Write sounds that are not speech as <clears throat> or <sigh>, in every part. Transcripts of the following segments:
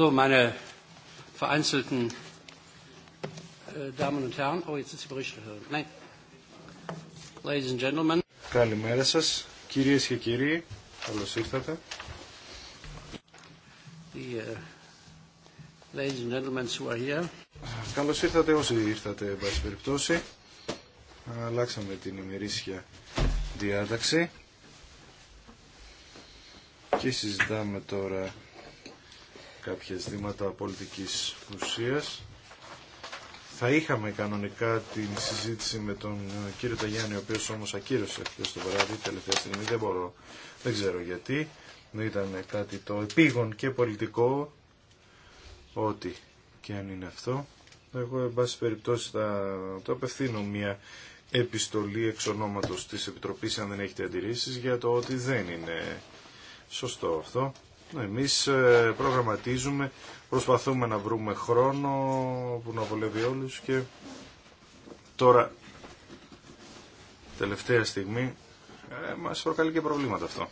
So, meine vereinzelten äh, Damen und Herren, oh, jetzt ist die Berichterstattung. Nein. Ladies and gentlemen. Καλημέρα σας, κυρίες και κύριοι. Καλώς ήρθατε. The, uh, ladies and gentlemen who are here. Καλώ ήρθατε όσοι ήρθατε, εν πάση περιπτώσει. Αλλάξαμε την ημερήσια διάταξη. Και συζητάμε τώρα κάποια δήματα πολιτικής ουσίας. Θα είχαμε κανονικά την συζήτηση με τον ε, κύριο Ταγιάννη, ο οποίος όμως ακύρωσε αυτό το βράδυ, τελευταία στιγμή, δεν μπορώ, δεν ξέρω γιατί. Δεν ήταν κάτι το επίγον και πολιτικό, ό,τι και αν είναι αυτό. Εγώ, εν πάση περιπτώσει, θα το απευθύνω μια επιστολή εξ ονόματος της Επιτροπής, αν δεν έχετε αντιρρήσεις, για το ότι δεν είναι σωστό αυτό. Ναι, εμείς ε, προγραμματίζουμε, προσπαθούμε να βρούμε χρόνο που να βολεύει όλους και τώρα τελευταία στιγμή ε, μας προκαλεί και προβλήματα αυτό.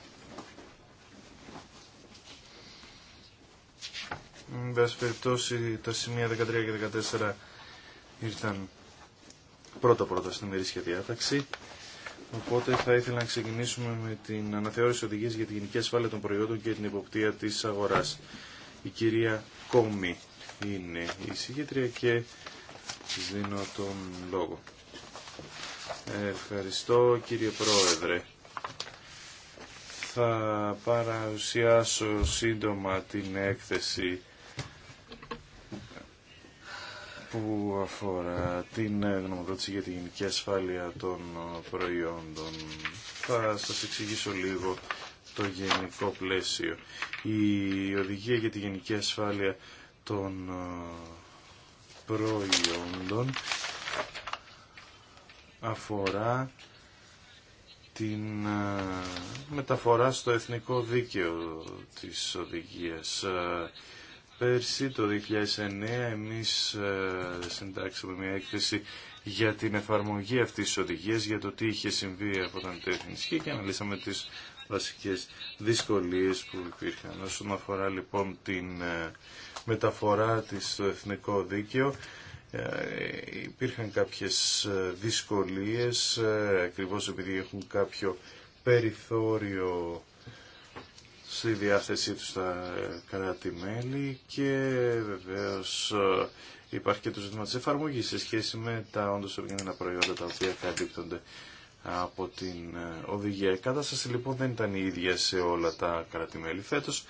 Με πάση περιπτώσει τα σημεία 13 και 14 ήρθαν πρώτα πρώτα στην ημερήσια διάταξη. Οπότε θα ήθελα να ξεκινήσουμε με την αναθεώρηση οδηγίας για τη γενική ασφάλεια των προϊόντων και την υποπτία της αγοράς. Η κυρία Κόμη είναι η συγγετρία και δίνω τον λόγο. Ευχαριστώ κύριε Πρόεδρε. Θα παρουσιάσω σύντομα την έκθεση που αφορά την ε, γνωμοδότηση για τη γενική ασφάλεια των ε, προϊόντων. Θα σας εξηγήσω λίγο το γενικό πλαίσιο. Η οδηγία για τη γενική ασφάλεια των ε, προϊόντων αφορά την μεταφορά στο εθνικό δίκαιο της οδηγίας. Πέρσι το 2009 εμείς ε, συντάξαμε μια έκθεση για την εφαρμογή αυτής της οδηγίας, για το τι είχε συμβεί από τον τέχνη. και αναλύσαμε τις βασικές δυσκολίες που υπήρχαν. Όσον αφορά λοιπόν την ε, μεταφορά της στο εθνικό δίκαιο, ε, υπήρχαν κάποιες δυσκολίες, ακριβώς επειδή έχουν κάποιο περιθώριο στη διάθεσή τους τα κράτη-μέλη και βεβαίως ε, υπάρχει και το ζήτημα της εφαρμογής σε σχέση με τα όντως οργανωμένα προϊόντα τα οποία καλύπτονται από την ε, οδηγία. Η κατάσταση λοιπόν δεν ήταν η ίδια σε όλα τα κράτη-μέλη φέτος.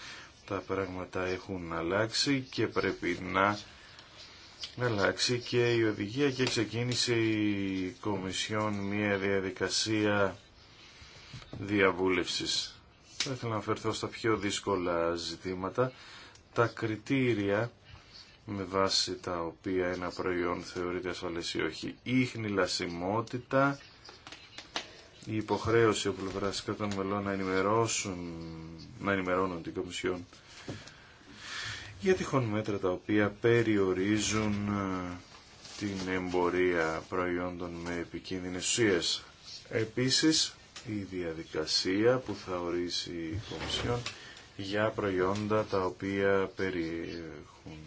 Τα πράγματα έχουν αλλάξει και πρέπει να αλλάξει και η οδηγία και ξεκίνησε η Κομισιόν μια διαδικασία διαβούλευσης θα ήθελα να αναφερθώ στα πιο δύσκολα ζητήματα. Τα κριτήρια με βάση τα οποία ένα προϊόν θεωρείται ασφαλές ή όχι. Η χνηλασιμότητα, η λασιμότητα, η από πλευρά κρατών μελών να, ενημερώσουν, να ενημερώνουν την Κομισιόν για τυχόν μέτρα τα οποία περιορίζουν ε, την εμπορία προϊόντων με επικίνδυνες ουσίες. Επίσης, η διαδικασία που θα ορίσει η Κομισιόν για προϊόντα τα οποία περιέχουν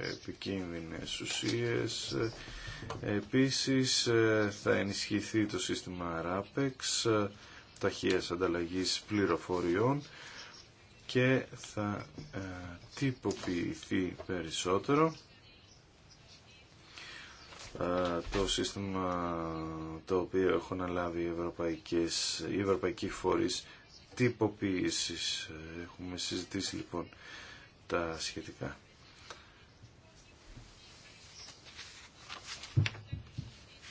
επικίνδυνες ουσίες. Επίσης θα ενισχυθεί το σύστημα RAPEX, ταχείας ανταλλαγής πληροφοριών και θα ε, τυποποιηθεί περισσότερο το σύστημα το οποίο έχουν αναλάβει οι, ευρωπαϊκές, οι ευρωπαϊκοί φορείς τυποποίησης. Έχουμε συζητήσει λοιπόν τα σχετικά.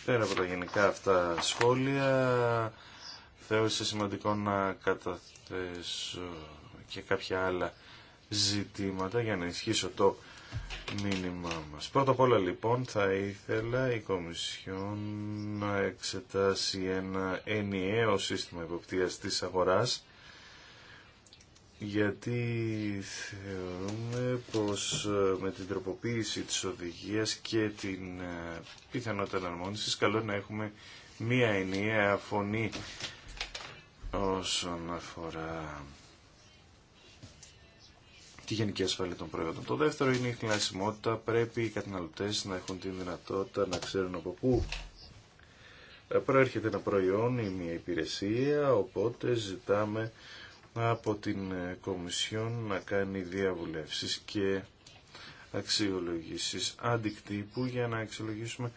Πέρα από τα γενικά αυτά σχόλια, θεώρησε σημαντικό να καταθέσω και κάποια άλλα ζητήματα για να ενισχύσω το μήνυμά μας. Πρώτα απ' όλα λοιπόν θα ήθελα η Κομισιόν να εξετάσει ένα ενιαίο σύστημα υποπτίας της αγοράς γιατί θεωρούμε πως ε, με την τροποποίηση της οδηγίας και την ε, πιθανότητα εναρμόνισης καλό να έχουμε μία ενιαία φωνή όσον αφορά τη γενική ασφαλή των προϊόντων. Το δεύτερο είναι η χρησιμότητα. Πρέπει οι καταναλωτέ να έχουν τη δυνατότητα να ξέρουν από πού προέρχεται ένα προϊόν ή μια υπηρεσία, οπότε ζητάμε από την Κομισιόν να κάνει διαβουλεύσεις και αξιολογήσεις αντικτύπου για να αξιολογήσουμε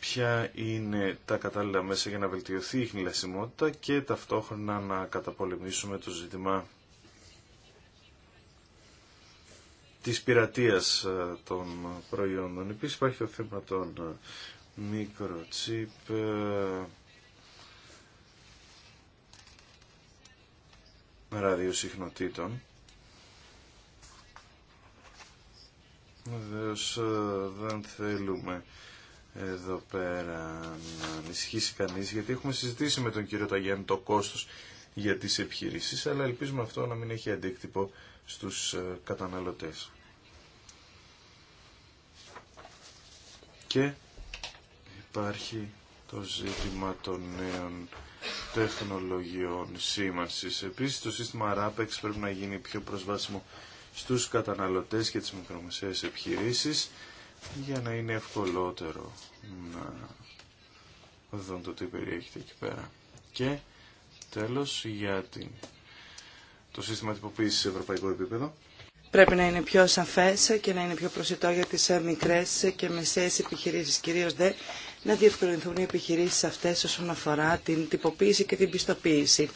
ποια είναι τα κατάλληλα μέσα για να βελτιωθεί η χνηλασιμότητα και ταυτόχρονα να καταπολεμήσουμε το ζήτημα της πειρατείας ε, των προϊόντων. Επίσης υπάρχει το θέμα των ε, μικροτσίπ, ε, ραδιοσυχνοτήτων. Βεβαίω δεν θέλουμε εδώ πέρα να ανησυχήσει κανείς, γιατί έχουμε συζητήσει με τον κύριο Ταγιάννη το κόστος για τις επιχειρήσεις, αλλά ελπίζουμε αυτό να μην έχει αντίκτυπο στους καταναλωτές. και υπάρχει το ζήτημα των νέων τεχνολογιών σήμανσης. Επίσης το σύστημα RAPEX πρέπει να γίνει πιο προσβάσιμο στους καταναλωτές και τις μικρομεσαίες επιχειρήσεις για να είναι ευκολότερο να δουν το τι περιέχεται εκεί πέρα. Και τέλος για το σύστημα τυποποίησης σε ευρωπαϊκό επίπεδο πρέπει να είναι πιο σαφές και να είναι πιο προσιτό για τις ε, μικρές και μεσαίες επιχειρήσεις, κυρίως δε να διευκολυνθούν οι επιχειρήσεις αυτές όσον αφορά την τυποποίηση και την πιστοποίηση.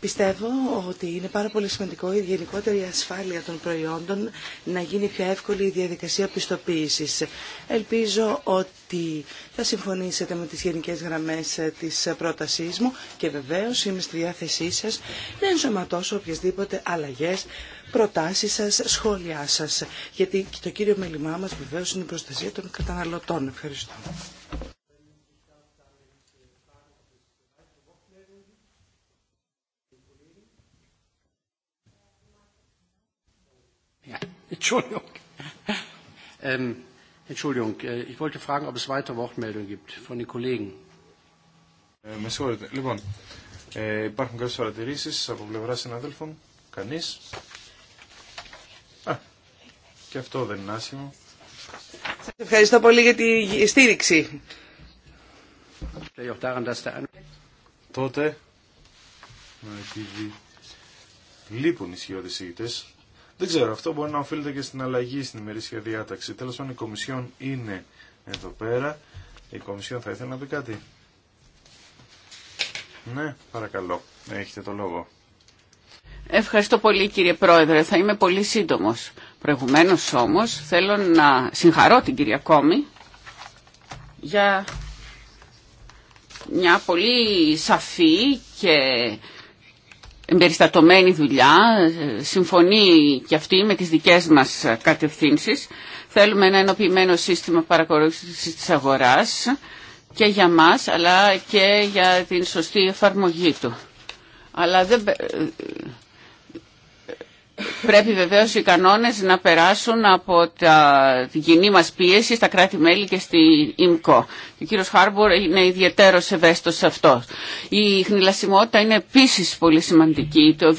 Πιστεύω ότι είναι πάρα πολύ σημαντικό η γενικότερη ασφάλεια των προϊόντων να γίνει πιο εύκολη η διαδικασία πιστοποίησης. Ελπίζω ότι θα συμφωνήσετε με τις γενικές γραμμές ε, της πρότασής μου και βεβαίως είμαι στη διάθεσή σας να ενσωματώσω οποιασδήποτε αλλαγές προτάσεις σας, σχόλιά σας. Γιατί το κύριο μέλημά μας βεβαίως είναι η προστασία των καταναλωτών. Ευχαριστώ. Entschuldigung. Ähm, Entschuldigung, äh, ich wollte fragen, ob es weitere Wortmeldungen gibt von den Kollegen. Ε, με συγχωρείτε. Λοιπόν, ε, υπάρχουν κάποιες παρατηρήσεις από πλευρά συναδέλφων. Κανείς. Α, και αυτό δεν είναι άσχημο. Σας ευχαριστώ πολύ για τη στήριξη. Τότε, επειδή λείπουν οι σχεδόν δεν ξέρω, αυτό μπορεί να οφείλεται και στην αλλαγή στην ημερήσια διάταξη. Τέλο πάντων η Κομισιόν είναι εδώ πέρα. Η Κομισιόν θα ήθελε να πει κάτι. Ναι, παρακαλώ. Έχετε το λόγο. Ευχαριστώ πολύ κύριε Πρόεδρε. Θα είμαι πολύ σύντομος. Προηγουμένως όμως θέλω να συγχαρώ την κυρία Κόμη για μια πολύ σαφή και εμπεριστατωμένη δουλειά, συμφωνεί και αυτή με τις δικές μας κατευθύνσεις. Θέλουμε ένα ενοποιημένο σύστημα παρακολούθησης της αγοράς και για μας αλλά και για την σωστή εφαρμογή του. Αλλά δεν... Πρέπει βεβαίως οι κανόνες να περάσουν από τα κοινή μας πίεση στα κράτη-μέλη και στη ΙΜΚΟ. Ο κύριος Χάρμπορ είναι ιδιαίτερος ευαίσθητος σε αυτό. Η χνηλασιμότητα είναι επίσης πολύ σημαντική. Το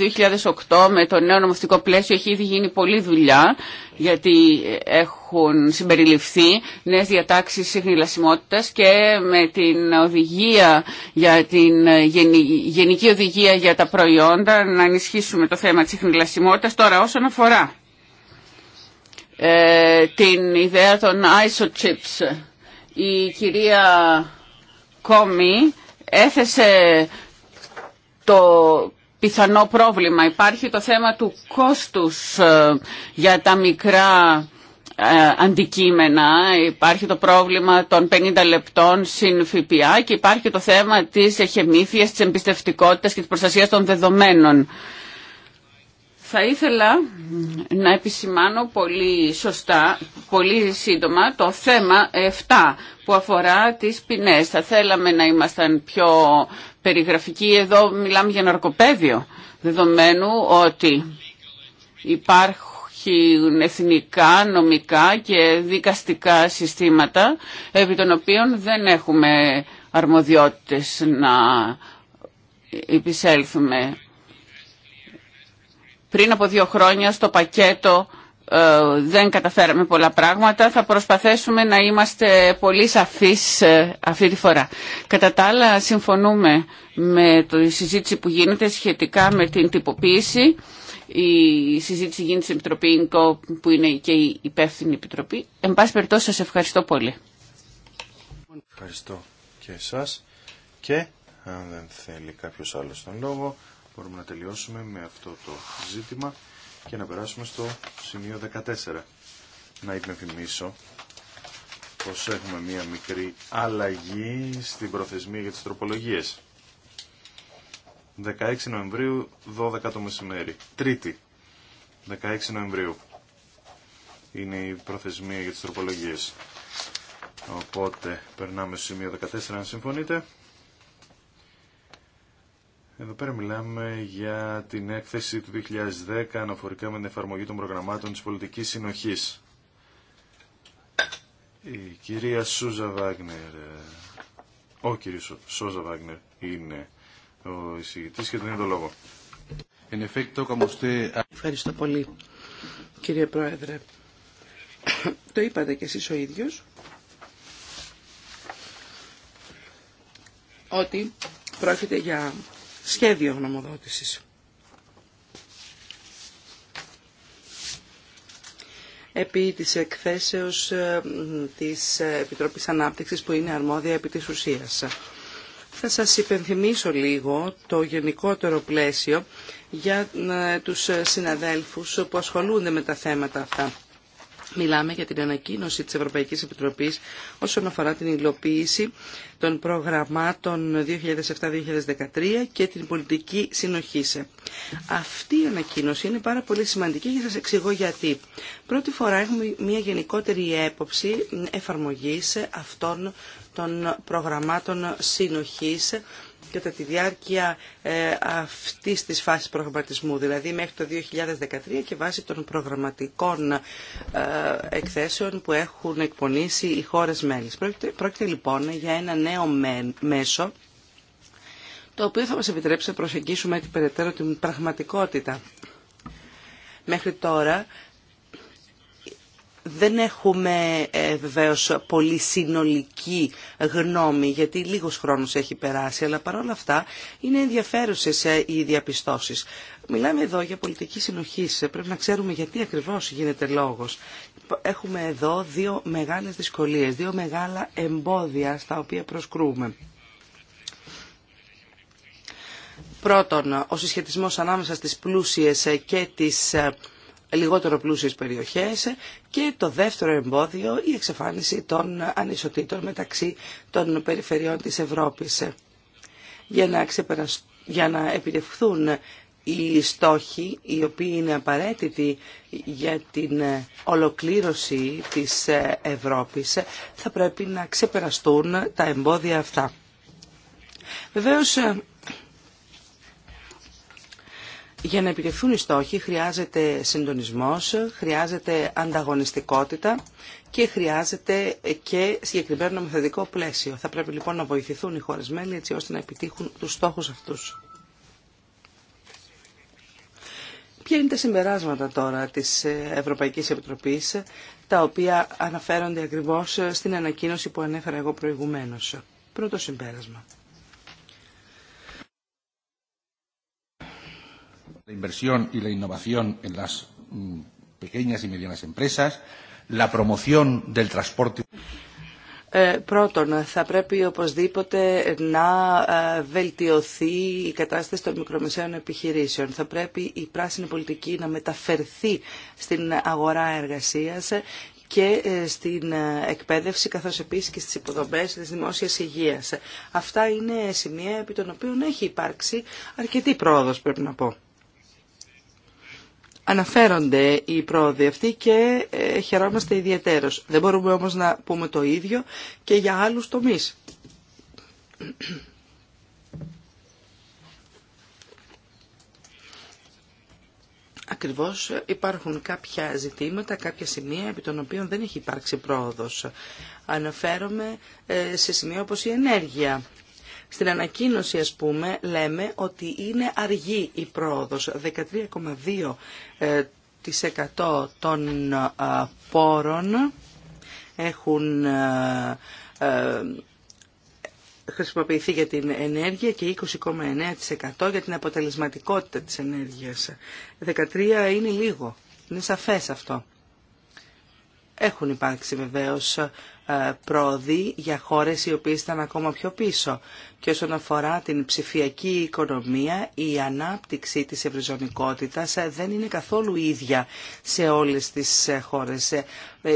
2008 με το νέο νομοθετικό πλαίσιο έχει ήδη γίνει πολλή δουλειά γιατί έχουν συμπεριληφθεί νέες διατάξεις συχνηλασιμότητας και με την οδηγία για την γενική οδηγία για τα προϊόντα να ενισχύσουμε το θέμα της συχνηλασιμότητας τώρα όσον αφορά ε, την ιδέα των ISO chips η κυρία Κόμη έθεσε το πιθανό πρόβλημα. Υπάρχει το θέμα του κόστους ε, για τα μικρά ε, αντικείμενα, υπάρχει το πρόβλημα των 50 λεπτών συν ΦΠΑ και υπάρχει το θέμα της εχεμήθειας, της εμπιστευτικότητας και της προστασίας των δεδομένων. Θα ήθελα να επισημάνω πολύ σωστά, πολύ σύντομα, το θέμα 7 που αφορά τις ποινές. Θα θέλαμε να ήμασταν πιο περιγραφικοί. Εδώ μιλάμε για ναρκοπαίδιο, δεδομένου ότι υπάρχουν εθνικά, νομικά και δικαστικά συστήματα, επί των οποίων δεν έχουμε αρμοδιότητες να επισέλθουμε. Πριν από δύο χρόνια στο πακέτο ε, δεν καταφέραμε πολλά πράγματα. Θα προσπαθήσουμε να είμαστε πολύ σαφείς ε, αυτή τη φορά. Κατά τα άλλα, συμφωνούμε με τη συζήτηση που γίνεται σχετικά με την τυποποίηση. Η συζήτηση γίνεται στην Επιτροπή που είναι και η υπεύθυνη Επιτροπή. Εν πάση περιπτώσει, σας ευχαριστώ πολύ. Ευχαριστώ και εσάς και αν δεν θέλει κάποιος άλλος τον λόγο μπορούμε να τελειώσουμε με αυτό το ζήτημα και να περάσουμε στο σημείο 14. Να υπενθυμίσω πως έχουμε μία μικρή αλλαγή στην προθεσμία για τις τροπολογίες. 16 Νοεμβρίου, 12 το μεσημέρι. Τρίτη, 16 Νοεμβρίου είναι η προθεσμία για τις τροπολογίες. Οπότε περνάμε στο σημείο 14, αν συμφωνείτε. Εδώ πέρα μιλάμε για την έκθεση του 2010 αναφορικά με την εφαρμογή των προγραμμάτων της πολιτικής συνοχής. Η κυρία Σούζα Βάγνερ, ο κύριος Σούζα Βάγνερ είναι ο εισηγητής και τον είναι το λόγο. Ευχαριστώ πολύ κύριε Πρόεδρε. το είπατε και εσείς ο ίδιος ότι πρόκειται για σχέδιο γνωμοδότησης. επί της εκθέσεως ε, της Επιτροπής Ανάπτυξης που είναι αρμόδια επί της ουσίας. Θα σας υπενθυμίσω λίγο το γενικότερο πλαίσιο για ε, τους συναδέλφους που ασχολούνται με τα θέματα αυτά. Μιλάμε για την ανακοίνωση της Ευρωπαϊκής Επιτροπής όσον αφορά την υλοποίηση των προγραμμάτων 2007-2013 και την πολιτική συνοχή. Αυτή η ανακοίνωση είναι πάρα πολύ σημαντική και σας εξηγώ γιατί. Πρώτη φορά έχουμε μια γενικότερη έποψη εφαρμογής αυτών των προγραμμάτων συνοχής κατά τη διάρκεια ε, αυτής της φάσης προγραμματισμού, δηλαδή μέχρι το 2013 και βάσει των προγραμματικών ε, εκθέσεων που έχουν εκπονήσει οι χώρες μέλη. Πρόκειται λοιπόν για ένα νέο μέσο το οποίο θα μας επιτρέψει να προσεγγίσουμε την περαιτέρω την πραγματικότητα. Μέχρι τώρα δεν έχουμε ε, βεβαίως πολύ συνολική γνώμη γιατί λίγος χρόνος έχει περάσει αλλά παρόλα αυτά είναι ενδιαφέρουσες ε, οι διαπιστώσεις. Μιλάμε εδώ για πολιτική συνοχή. Ε, πρέπει να ξέρουμε γιατί ακριβώς γίνεται λόγος. Έχουμε εδώ δύο μεγάλες δυσκολίες, δύο μεγάλα εμπόδια στα οποία προσκρούμε. Πρώτον, ο συσχετισμός ανάμεσα στις πλούσιες ε, και τις λιγότερο πλούσιες περιοχές και το δεύτερο εμπόδιο η εξαφάνιση των ανισοτήτων μεταξύ των περιφερειών της Ευρώπης. Για να, ξεπερασ... για να επιτευχθούν οι στόχοι οι οποίοι είναι απαραίτητοι για την ολοκλήρωση της Ευρώπης θα πρέπει να ξεπεραστούν τα εμπόδια αυτά. Βεβαίως για να επιτευχθούν οι στόχοι χρειάζεται συντονισμός, χρειάζεται ανταγωνιστικότητα και χρειάζεται και συγκεκριμένο νομοθετικό πλαίσιο. Θα πρέπει λοιπόν να βοηθηθούν οι χώρες μέλη έτσι ώστε να επιτύχουν τους στόχους αυτούς. Ποια είναι τα συμπεράσματα τώρα της Ευρωπαϊκής Επιτροπής, τα οποία αναφέρονται ακριβώς στην ανακοίνωση που ανέφερα εγώ προηγουμένως. Πρώτο συμπέρασμα. πρώτον, θα πρέπει οπωσδήποτε να ε, βελτιωθεί η κατάσταση των μικρομεσαίων επιχειρήσεων. Θα πρέπει η πράσινη πολιτική να μεταφερθεί στην αγορά εργασίας και ε, στην ε, εκπαίδευση καθώς επίσης και στις υποδομές της δημόσιας υγείας. Αυτά είναι σημεία επί των οποίων έχει υπάρξει αρκετή πρόοδος πρέπει να πω αναφέρονται οι πρόοδοι αυτοί και ε, χαιρόμαστε ιδιαίτερος. Δεν μπορούμε όμως να πούμε το ίδιο και για άλλους τομείς. Ακριβώς υπάρχουν κάποια ζητήματα, κάποια σημεία επί των οποίων δεν έχει υπάρξει πρόοδος. Αναφέρομαι ε, σε σημεία όπως η ενέργεια. Στην ανακοίνωση, ας πούμε, λέμε ότι είναι αργή η πρόοδος. 13,2% ε, των ε, πόρων έχουν ε, χρησιμοποιηθεί για την ενέργεια και 20,9% για την αποτελεσματικότητα της ενέργειας. 13 είναι λίγο. Είναι σαφές αυτό. Έχουν υπάρξει βεβαίως ε, πρόοδοι για χώρες οι οποίες ήταν ακόμα πιο πίσω. Και όσον αφορά την ψηφιακή οικονομία, η ανάπτυξη της ευρυζωνικότητας ε, δεν είναι καθόλου ίδια σε όλες τις ε, χώρες.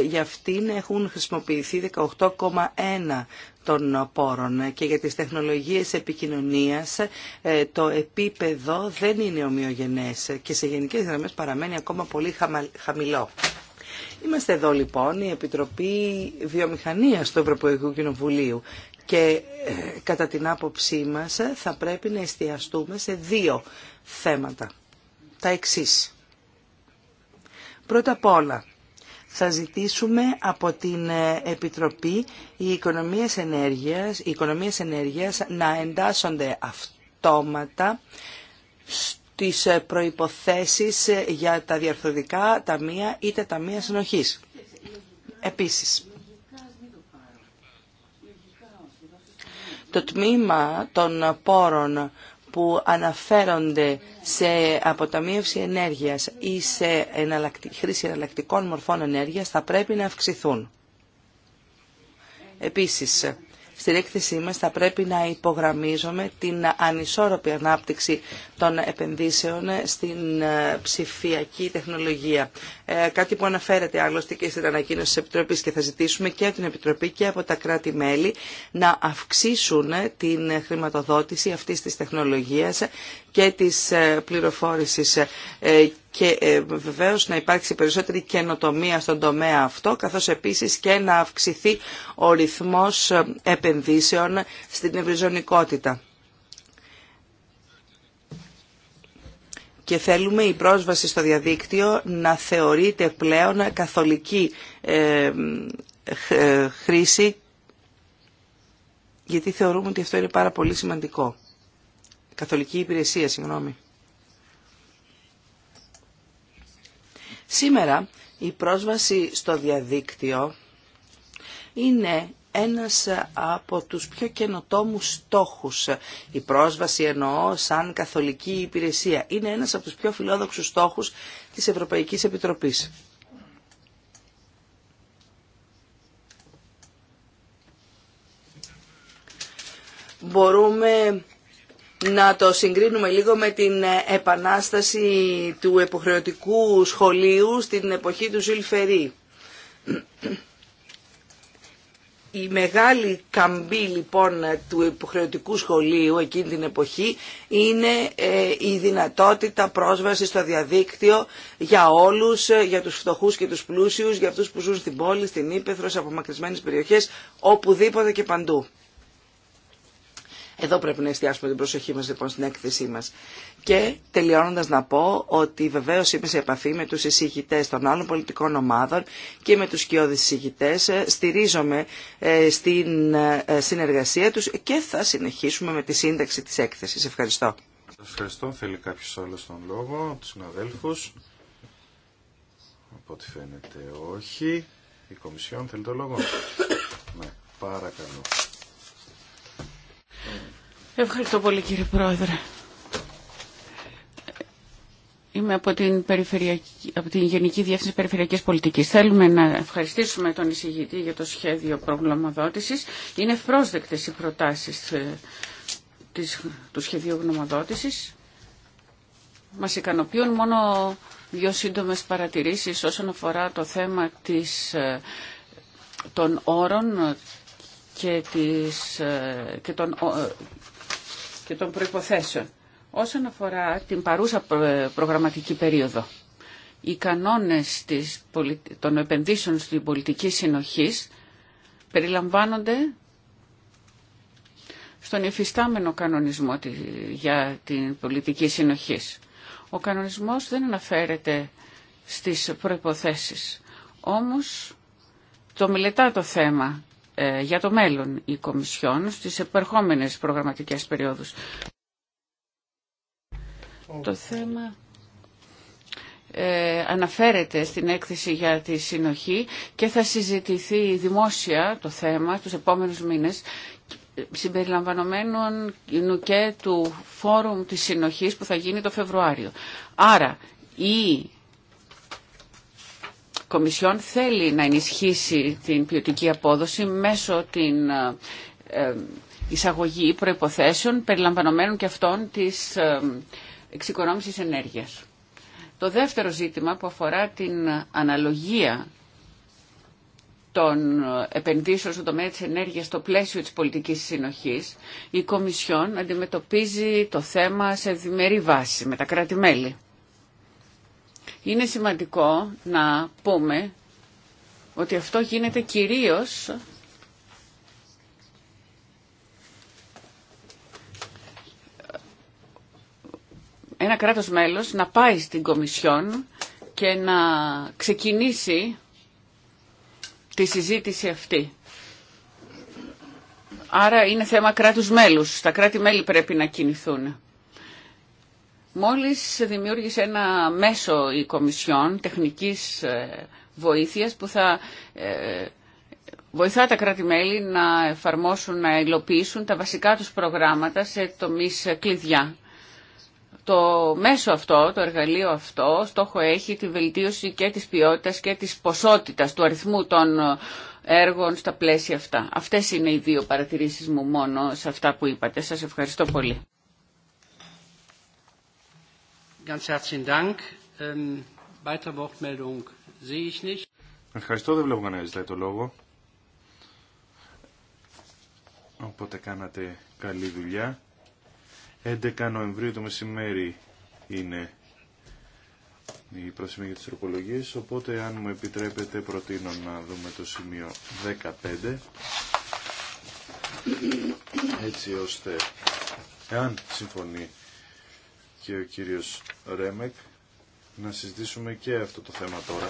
Για αυτήν έχουν χρησιμοποιηθεί 18,1 των πόρων και για τις τεχνολογίες επικοινωνίας το επίπεδο δεν είναι ομοιογενές και σε γενικές γραμμές παραμένει ακόμα πολύ χαμηλό. Είμαστε εδώ λοιπόν η Επιτροπή Βιομηχανίας του Ευρωπαϊκού Κοινοβουλίου και ε, κατά την άποψή μας θα πρέπει να εστιαστούμε σε δύο θέματα. Τα εξής. Πρώτα απ' όλα, θα ζητήσουμε από την ε, Επιτροπή οι οικονομίες ενέργειας, οι οικονομίες ενέργειας να εντάσσονται αυτόματα στο τις ε, προϋποθέσεις ε, για τα διαρθρωτικά ταμεία ή τα ταμεία συνοχής. Επίσης, το τμήμα των πόρων που αναφέρονται σε αποταμίευση ενέργειας ή σε χρήση εναλλακτικών μορφών ενέργειας θα πρέπει να αυξηθούν. Επίσης, στην έκθεσή μας θα πρέπει να υπογραμμίζουμε την ανισόρροπη ανάπτυξη των επενδύσεων στην ε, ψηφιακή τεχνολογία. Ε, κάτι που αναφέρεται άλλωστε και στην ανακοίνωση τη Επιτροπής και θα ζητήσουμε και από την Επιτροπή και από τα κράτη-μέλη να αυξήσουν ε, την χρηματοδότηση αυτής της τεχνολογίας και της ε, πληροφόρησης και βεβαίως να υπάρξει περισσότερη καινοτομία στον τομέα αυτό, καθώς επίσης και να αυξηθεί ο ρυθμός επενδύσεων στην ευρυζωνικότητα. και θέλουμε η πρόσβαση στο διαδίκτυο να θεωρείται πλέον καθολική ε, ε, χρήση γιατί θεωρούμε ότι αυτό είναι πάρα πολύ σημαντικό. Καθολική υπηρεσία, συγγνώμη. Σήμερα η πρόσβαση στο διαδίκτυο είναι ένας από τους πιο καινοτόμους στόχους. Η πρόσβαση εννοώ σαν καθολική υπηρεσία. Είναι ένας από τους πιο φιλόδοξους στόχους της Ευρωπαϊκής Επιτροπής. Μπορούμε να το συγκρίνουμε λίγο με την επανάσταση του υποχρεωτικού σχολείου στην εποχή του Ζιλφερή η μεγάλη καμπή λοιπόν του υποχρεωτικού σχολείου εκείνη την εποχή είναι ε, η δυνατότητα πρόσβασης στο διαδίκτυο για όλους, ε, για τους φτωχούς και τους πλούσιους, για αυτούς που ζουν στην πόλη, στην Ήπεθρο, σε απομακρυσμένες περιοχές, οπουδήποτε και παντού. Εδώ πρέπει να εστιάσουμε την προσοχή μας λοιπόν στην έκθεσή μας. Και τελειώνοντας να πω ότι βεβαίως είμαι σε επαφή με τους εισηγητές των άλλων πολιτικών ομάδων και με τους σκιώδεις εισηγητές. Ε, στηρίζομαι ε, στην ε, συνεργασία τους και θα συνεχίσουμε με τη σύνταξη της έκθεσης. Ευχαριστώ. Σας ευχαριστώ. Θέλει κάποιος άλλος τον λόγο, τους συναδέλφους. Από ό,τι φαίνεται όχι. Η Κομισιόν θέλει τον λόγο. <coughs> ναι, παρακαλώ. Ευχαριστώ πολύ κύριε Πρόεδρε. Είμαι από την, από την Γενική Διεύθυνση Περιφερειακής Πολιτικής. Θέλουμε να ευχαριστήσουμε τον εισηγητή για το σχέδιο προγνωμοδότησης. Είναι ευπρόσδεκτες οι προτάσεις ε, της, του σχεδίου γνωμοδότησης. Μας ικανοποιούν μόνο δύο σύντομες παρατηρήσεις όσον αφορά το θέμα της, ε, των όρων και, ε, και, των, ε, και των προϋποθέσεων. Όσον αφορά την παρούσα ε, προγραμματική περίοδο, οι κανόνες της, των επενδύσεων στην πολιτική συνοχής περιλαμβάνονται στον υφιστάμενο κανονισμό για την πολιτική συνοχής. Ο κανονισμός δεν αναφέρεται στις προϋποθέσεις. Όμως το μελετά το θέμα ε, για το μέλλον η Κομισιόν στις επερχόμενες προγραμματικές περιόδους. Το θέμα ε, αναφέρεται στην έκθεση για τη συνοχή και θα συζητηθεί δημόσια το θέμα τους επόμενους μήνες συμπεριλαμβανομένων και του φόρουμ της συνοχής που θα γίνει το Φεβρουάριο. Άρα η Κομισιόν θέλει να ενισχύσει την ποιοτική απόδοση μέσω την ε, ε, εισαγωγή προϋποθέσεων περιλαμβανομένων και αυτών της ε, εξοικονόμησης ενέργειας. Το δεύτερο ζήτημα που αφορά την αναλογία των επενδύσεων στον τομέα της ενέργειας στο πλαίσιο της πολιτικής συνοχής, η Κομισιόν αντιμετωπίζει το θέμα σε διμερή βάση με τα κράτη-μέλη. Είναι σημαντικό να πούμε ότι αυτό γίνεται κυρίως ένα κράτος μέλος να πάει στην Κομισιόν και να ξεκινήσει τη συζήτηση αυτή. Άρα είναι θέμα κράτους μέλους. Τα κράτη-μέλη πρέπει να κινηθούν. Μόλις δημιούργησε ένα μέσο η Κομισιόν τεχνικής ε, βοήθειας που θα ε, βοηθά τα κράτη-μέλη να εφαρμόσουν, να υλοποιήσουν τα βασικά τους προγράμματα σε τομείς ε, κλειδιά. Το μέσο αυτό, το εργαλείο αυτό, στόχο έχει τη βελτίωση και της ποιότητας και της ποσότητας του αριθμού των έργων στα πλαίσια αυτά. Αυτές είναι οι δύο παρατηρήσεις μου μόνο σε αυτά που είπατε. Σας ευχαριστώ πολύ. Ganz herzlichen Dank. Ähm, Wortmeldung sehe ich nicht. Ευχαριστώ, δεν βλέπω κανένα ζητάει το λόγο. Οπότε κάνατε καλή δουλειά. 11 Νοεμβρίου το μεσημέρι είναι η προσημή για τις τροπολογίες, οπότε αν μου επιτρέπετε προτείνω να δούμε το σημείο 15, έτσι ώστε εάν συμφωνεί και ο κύριος Ρέμεκ να συζητήσουμε και αυτό το θέμα τώρα.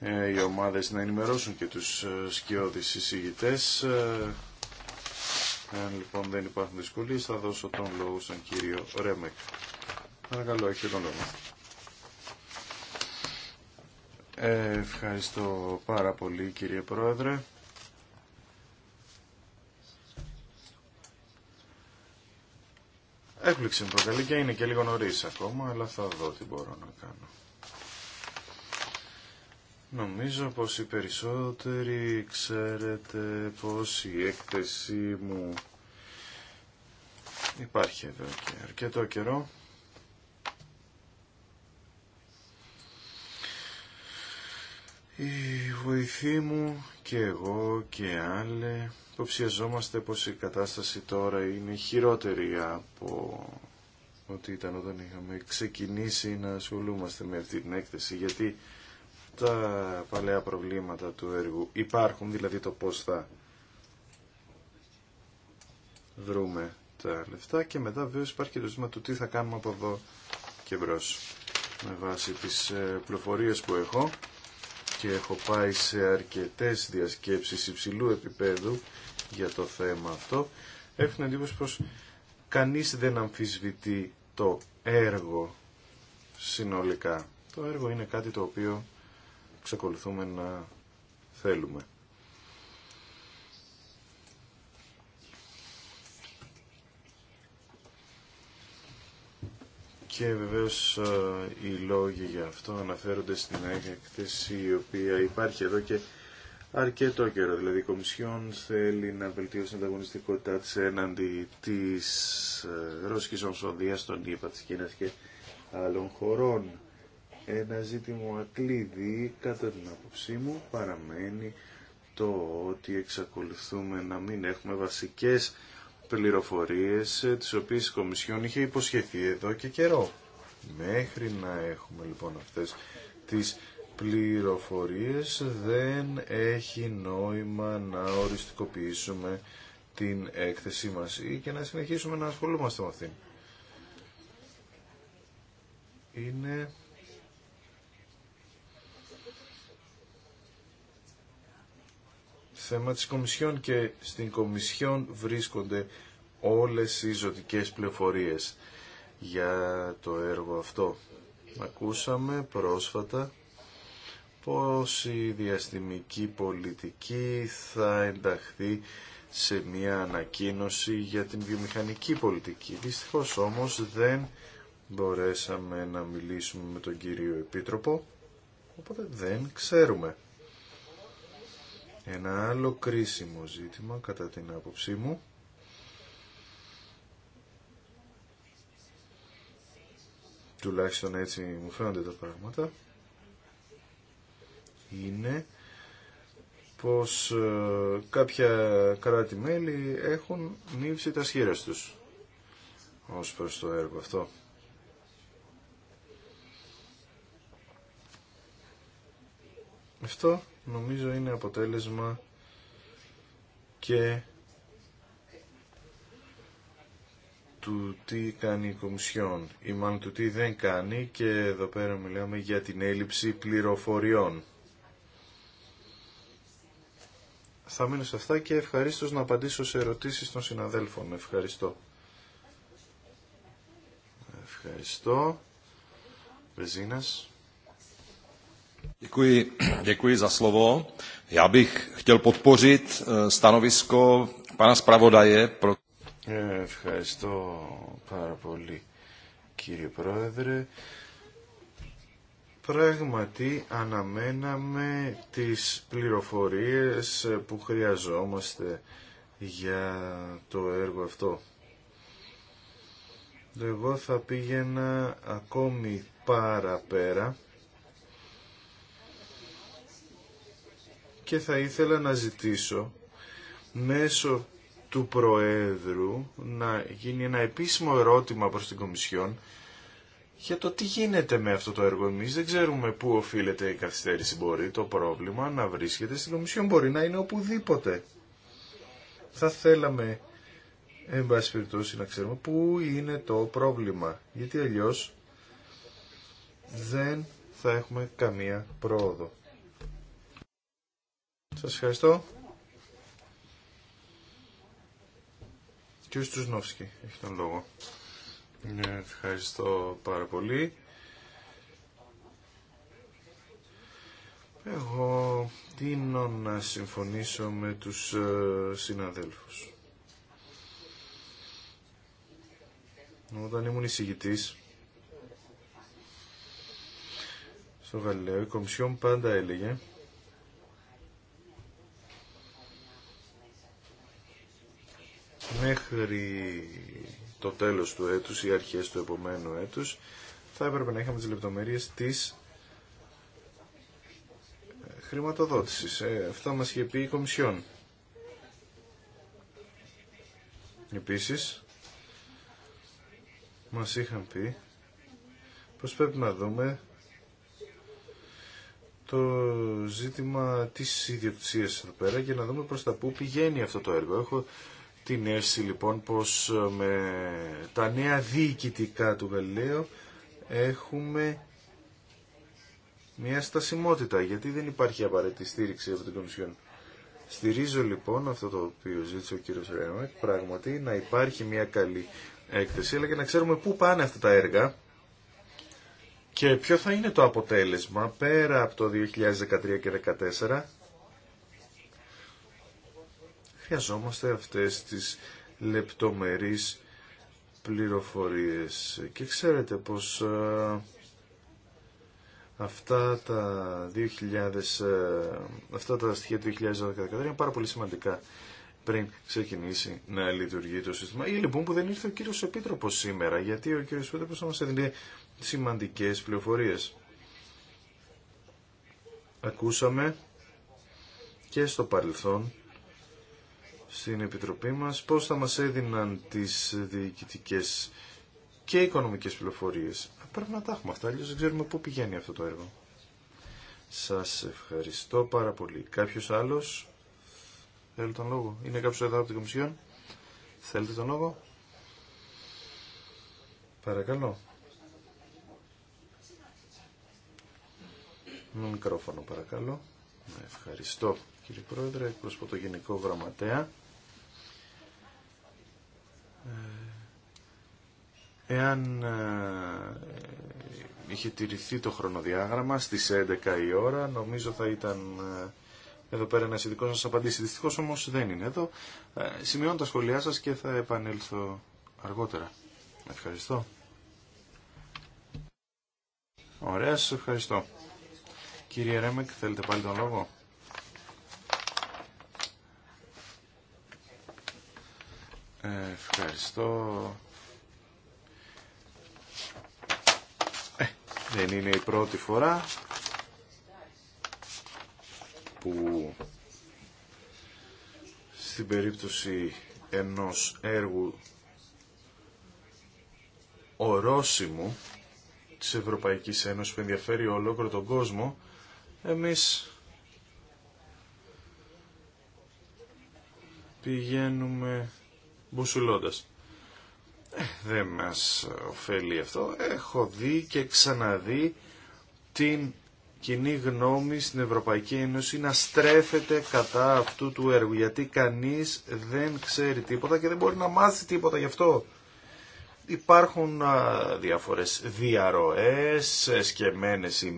ε, οι ομάδες να ενημερώσουν και τους ε, σκιώδεις εισηγητές. Αν ε, λοιπόν δεν υπάρχουν δυσκολίες θα δώσω τον λόγο στον κύριο Ρέμεκ. Παρακαλώ, έχετε τον λόγο. Ε, ευχαριστώ πάρα πολύ κύριε Πρόεδρε. Έπληξη μου προκαλεί και είναι και λίγο νωρί ακόμα, αλλά θα δω τι μπορώ να κάνω. Νομίζω πως οι περισσότεροι ξέρετε πως η έκθεσή μου υπάρχει εδώ και αρκετό καιρό. Οι βοηθή μου και εγώ και άλλοι υποψιαζόμαστε πως η κατάσταση τώρα είναι χειρότερη από ότι ήταν όταν είχαμε ξεκινήσει να ασχολούμαστε με αυτή την έκθεση γιατί τα παλαιά προβλήματα του έργου υπάρχουν, δηλαδή το πώς θα βρούμε τα λεφτά και μετά βέβαια υπάρχει και το ζήτημα του τι θα κάνουμε από εδώ και μπρος με βάση τις ε, πληροφορίες που έχω και έχω πάει σε αρκετές διασκέψεις υψηλού επίπεδου για το θέμα αυτό, έχουν εντύπωση πως κανείς δεν αμφισβητεί το έργο συνολικά. Το έργο είναι κάτι το οποίο ξεκολουθούμε να θέλουμε. Και βεβαίως ε, οι λόγοι για αυτό αναφέρονται στην έκθεση η οποία υπάρχει εδώ και αρκετό καιρό. Δηλαδή η Κομισιόν θέλει να βελτιώσει την ανταγωνιστικότητά της έναντι της ε, Ρώσικης Ομοσπονδίας, των ΙΠΑ της Κίνας και άλλων χωρών. Ένα ζήτημα κλείδι κατά την άποψή μου παραμένει το ότι εξακολουθούμε να μην έχουμε βασικές πληροφορίες ε, τις οποίες η Κομισιόν είχε υποσχεθεί εδώ και καιρό. Μέχρι να έχουμε λοιπόν αυτές τις πληροφορίες δεν έχει νόημα να οριστικοποιήσουμε την έκθεσή μας ή και να συνεχίσουμε να ασχολούμαστε με αυτήν. Είναι θέμα της Κομισιόν και στην Κομισιόν βρίσκονται όλες οι ζωτικές πληροφορίες για το έργο αυτό. Ακούσαμε πρόσφατα πως η διαστημική πολιτική θα ενταχθεί σε μια ανακοίνωση για την βιομηχανική πολιτική. Δυστυχώς όμως δεν μπορέσαμε να μιλήσουμε με τον κύριο Επίτροπο, οπότε δεν ξέρουμε. Ένα άλλο κρίσιμο ζήτημα, κατά την άποψή μου, τουλάχιστον έτσι μου φαίνονται τα πράγματα, είναι πως ε, κάποια κράτη-μέλη έχουν νύψει τα σχήρες τους ως προς το έργο αυτό. Αυτό νομίζω είναι αποτέλεσμα και του τι κάνει η Κομισιόν ή μάλλον του τι δεν κάνει και εδώ πέρα μιλάμε για την έλλειψη πληροφοριών. Θα μείνω σε αυτά και ευχαρίστω να απαντήσω σε ερωτήσεις των συναδέλφων. Ευχαριστώ. Ευχαριστώ. Βεζίνας. Ευχαριστώ πάρα πολύ κύριε Πρόεδρε. Πράγματι αναμέναμε τις πληροφορίες που χρειαζόμαστε για το έργο αυτό. Εγώ θα πήγαινα ακόμη παραπέρα και θα ήθελα να ζητήσω μέσω του Προέδρου να γίνει ένα επίσημο ερώτημα προς την Κομισιόν για το τι γίνεται με αυτό το έργο. Εμείς δεν ξέρουμε πού οφείλεται η καθυστέρηση. Μπορεί το πρόβλημα να βρίσκεται στην Κομισιόν, μπορεί να είναι οπουδήποτε. Θα θέλαμε, εν πάση περιπτώσει, να ξέρουμε πού είναι το πρόβλημα. Γιατί αλλιώς δεν θα έχουμε καμία πρόοδο. Σας ευχαριστώ. ο Στουσνόφσκι έχει τον λόγο. Ναι, ευχαριστώ πάρα πολύ. Εγώ τίνω να συμφωνήσω με τους ε, συναδέλφους. Όταν ήμουν εισηγητής στο Γαλλιλαίο, η Κομισιόν πάντα έλεγε μέχρι το τέλος του έτους ή αρχές του επομένου έτους θα έπρεπε να είχαμε τις λεπτομέρειες της χρηματοδότησης. Ε, αυτά μας είχε πει η Κομισιόν. Επίσης, μας είχαν πει πως πρέπει να δούμε το ζήτημα της ιδιοκτησίας εδώ πέρα και να δούμε προς τα πού πηγαίνει αυτό το έργο. Έχω την αίσθηση λοιπόν πως ε, με τα νέα διοικητικά του Γαλιλαίου έχουμε μια στασιμότητα γιατί δεν υπάρχει απαραίτητη στήριξη από την Κομισιόν. Στηρίζω λοιπόν αυτό το οποίο ζήτησε ο κύριος Ρένοκ, πράγματι να υπάρχει μια καλή έκθεση αλλά και να ξέρουμε πού πάνε αυτά τα έργα και ποιο θα είναι το αποτέλεσμα πέρα από το 2013 και 2014 χρειαζόμαστε αυτές τις λεπτομερείς πληροφορίες. Και ξέρετε πως ε, αυτά τα, 2000, ε, αυτά τα στοιχεία του 2012 είναι πάρα πολύ σημαντικά πριν ξεκινήσει να λειτουργεί το σύστημα. Ή λοιπόν που δεν ήρθε ο κύριος Επίτροπος σήμερα, γιατί ο κύριος Επίτροπος θα μας έδινε σημαντικές πληροφορίες. Ακούσαμε και στο παρελθόν στην Επιτροπή μας πώς θα μας έδιναν τις διοικητικές και οικονομικές πληροφορίες. Πρέπει να τα έχουμε αυτά, αλλιώς δεν ξέρουμε πού πηγαίνει αυτό το έργο. Σας ευχαριστώ πάρα πολύ. Κάποιος άλλος θέλει τον λόγο. Είναι κάποιος εδώ από την Κομισιόν. Θέλετε τον λόγο. Παρακαλώ. Με μικρόφωνο παρακαλώ. Ευχαριστώ κύριε Πρόεδρε, εκπροσωπώ το Γενικό Γραμματέα. Ε, εάν ε, είχε τηρηθεί το χρονοδιάγραμμα στις 11 η ώρα, νομίζω θα ήταν ε, εδώ πέρα ένας ειδικός σας απαντήσει. Δυστυχώς όμως δεν είναι εδώ. Σημειώνω τα σχόλιά σας και θα επανέλθω αργότερα. Ευχαριστώ. Ωραία, σας ευχαριστώ. Κύριε Ρέμεκ, θέλετε πάλι τον λόγο. Ευχαριστώ. Ε, δεν είναι η πρώτη φορά που στην περίπτωση ενός έργου ορόσημου της Ευρωπαϊκής Ένωσης που ενδιαφέρει ολόκληρο τον κόσμο, εμείς πηγαίνουμε ε, Δεν μας ωφέλει αυτό. Έχω δει και ξαναδεί την κοινή γνώμη στην Ευρωπαϊκή Ένωση να στρέφεται κατά αυτού του έργου, γιατί κανείς δεν ξέρει τίποτα και δεν μπορεί να μάθει τίποτα γι' αυτό. Υπάρχουν διάφορε διάφορες διαρροές, σκεμμένες ή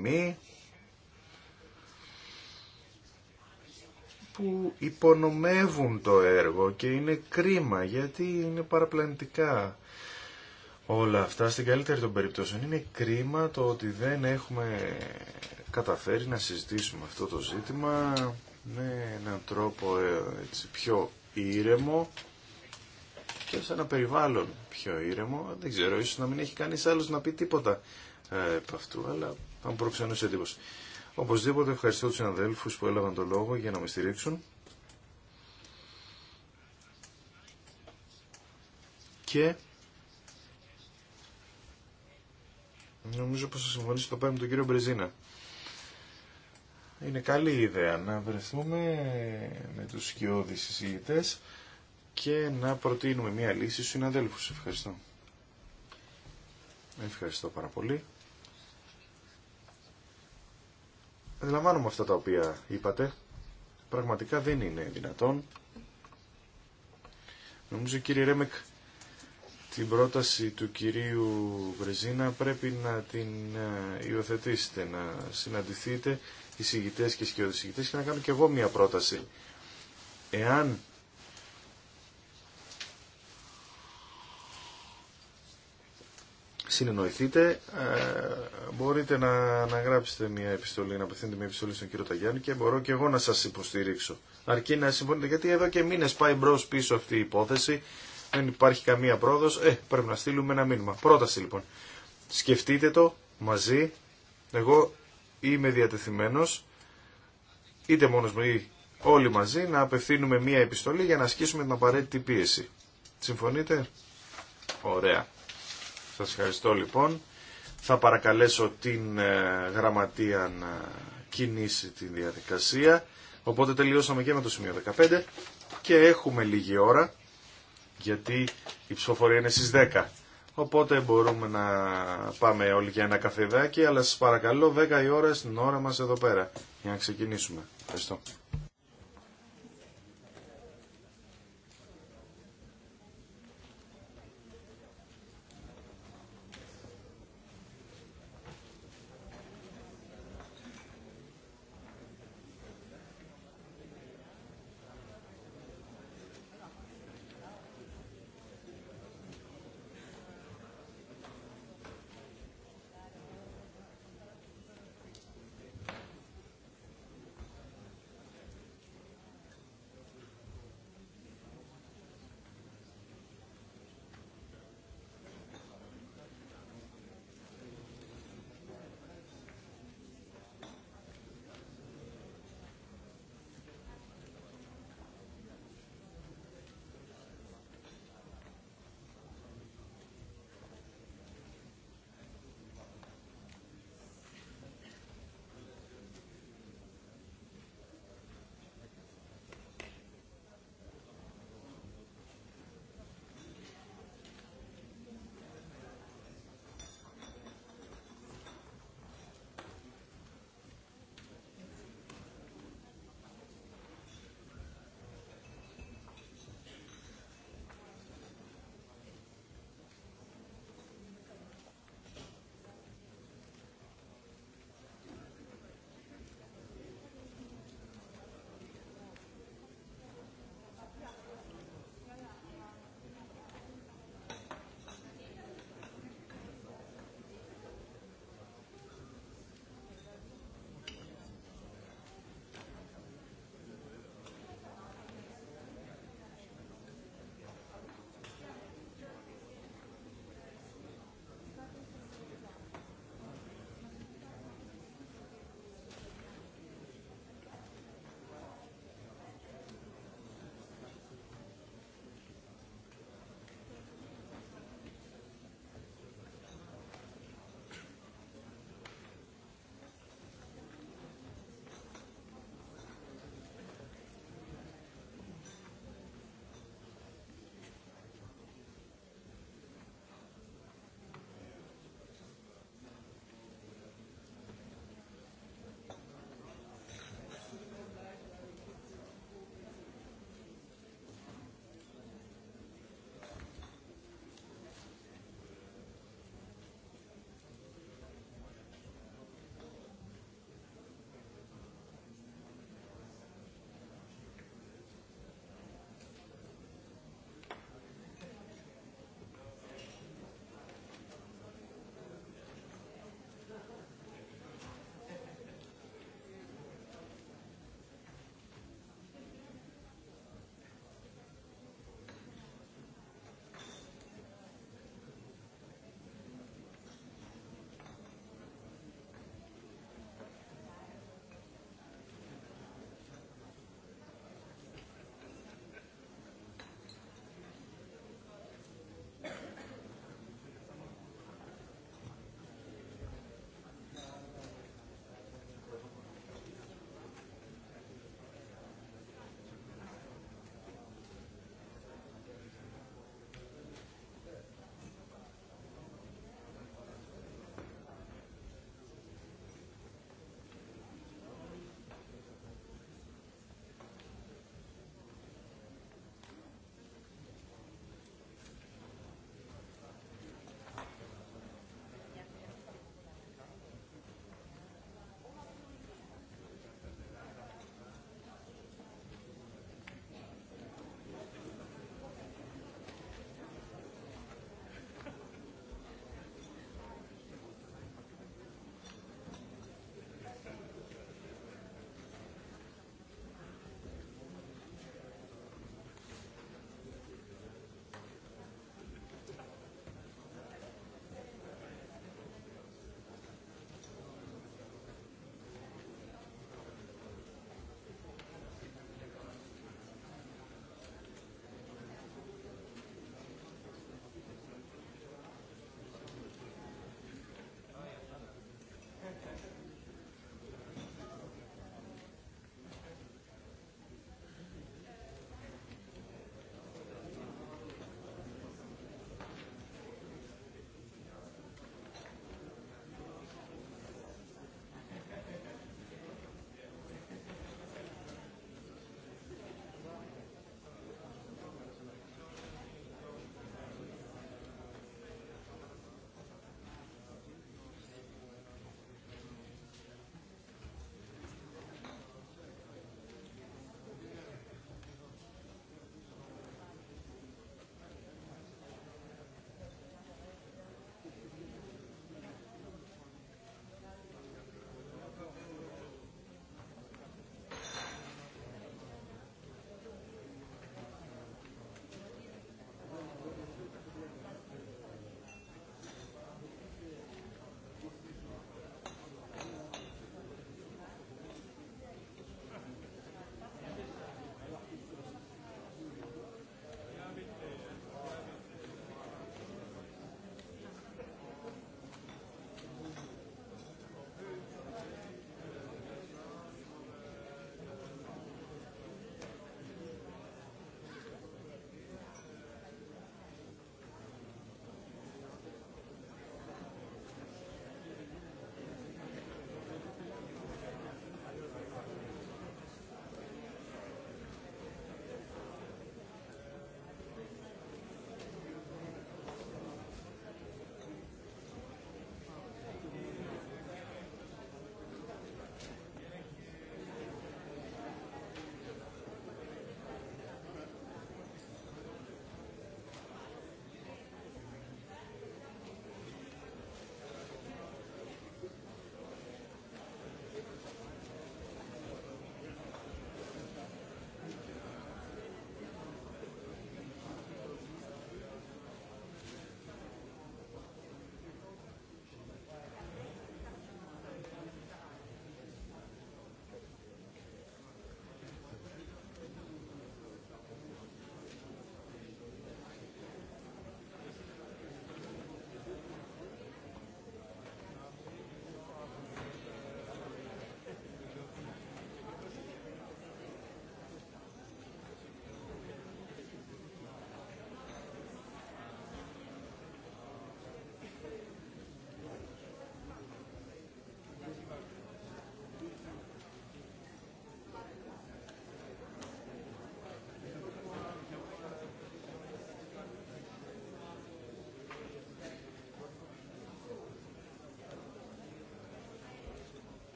που υπονομεύουν το έργο και είναι κρίμα γιατί είναι παραπλανητικά όλα αυτά. Στην καλύτερη των περιπτώσεων είναι κρίμα το ότι δεν έχουμε καταφέρει να συζητήσουμε αυτό το ζήτημα με έναν τρόπο ε, πιο ήρεμο και σε ένα περιβάλλον πιο ήρεμο. Δεν ξέρω, ίσως να μην έχει κανείς άλλος να πει τίποτα από ε, αυτού, αλλά θα μου προξενούσε εντύπωση. Οπωσδήποτε ευχαριστώ τους συναδέλφους που έλαβαν το λόγο για να με στηρίξουν. Και νομίζω πως θα συμφωνήσω το πάρει με τον κύριο Μπρεζίνα. Είναι καλή ιδέα να βρεθούμε με τους σκιώδεις συζητητές και να προτείνουμε μια λύση στους συναδέλφους. Ευχαριστώ. Ευχαριστώ πάρα πολύ. αντιλαμβάνομαι αυτά τα οποία είπατε. Πραγματικά δεν είναι δυνατόν. Νομίζω κύριε Ρέμεκ την πρόταση του κυρίου Βρεζίνα πρέπει να την ε, υιοθετήσετε, να συναντηθείτε οι συγητές και οι και να κάνω και εγώ μια πρόταση. Εάν συνεννοηθείτε, ε, μπορείτε να, να γράψετε μια επιστολή, να απευθύνετε μια επιστολή στον κύριο Ταγιάννη και μπορώ και εγώ να σας υποστηρίξω. Αρκεί να συμφωνείτε, γιατί εδώ και μήνες πάει μπρο πίσω αυτή η υπόθεση, δεν υπάρχει καμία πρόοδο. ε, πρέπει να στείλουμε ένα μήνυμα. Πρόταση λοιπόν. Σκεφτείτε το μαζί, εγώ είμαι διατεθειμένο, είτε μόνο μου ή όλοι μαζί, να απευθύνουμε μια επιστολή για να ασκήσουμε την απαραίτητη πίεση. Συμφωνείτε? Ωραία. Σας ευχαριστώ λοιπόν. Θα παρακαλέσω την ε, γραμματεία να κινήσει τη διαδικασία. Οπότε τελειώσαμε και με το σημείο 15 και έχουμε λίγη ώρα γιατί η ψηφοφορία είναι στις 10. Οπότε μπορούμε να πάμε όλοι για ένα καφεδάκι, αλλά σας παρακαλώ 10 η ώρα στην ώρα μας εδώ πέρα για να ξεκινήσουμε. Ευχαριστώ.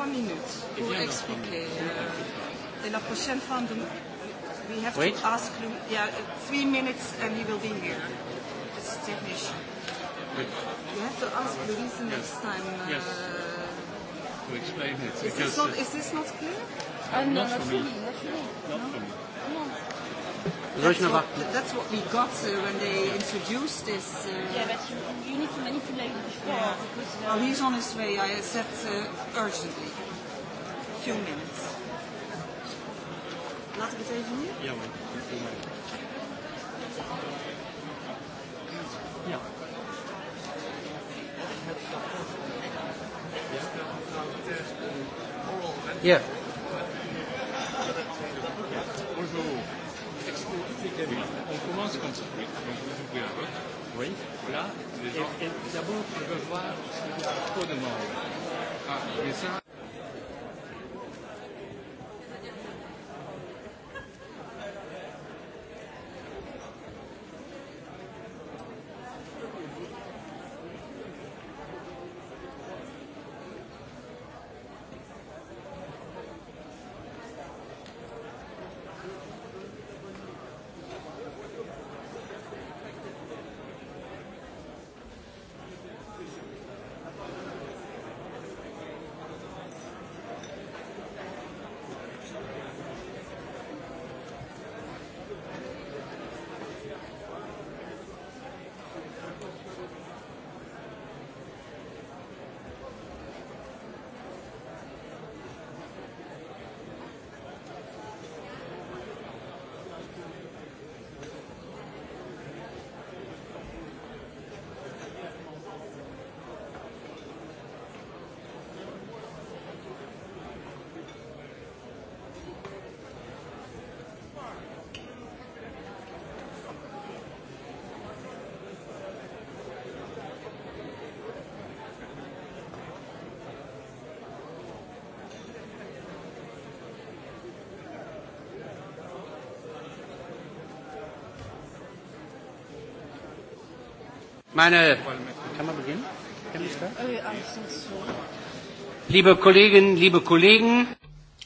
trois minutes pour expliquer. Et la prochaine fois, we have to ask him, yeah, three minutes and he will be here. It's technician. You have to ask Louise next time. Yes. To explain it. Is this not, is this not clear? Uh, no, not for Not for No. That's what, we got uh, when they introduced this. Uh, he's on his way. I said urgently. few minutes. Laat het even Ja, Yeah. là, les gens, d'abord, ils peuvent voir ce qu'il y a trop de monde. Ah, mais ça, Meine,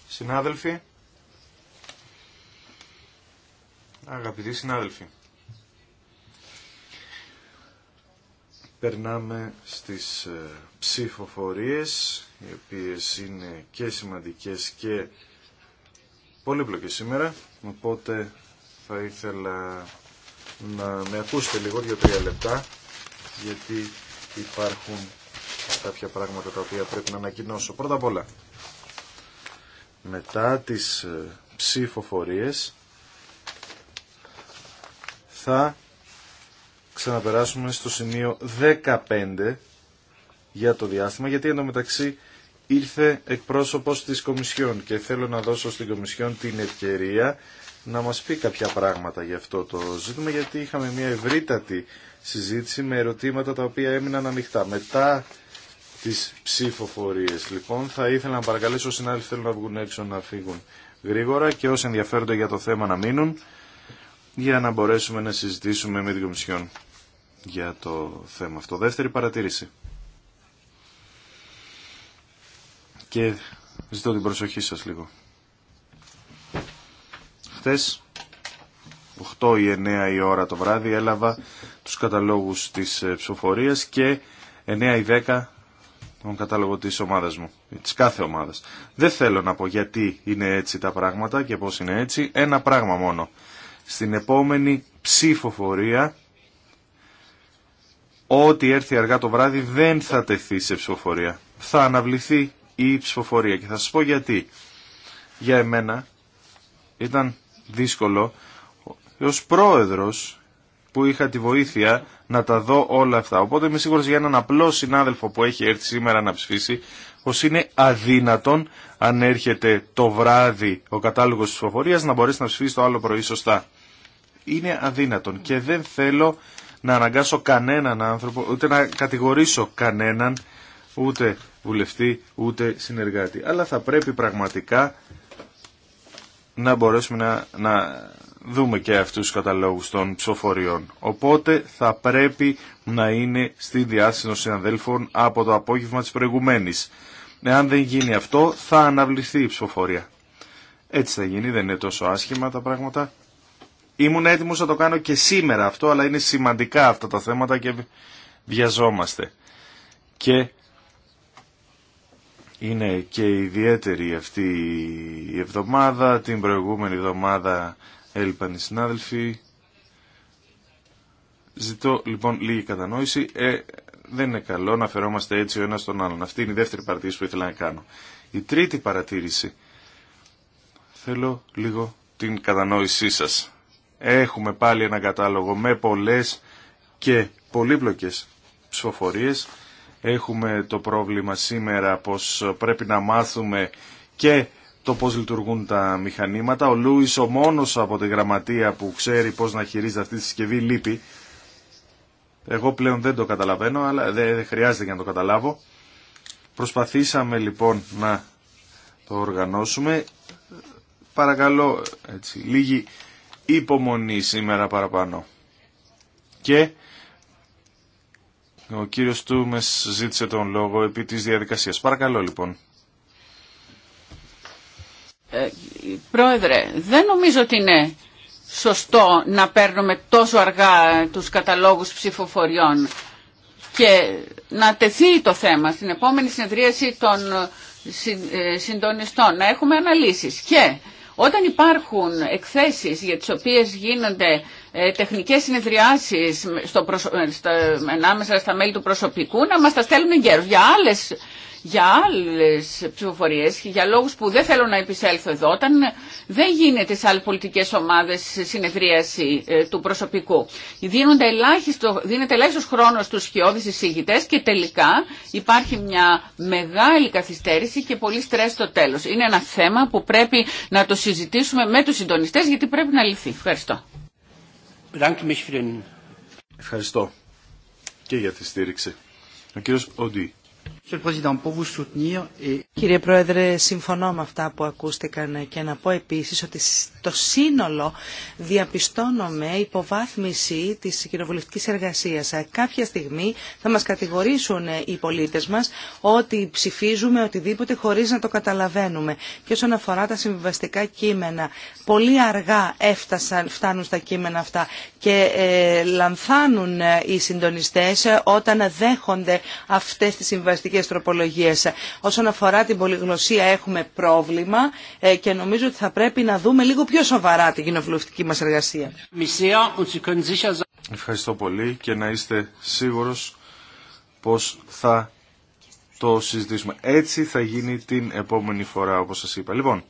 Συνάδελφοι, αγαπητοί συνάδελφοι, περνάμε στις ε, ψηφοφορίες, οι οποίες είναι και σημαντικές και πολύπλοκες σήμερα, οπότε θα ήθελα να με ακούσετε λίγο, δύο-τρία λεπτά, γιατί υπάρχουν κάποια πράγματα τα οποία πρέπει να ανακοινώσω. Πρώτα απ' όλα, μετά τις ε, ψηφοφορίες θα ξαναπεράσουμε στο σημείο 15 για το διάστημα, γιατί μεταξύ ήρθε εκπρόσωπος της Κομισιόν και θέλω να δώσω στην Κομισιόν την ευκαιρία να μας πει κάποια πράγματα για αυτό το ζήτημα, γιατί είχαμε μια ευρύτατη συζήτηση με ερωτήματα τα οποία έμειναν ανοιχτά. Μετά τις ψηφοφορίες λοιπόν θα ήθελα να παρακαλέσω όσοι άλλοι θέλουν να βγουν έξω να φύγουν γρήγορα και όσοι ενδιαφέρονται για το θέμα να μείνουν για να μπορέσουμε να συζητήσουμε με την Κομισιόν για το θέμα αυτό. Δεύτερη παρατήρηση. Και ζητώ την προσοχή σας λίγο. Χθες 8 ή 9 η ώρα το βράδυ έλαβα τους καταλόγους της ε, ψηφοφορίας και 9 ή 10 τον κατάλογο της ομάδας μου, της κάθε ομάδας. Δεν θέλω να πω γιατί είναι έτσι τα πράγματα και πώς είναι έτσι. Ένα πράγμα μόνο. Στην επόμενη ψηφοφορία, ό,τι έρθει αργά το βράδυ δεν θα τεθεί σε ψηφοφορία. Θα αναβληθεί η ψηφοφορία και θα σας πω γιατί. Για εμένα ήταν δύσκολο ως πρόεδρος που είχα τη βοήθεια να τα δω όλα αυτά. Οπότε είμαι σίγουρος για έναν απλό συνάδελφο που έχει έρθει σήμερα να ψηφίσει πως είναι αδύνατον αν έρχεται το βράδυ ο κατάλογος της ψηφοφορίας να μπορέσει να ψηφίσει το άλλο πρωί σωστά. Είναι αδύνατον και δεν θέλω να αναγκάσω κανέναν άνθρωπο, ούτε να κατηγορήσω κανέναν, ούτε βουλευτή, ούτε συνεργάτη. Αλλά θα πρέπει πραγματικά να μπορέσουμε να, να δούμε και αυτούς τους καταλόγους των ψηφοφοριών. Οπότε θα πρέπει να είναι στη διάστηση των συναδέλφων από το απόγευμα της προηγουμένης. Εάν δεν γίνει αυτό θα αναβληθεί η ψηφοφορία. Έτσι θα γίνει, δεν είναι τόσο άσχημα τα πράγματα. Ήμουν έτοιμος να το κάνω και σήμερα αυτό, αλλά είναι σημαντικά αυτά τα θέματα και βιαζόμαστε. Και είναι και ιδιαίτερη αυτή η εβδομάδα. Την προηγούμενη εβδομάδα έλειπαν οι συνάδελφοι. Ζητώ λοιπόν λίγη κατανόηση. Ε, δεν είναι καλό να φερόμαστε έτσι ο ένας τον άλλον. Αυτή είναι η δεύτερη παρατήρηση που ήθελα να κάνω. Η τρίτη παρατήρηση. Θέλω λίγο την κατανόησή σας. Έχουμε πάλι ένα κατάλογο με πολλές και πολύπλοκες ψηφοφορίες. Έχουμε το πρόβλημα σήμερα πως πρέπει να μάθουμε και το πώ λειτουργούν τα μηχανήματα. Ο Λούις ο μόνος από τη γραμματεία που ξέρει πώς να χειρίζεται αυτή τη συσκευή λείπει. Εγώ πλέον δεν το καταλαβαίνω, αλλά δεν χρειάζεται για να το καταλάβω. Προσπαθήσαμε λοιπόν να το οργανώσουμε. Παρακαλώ, έτσι, λίγη υπομονή σήμερα παραπάνω. Και ο κύριος Τούμες ζήτησε τον λόγο επί της διαδικασίας. Παρακαλώ λοιπόν. Ε, πρόεδρε, δεν νομίζω ότι είναι σωστό να παίρνουμε τόσο αργά τους καταλόγους ψηφοφοριών και να τεθεί το θέμα στην επόμενη συνεδρίαση των ε, συντονιστών, να έχουμε αναλύσεις. Και όταν υπάρχουν εκθέσεις για τις οποίες γίνονται ε, τεχνικές συνεδριάσεις στο προσω... στα... ανάμεσα στα μέλη του προσωπικού, να μας τα στέλνουν γέρος. Για άλλες για άλλες ψηφοφορίες και για λόγους που δεν θέλω να επισέλθω εδώ, όταν δεν γίνεται σε άλλες πολιτικές ομάδες συνεδρίαση ε, του προσωπικού. Δίνονται ελάχιστο, δίνεται ελάχιστος χρόνος στους εισηγητές και τελικά υπάρχει μια μεγάλη καθυστέρηση και πολύ στρες στο τέλος. Είναι ένα θέμα που πρέπει να το συζητήσουμε με τους συντονιστές γιατί πρέπει να λυθεί. Ευχαριστώ. Ευχαριστώ και για τη στήριξη. Ο κύριος Οντή. Κύριε Πρόεδρε, συμφωνώ με αυτά που ακούστηκαν και να πω επίσης ότι το σύνολο διαπιστώνομαι υποβάθμιση της κοινοβουλευτικής εργασίας. Κάποια στιγμή θα μας κατηγορήσουν οι πολίτες μας ότι ψηφίζουμε οτιδήποτε χωρίς να το καταλαβαίνουμε. Και όσον αφορά τα συμβιβαστικά κείμενα, πολύ αργά έφτασαν, φτάνουν στα κείμενα αυτά και ε, λανθάνουν οι συντονιστές όταν δέχονται αυτές τις συμβιβαστικές Όσον αφορά την πολυγνωσία έχουμε πρόβλημα ε, και νομίζω ότι θα πρέπει να δούμε λίγο πιο σοβαρά την κοινοβουλευτική μας εργασία. Ευχαριστώ πολύ και να είστε σίγουρος πως θα το συζητήσουμε. Έτσι θα γίνει την επόμενη φορά όπως σας είπα. Λοιπόν,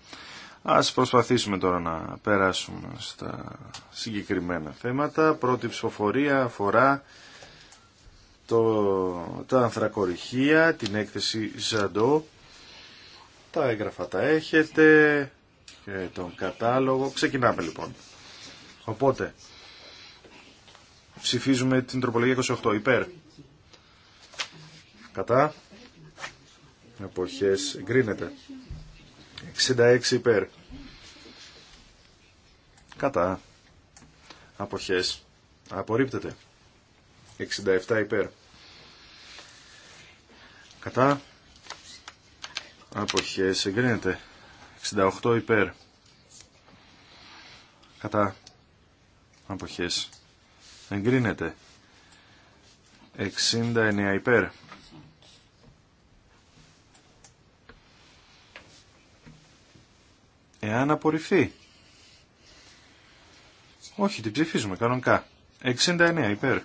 ας προσπαθήσουμε τώρα να περάσουμε στα συγκεκριμένα θέματα. Πρώτη ψηφοφορία αφορά το, τα ανθρακοριχεία, την έκθεση Ζαντό. Τα έγγραφα τα έχετε και τον κατάλογο. Ξεκινάμε λοιπόν. Οπότε, ψηφίζουμε την τροπολογία 28 υπέρ. Κατά. Εποχές γκρίνεται. 66 υπέρ. Κατά. Αποχές. Απορρίπτεται. 67 υπέρ. Κατά. Αποχές εγκρίνεται. 68 υπέρ. Κατά. Αποχές εγκρίνεται. 69 υπέρ. Εάν απορριφθεί. Όχι, την ψηφίζουμε κανονικά. 69 υπέρ.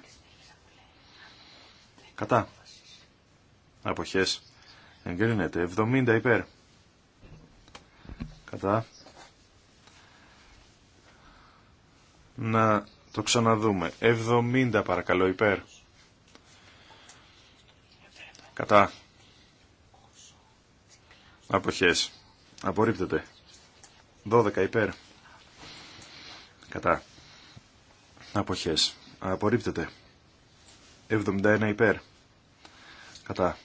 Κατά. Αποχές. Εγκρίνεται. 70 υπέρ. Κατά. Να το ξαναδούμε. 70 παρακαλώ υπέρ. Κατά. Αποχές. Απορρίπτεται. 12 υπέρ. Κατά. Αποχές. Απορρίπτεται. 71 υπέρ κατά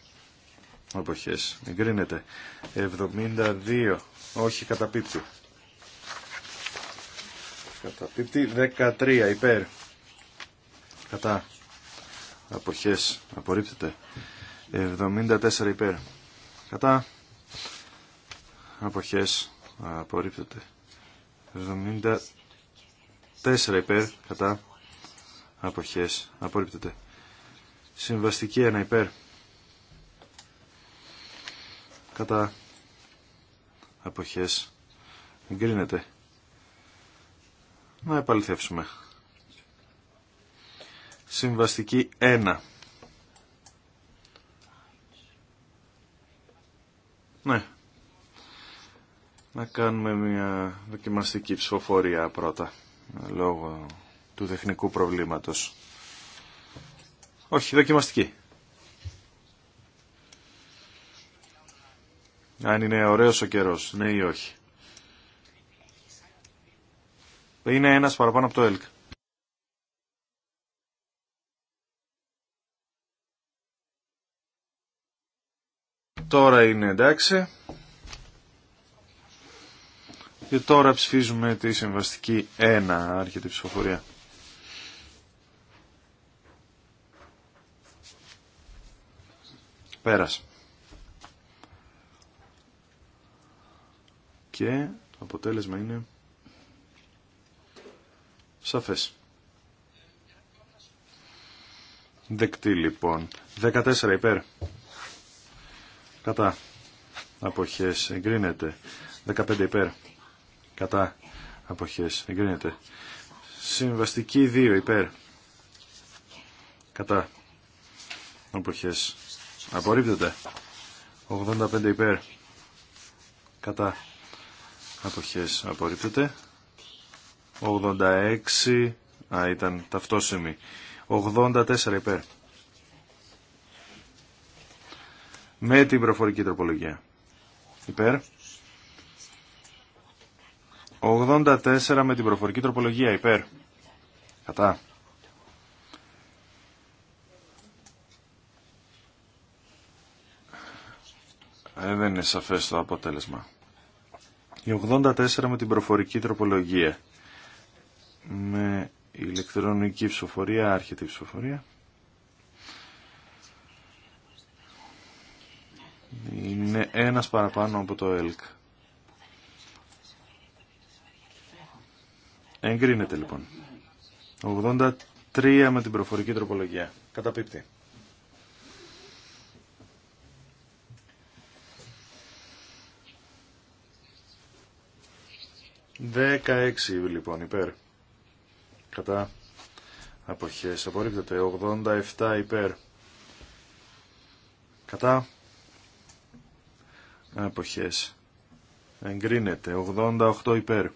εποχές εγκρίνεται 72 όχι κατά καταπίπτει 13 υπέρ κατά αποχές απορρίπτεται 74 υπέρ κατά αποχές απορρίπτεται 74 υπέρ κατά αποχές απορρίπτεται συμβαστική 1 υπέρ κατά εποχές εγκρίνεται. Να επαληθεύσουμε. Συμβαστική 1. Ναι. Να κάνουμε μια δοκιμαστική ψηφοφορία πρώτα, λόγω του τεχνικού προβλήματος. Όχι, δοκιμαστική. αν είναι ωραίος ο καιρός, ναι ή όχι. Είναι ένας παραπάνω από το ΕΛΚ. Τώρα είναι εντάξει. Και τώρα ψηφίζουμε τη συμβαστική 1, άρχεται η ψηφοφορία. Πέρασε. και το αποτέλεσμα είναι σαφές. Δεκτή λοιπόν. 14 υπέρ. Κατά. Αποχές εγκρίνεται. 15 υπέρ. Κατά. Αποχές εγκρίνεται. Συμβαστική 2 υπέρ. Κατά. Αποχές. Απορρίπτεται. 85 υπέρ. Κατά αποχές απορρίπτεται. 86, α ήταν ταυτόσημη. 84 υπέρ. Με την προφορική τροπολογία. Υπέρ. 84 με την προφορική τροπολογία υπέρ. Κατά. Ε, δεν είναι σαφές το αποτέλεσμα. Η 84 με την προφορική τροπολογία. Με ηλεκτρονική ψηφοφορία, άρχεται η ψηφοφορία. Είναι ένας παραπάνω από το ΕΛΚ. Εγκρίνεται λοιπόν. 83 με την προφορική τροπολογία. Καταπίπτει. 16 λοιπόν υπέρ. Κατά αποχές απορρίπτεται. 87 υπέρ. Κατά αποχές εγκρίνεται. 88 υπέρ.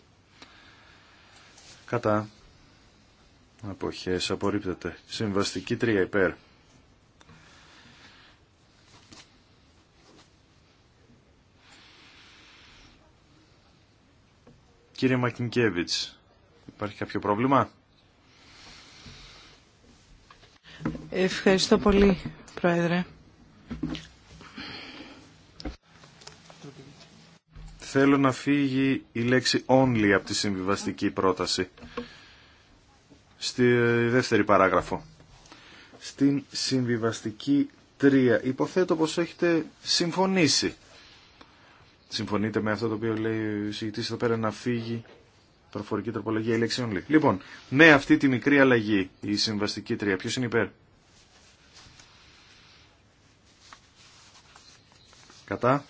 Κατά αποχές απορρίπτεται. Συμβαστική 3 υπέρ. Κύριε Μακινκέβιτς, υπάρχει κάποιο πρόβλημα? Ευχαριστώ πολύ, Πρόεδρε. Θέλω να φύγει η λέξη only από τη συμβιβαστική πρόταση. Στη δεύτερη παράγραφο. Στην συμβιβαστική τρία. Υποθέτω πως έχετε συμφωνήσει συμφωνείτε με αυτό το οποίο λέει ο συγητής εδώ πέρα να φύγει προφορική τροπολογία η λέξη only. Λοιπόν, με ναι, αυτή τη μικρή αλλαγή, η συμβαστική τρία, ποιος είναι υπέρ. Κατά.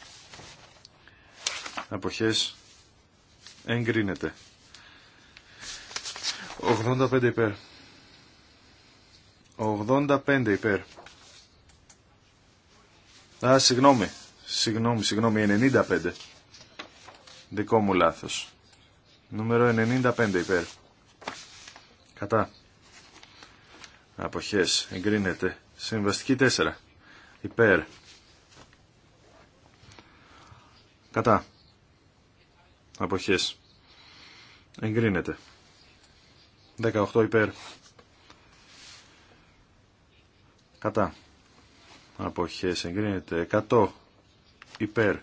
Αποχές. Εγκρίνεται. 85 υπέρ. 85 υπέρ. Α, συγγνώμη. Συγγνώμη, συγγνώμη, 95. Δικό μου λάθος. Νούμερο 95 υπέρ. Κατά. Αποχές. Εγκρίνεται. Συμβαστική 4. Υπέρ. Κατά. Αποχές. Εγκρίνεται. 18 υπέρ. Κατά. Αποχές εγκρίνεται. 100 υπέρ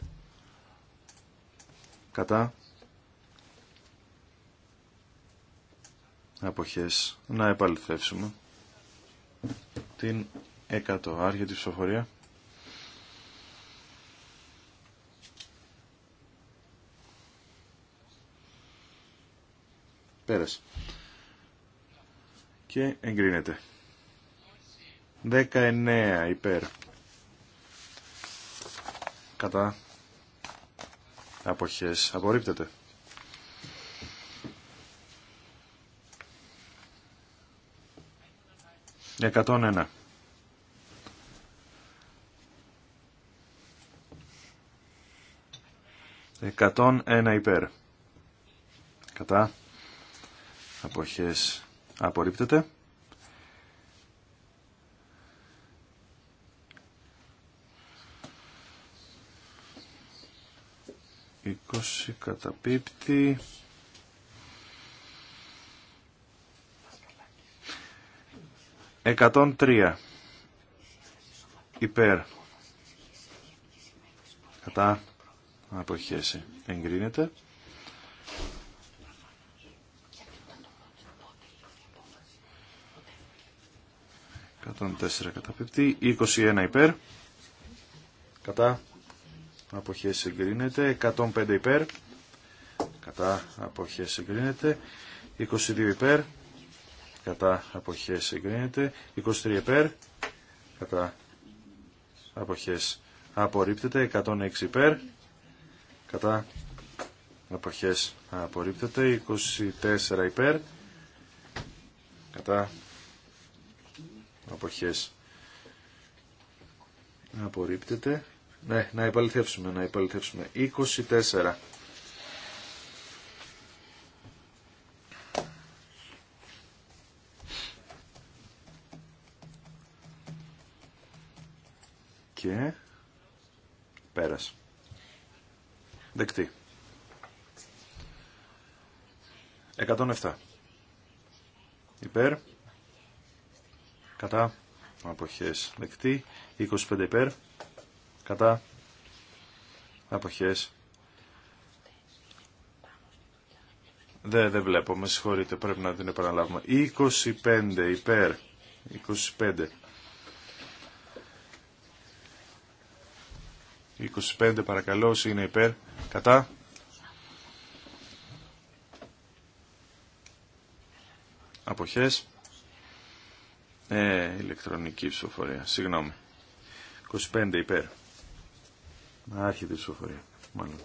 κατά αποχές να επαληθεύσουμε την 100 Άρχιε τη ψηφοφορία πέρασε και εγκρίνεται 19 υπέρ κατά αποχές απορρίπτεται. Εκατόν ένα. Εκατόν ένα υπέρ. Κατά. Αποχές απορρίπτεται. 20 καταπίπτει. 103 υπέρ. Κατά αποχέση. Εγκρίνεται. 104 καταπίπτει. 21 υπέρ. Κατά αποχές εγκρίνεται 105 υπέρ κατά αποχές εγκρίνεται 22 υπέρ κατά αποχές εγκρίνεται 23 υπέρ κατά αποχές απορρίπτεται 106 υπέρ κατά αποχές απορρίπτεται 24 υπέρ κατά αποχές απορρίπτεται ναι, να υπαλληθεύσουμε, να υπαλληθεύσουμε. 24. Και πέρας. Δεκτή. 107. Υπέρ. Κατά. Αποχές δεκτή. 25 υπέρ κατά αποχές δεν, δεν βλέπω, με συγχωρείτε, πρέπει να την επαναλάβουμε 25 υπέρ 25 25 παρακαλώ, όσοι είναι υπέρ, κατά. Αποχές. Ε, ηλεκτρονική ψηφοφορία, συγγνώμη. 25 υπέρ. Να έρχεται η ψηφοφορία, μάλλον.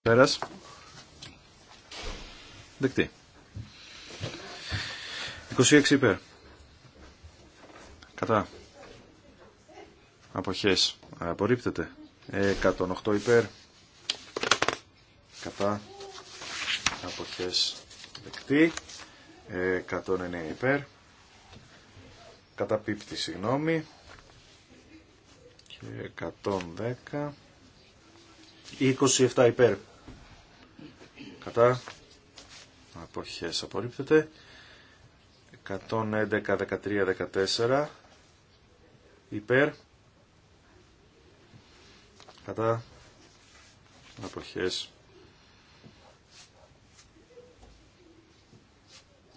Πέρας. Δεκτή. 26 υπέρ. Κατά. Αποχές. Απορρίπτεται. 108 υπέρ. Κατά. Αποχές. Δεκτή. 109 υπέρ καταπίπτει συγγνώμη και 110 27 υπέρ κατά αποχές απορρίπτεται 111 13 14 υπέρ κατά αποχές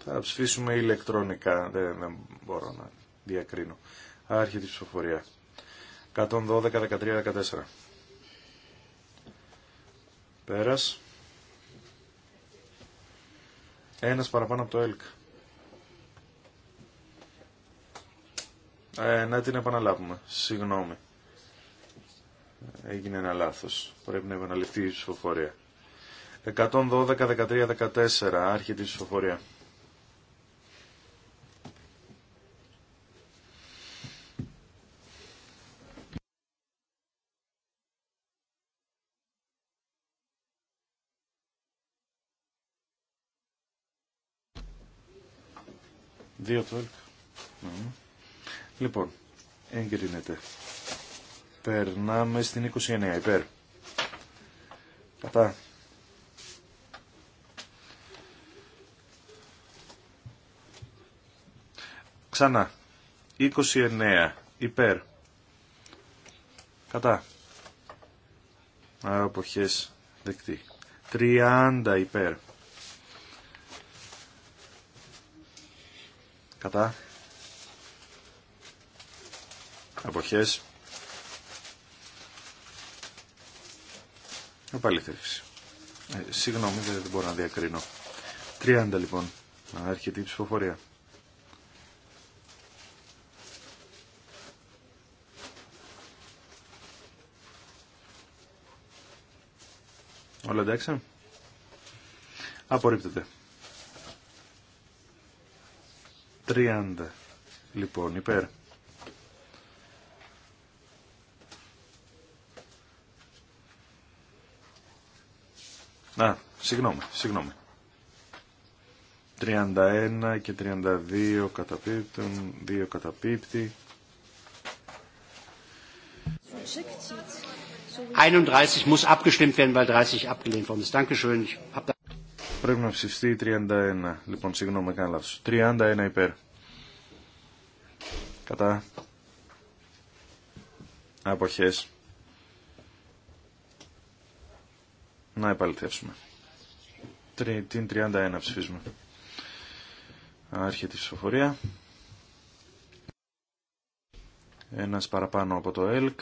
θα ψηφίσουμε ηλεκτρονικά δεν μπορώ να διακρίνω. Άρχη η ψηφοφορία. 112, 13, 14. Πέρας. ενα παραπάνω από το ΕΛΚ. Ε, να την επαναλάβουμε. Συγγνώμη. Έγινε ένα λάθος. Πρέπει να επαναληφθεί η ψηφοφορία. 112, 13, 14. Άρχεται η ψηφοφορία. Λοιπόν, εγκρίνεται. Περνάμε στην 29 υπέρ. Κατά. Ξανά. 29 υπέρ. Κατά. Αποχές δεκτή. 30 υπέρ. κατά αποχές επαλήθευση ε, συγγνώμη δεν, δεν μπορώ να διακρίνω 30 λοιπόν να έρχεται η ψηφοφορία Όλα εντάξει. Απορρίπτεται. 30 λοιπόν υπέρ. Α, συγγνώμη, συγγνώμη. 31 και 32 καταπίπτουν, 2 καταπίπτει. 31 muss abgestimmt werden, weil 30 abgelehnt worden ist. Dankeschön. Ich Πρέπει να ψηφιστεί 31. Λοιπόν, συγγνώμη, κάνω λάθος. 31 υπέρ. Κατά. Αποχές. Να επαληθεύσουμε. Την 31 ψηφίζουμε. Άρχεται η ψηφοφορία. Ένας παραπάνω από το ΕΛΚ.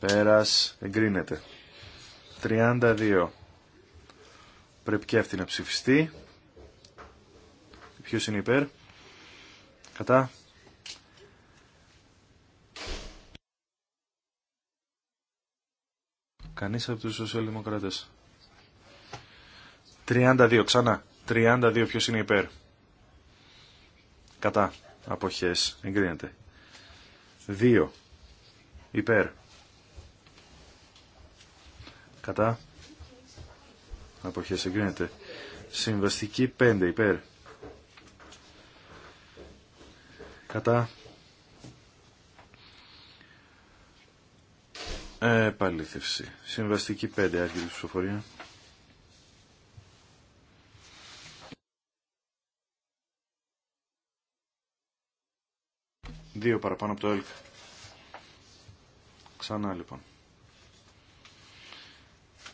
Πέρας εγκρίνεται. 32 Πρέπει και αυτή να ψηφιστεί. Ποιο είναι υπέρ. Κατά. Κανείς από τους Σοσιαλδημοκράτε. 32 ξανά. 32 ποιος είναι υπέρ. Κατά. Αποχές. Εγκρίνεται. 2. Υπέρ. Κατά αποχές εγκρίνεται. Συμβαστική 5 υπέρ. Κατά. Επαλήθευση. Συμβαστική 5 άρχιτη ψηφοφορία. Δύο παραπάνω από το ΕΛΚ. Ξανά λοιπόν.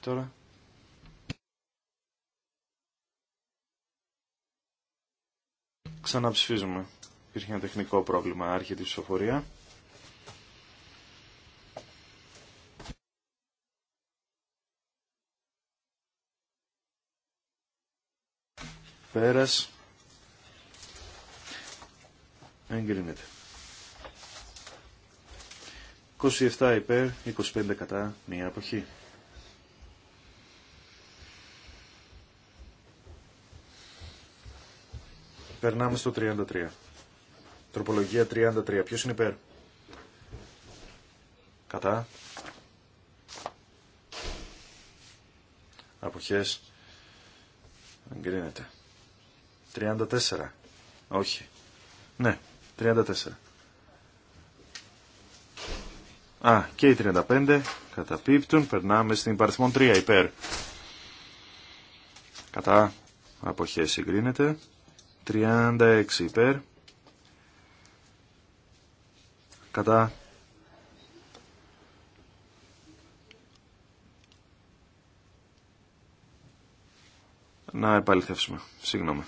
Τώρα Ξαναψηφίζουμε. Υπήρχε ένα τεχνικό πρόβλημα. Άρχιε τη ψηφοφορία. Πέρας. Εγκρίνεται. 27 υπέρ, 25 κατά, μία αποχή. Περνάμε στο 33. Τροπολογία 33. Ποιος είναι υπέρ. Κατά. Αποχές. Εγκρίνεται. 34. Όχι. Ναι. 34. Α, και οι 35 καταπίπτουν. Περνάμε στην υπαριθμόν 3 υπέρ. Κατά. Αποχές συγκρίνεται. 36 υπέρ. Κατά. Να επαληθεύσουμε. Συγγνώμη.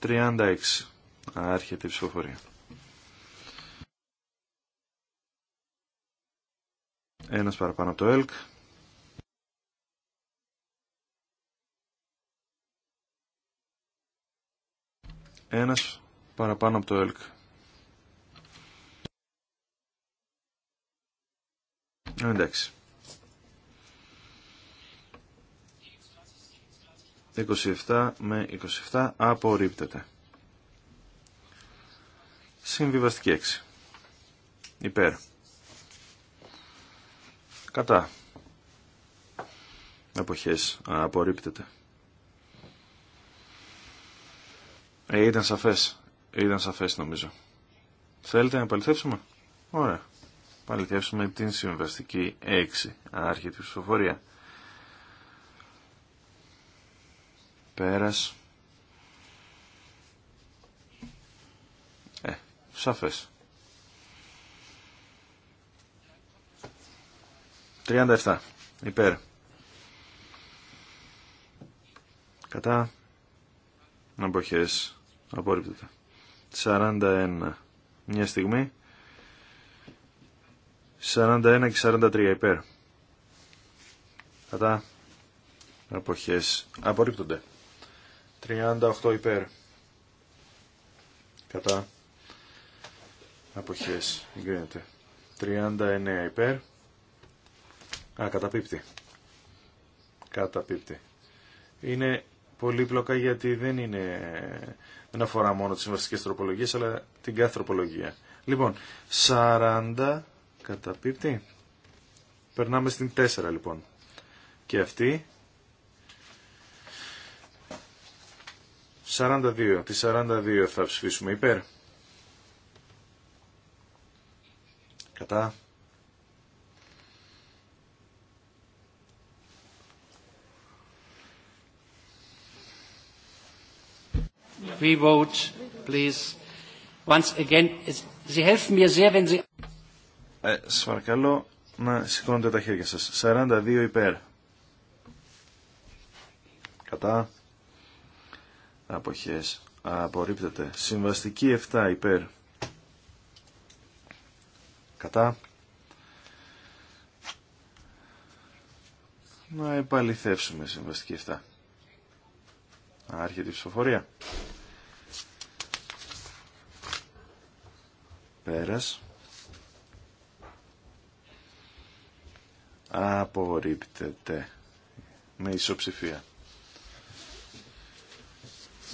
36. Άρχεται η ψηφοφορία. Ένας παραπάνω από το ΕΛΚ. ένας παραπάνω από το ΕΛΚ. Εντάξει. 27 με 27 απορρίπτεται. Συμβιβαστική 6. Υπέρ. Κατά. Εποχές Απορρίπτεται. Ε, ήταν σαφές. Ε, ήταν σαφές νομίζω. Θέλετε να παληθεύσουμε. Ωραία. Παληθεύσουμε την συμβαστική 6. Άρχεται η ψηφοφορία. Πέρας. Ε, σαφές. 37. Υπέρ. Κατά. Αμποχές. Απορρίπτεται. 41. Μια στιγμή. 41 και 43 υπέρ. Κατά. Αποχές. Απορρίπτονται. 38 υπέρ. Κατά. Αποχές. Εγκρίνεται. 39 υπέρ. Α, καταπίπτει. Καταπίπτει. Είναι πολύπλοκα γιατί δεν, είναι, δεν αφορά μόνο τις συμβαστικές τροπολογίες αλλά την κάθε τροπολογία. Λοιπόν, 40 πίπτη. Περνάμε στην 4 λοιπόν. Και αυτή. 42. Τη 42 θα ψηφίσουμε υπέρ. Κατά. Σα ε, σας παρακαλώ να σηκώνετε τα χέρια σας. 42 υπέρ. Κατά. Αποχές. Απορρίπτεται. Συμβαστική 7 υπέρ. Κατά. Να επαληθεύσουμε συμβαστική 7. Άρχεται η ψηφοφορία. Πέρας. Απορρίπτεται με ισοψηφία.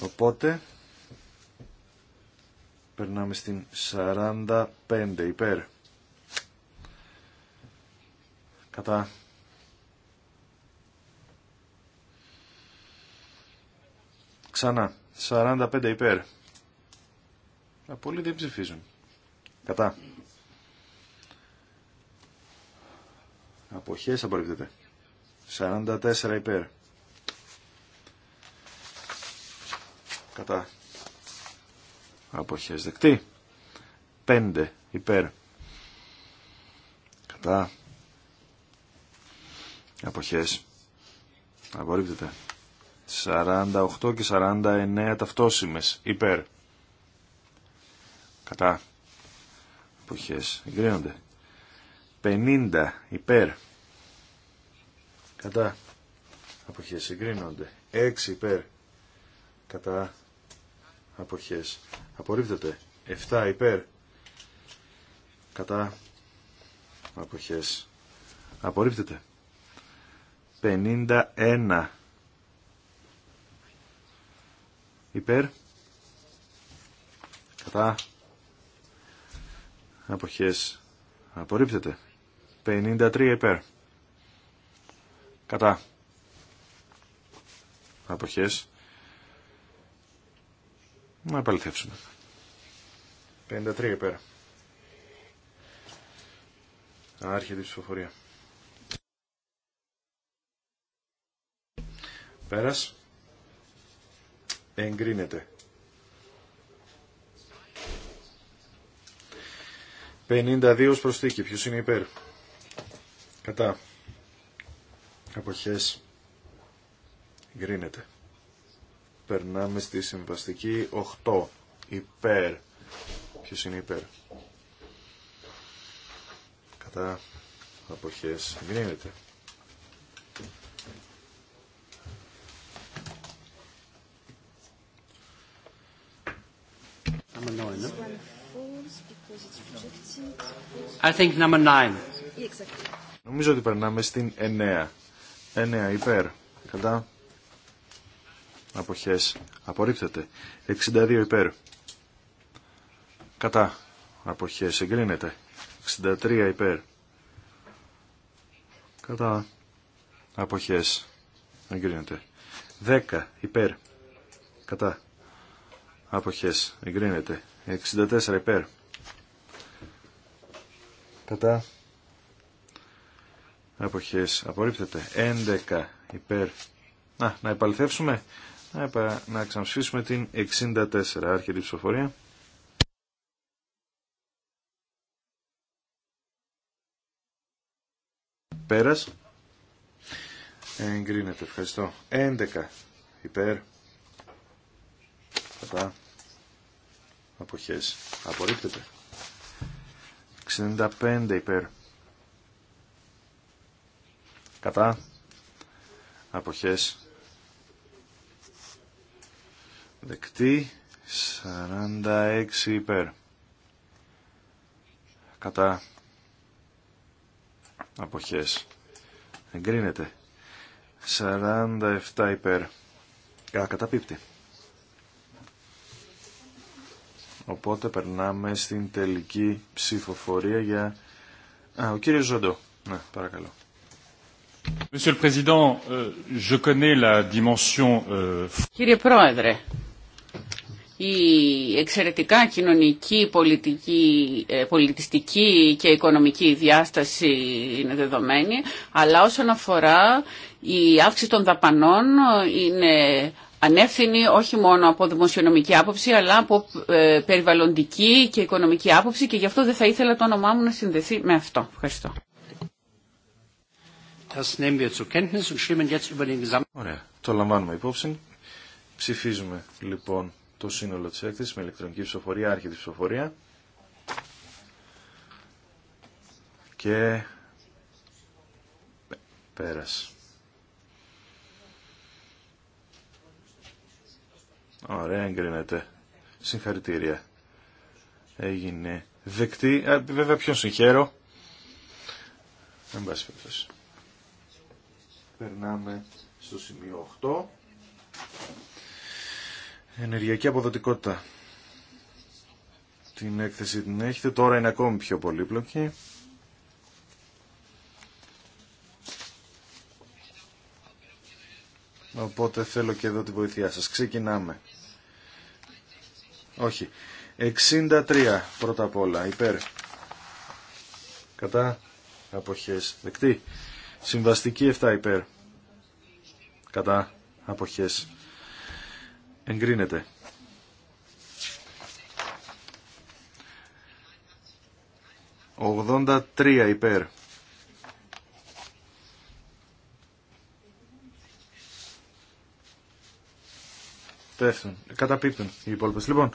Οπότε περνάμε στην 45 υπέρ. Κατά. Ξανά. 45 υπέρ. από δεν ψηφίζουν. Κατά. Αποχές απορρίπτεται. 44 υπέρ. Κατά. Αποχές δεκτή. 5 υπέρ. Κατά. Αποχές. Απορρίπτεται. 48 και 49 ταυτόσημες. Υπέρ. Κατά εγκρίνονται 50 υπέρ κατά αποχές εγκρίνονται 6 υπέρ κατά αποχές απορρίπτεται 7 υπέρ κατά αποχές απορρίπτεται 51 υπέρ κατά αποχές απορρίπτεται 53 υπέρ κατά αποχές να επαληθεύσουμε 53 υπέρ άρχεται η ψηφοφορία πέρας εγκρίνεται 52 ως προσθήκη. Ποιος είναι υπέρ. Κατά. Αποχές. Γκρίνεται. Περνάμε στη συμβαστική 8. Υπέρ. Ποιος είναι υπέρ. Κατά. Αποχές. Γκρίνεται. Άμα I think number Exactly. Νομίζω ότι περνάμε στην 9. 9 υπέρ. Κατά. Αποχές. Απορρίπτεται. 62 υπέρ. Κατά. Αποχές. Εγκρίνεται. 63 υπέρ. Κατά. Αποχές. Εγκρίνεται. 10 υπέρ. Κατά. Αποχές. Εγκρίνεται. 64 υπέρ κατά εποχές απορρίπτεται 11 υπέρ να, να επαληθεύσουμε να, να την 64 άρχεται ψηφοφορία πέρας εγκρίνεται ευχαριστώ 11 υπέρ κατά αποχές απορρίπτεται 65 υπέρ. Κατά. Αποχές. Δεκτή. 46 υπέρ. Κατά. Αποχές. Εγκρίνεται. 47 υπέρ. κατά καταπίπτει. Οπότε περνάμε στην τελική ψηφοφορία για... Α, ο κύριος Ζοντό. Ναι, παρακαλώ. Euh, euh, Κύριε Πρόεδρε, η εξαιρετικά κοινωνική, πολιτική, ε, πολιτιστική και οικονομική διάσταση είναι δεδομένη, αλλά όσον αφορά η αύξηση των δαπανών ε, είναι ανεύθυνη όχι μόνο από δημοσιονομική άποψη αλλά από ε, περιβαλλοντική και οικονομική άποψη και γι' αυτό δεν θα ήθελα το όνομά μου να συνδεθεί με αυτό. Ευχαριστώ. Ωραία. Το λαμβάνουμε υπόψη. Ψηφίζουμε λοιπόν το σύνολο της έκθεση με ηλεκτρονική ψηφοφορία, άρχιτη ψηφοφορία και πέρασε. Ωραία, εγκρίνεται. Συγχαρητήρια. Έγινε δεκτή. βέβαια ποιον συγχαίρω. Εν πάση περιπτώσει. Περνάμε στο σημείο 8. Ενεργειακή αποδοτικότητα. Την έκθεση την έχετε. Τώρα είναι ακόμη πιο πολύπλοκη. Οπότε θέλω και εδώ τη βοήθειά σας. Ξεκινάμε. Όχι. 63 πρώτα απ' όλα. Υπέρ. Κατά. Αποχές. Δεκτή. Συμβαστική 7 υπέρ. Κατά. Αποχές. Εγκρίνεται. 83 υπέρ. Πέφτουν, καταπίπτουν οι υπόλοιπε. Λοιπόν,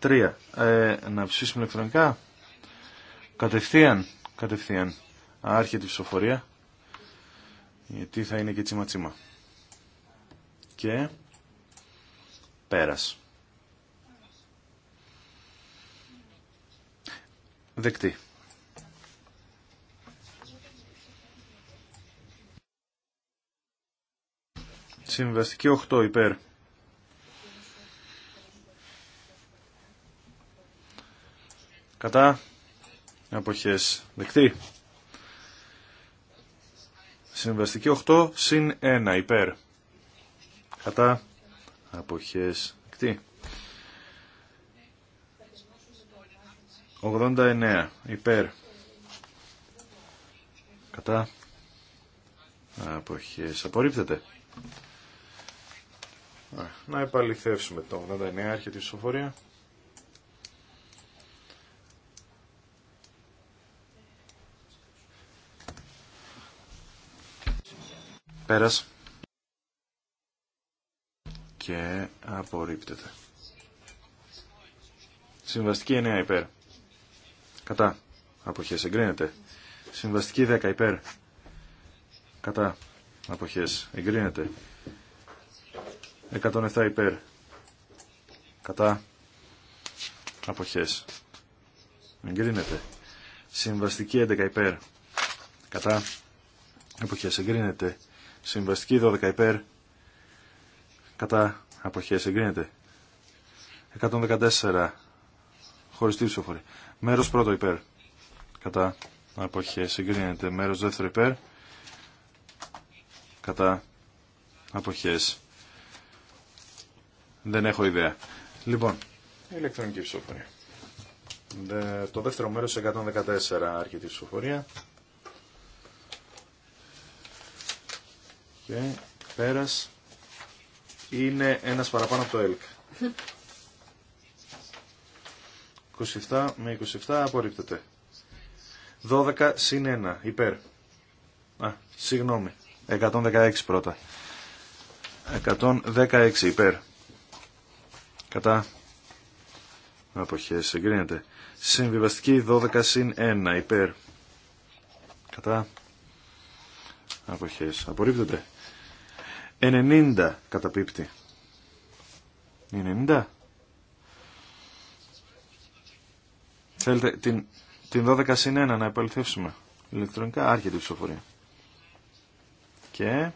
83. Ε, να ψήσουμε ηλεκτρονικά. Κατευθείαν, κατευθείαν. Άρχεται τη ψηφοφορία. Γιατί θα είναι και τσίμα τσίμα. Και πέρας. Δεκτή. Συμβαστική 8 υπέρ Κατά. Αποχές δεκτή. Συμβαστική 8 συν 1 υπέρ. Κατά. Αποχές δεκτή. 89 υπέρ. Κατά. Αποχές απορρίπτεται. Να επαληθεύσουμε το 89 έρχεται η ψηφοφορία. Πέρας. Και απορρίπτεται. Συμβαστική 9 υπέρ. Κατά. Αποχές εγκρίνεται. Συμβαστική 10 υπέρ. Κατά. Αποχές εγκρίνεται. 107 υπέρ. Κατά. Αποχές. Εγκρίνεται. Συμβαστική 11 υπέρ. Κατά. Αποχές εγκρίνεται. Συμβαστική 12 υπέρ. Κατά αποχές εγκρίνεται. 114. Χωριστή ψηφοφορία. Μέρος πρώτο υπέρ. Κατά αποχές εγκρίνεται. Μέρος δεύτερο υπέρ. Κατά αποχές. Δεν έχω ιδέα. Λοιπόν, ηλεκτρονική ψηφοφορία. Το δεύτερο μέρος 114 αρκετή ψηφοφορία. Και πέρας είναι ένας παραπάνω από το ΕΛΚ. 27 με 27 απορρίπτεται. 12 συν 1 υπέρ. Α, συγγνώμη. 116 πρώτα. 116 υπέρ. Κατά. Αποχές συγκρίνεται. Συμβιβαστική 12 συν 1 υπέρ. Κατά αποχές απορρίπτεται 90 καταπίπτει 90 Θέλετε την, την 12 συν 1 να επαληθεύσουμε ηλεκτρονικά άρχεται η ψηφοφορία και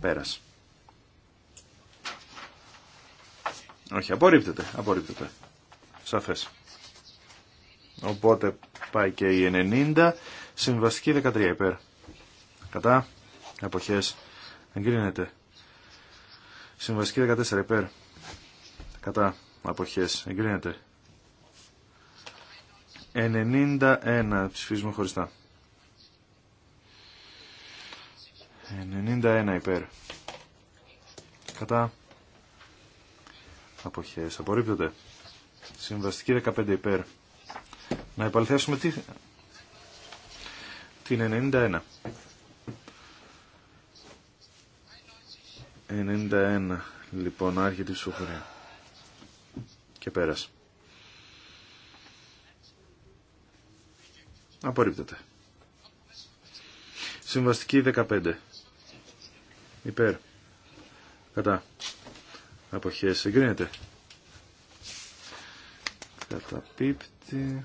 πέρας όχι απορρίπτεται απορρίπτεται σαφές οπότε πάει και η 90. Συμβαστική 13 υπέρ. Κατά. Αποχές. Εγκρίνεται. Συμβαστική 14 υπέρ. Κατά. Αποχές. Εγκρίνεται. 91 ψηφίζουμε χωριστά. 91 υπέρ. Κατά. Αποχές. Απορρίπτονται Συμβαστική 15 υπέρ. Να επαληθεύσουμε τι... την 91. 91 λοιπόν άρχεται η ψηφοφορία. Και πέρασε. Απορρίπτεται. Συμβαστική 15. Υπέρ. Κατά. Αποχές εγκρίνεται. Καταπίπτει.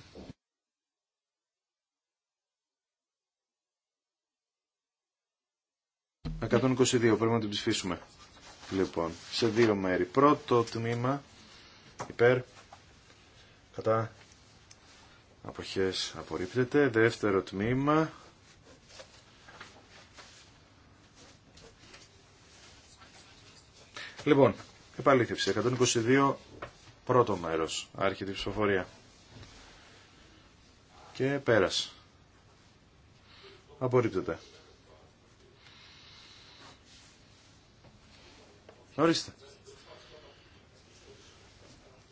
122 πρέπει να την ψηφίσουμε. Λοιπόν, σε δύο μέρη. Πρώτο τμήμα υπέρ, κατά, αποχές απορρίπτεται. Δεύτερο τμήμα Λοιπόν, επαλήθευση. 122 πρώτο μέρος. Άρχεται η ψηφοφορία. Και πέρας. Απορρίπτεται. Ορίστε.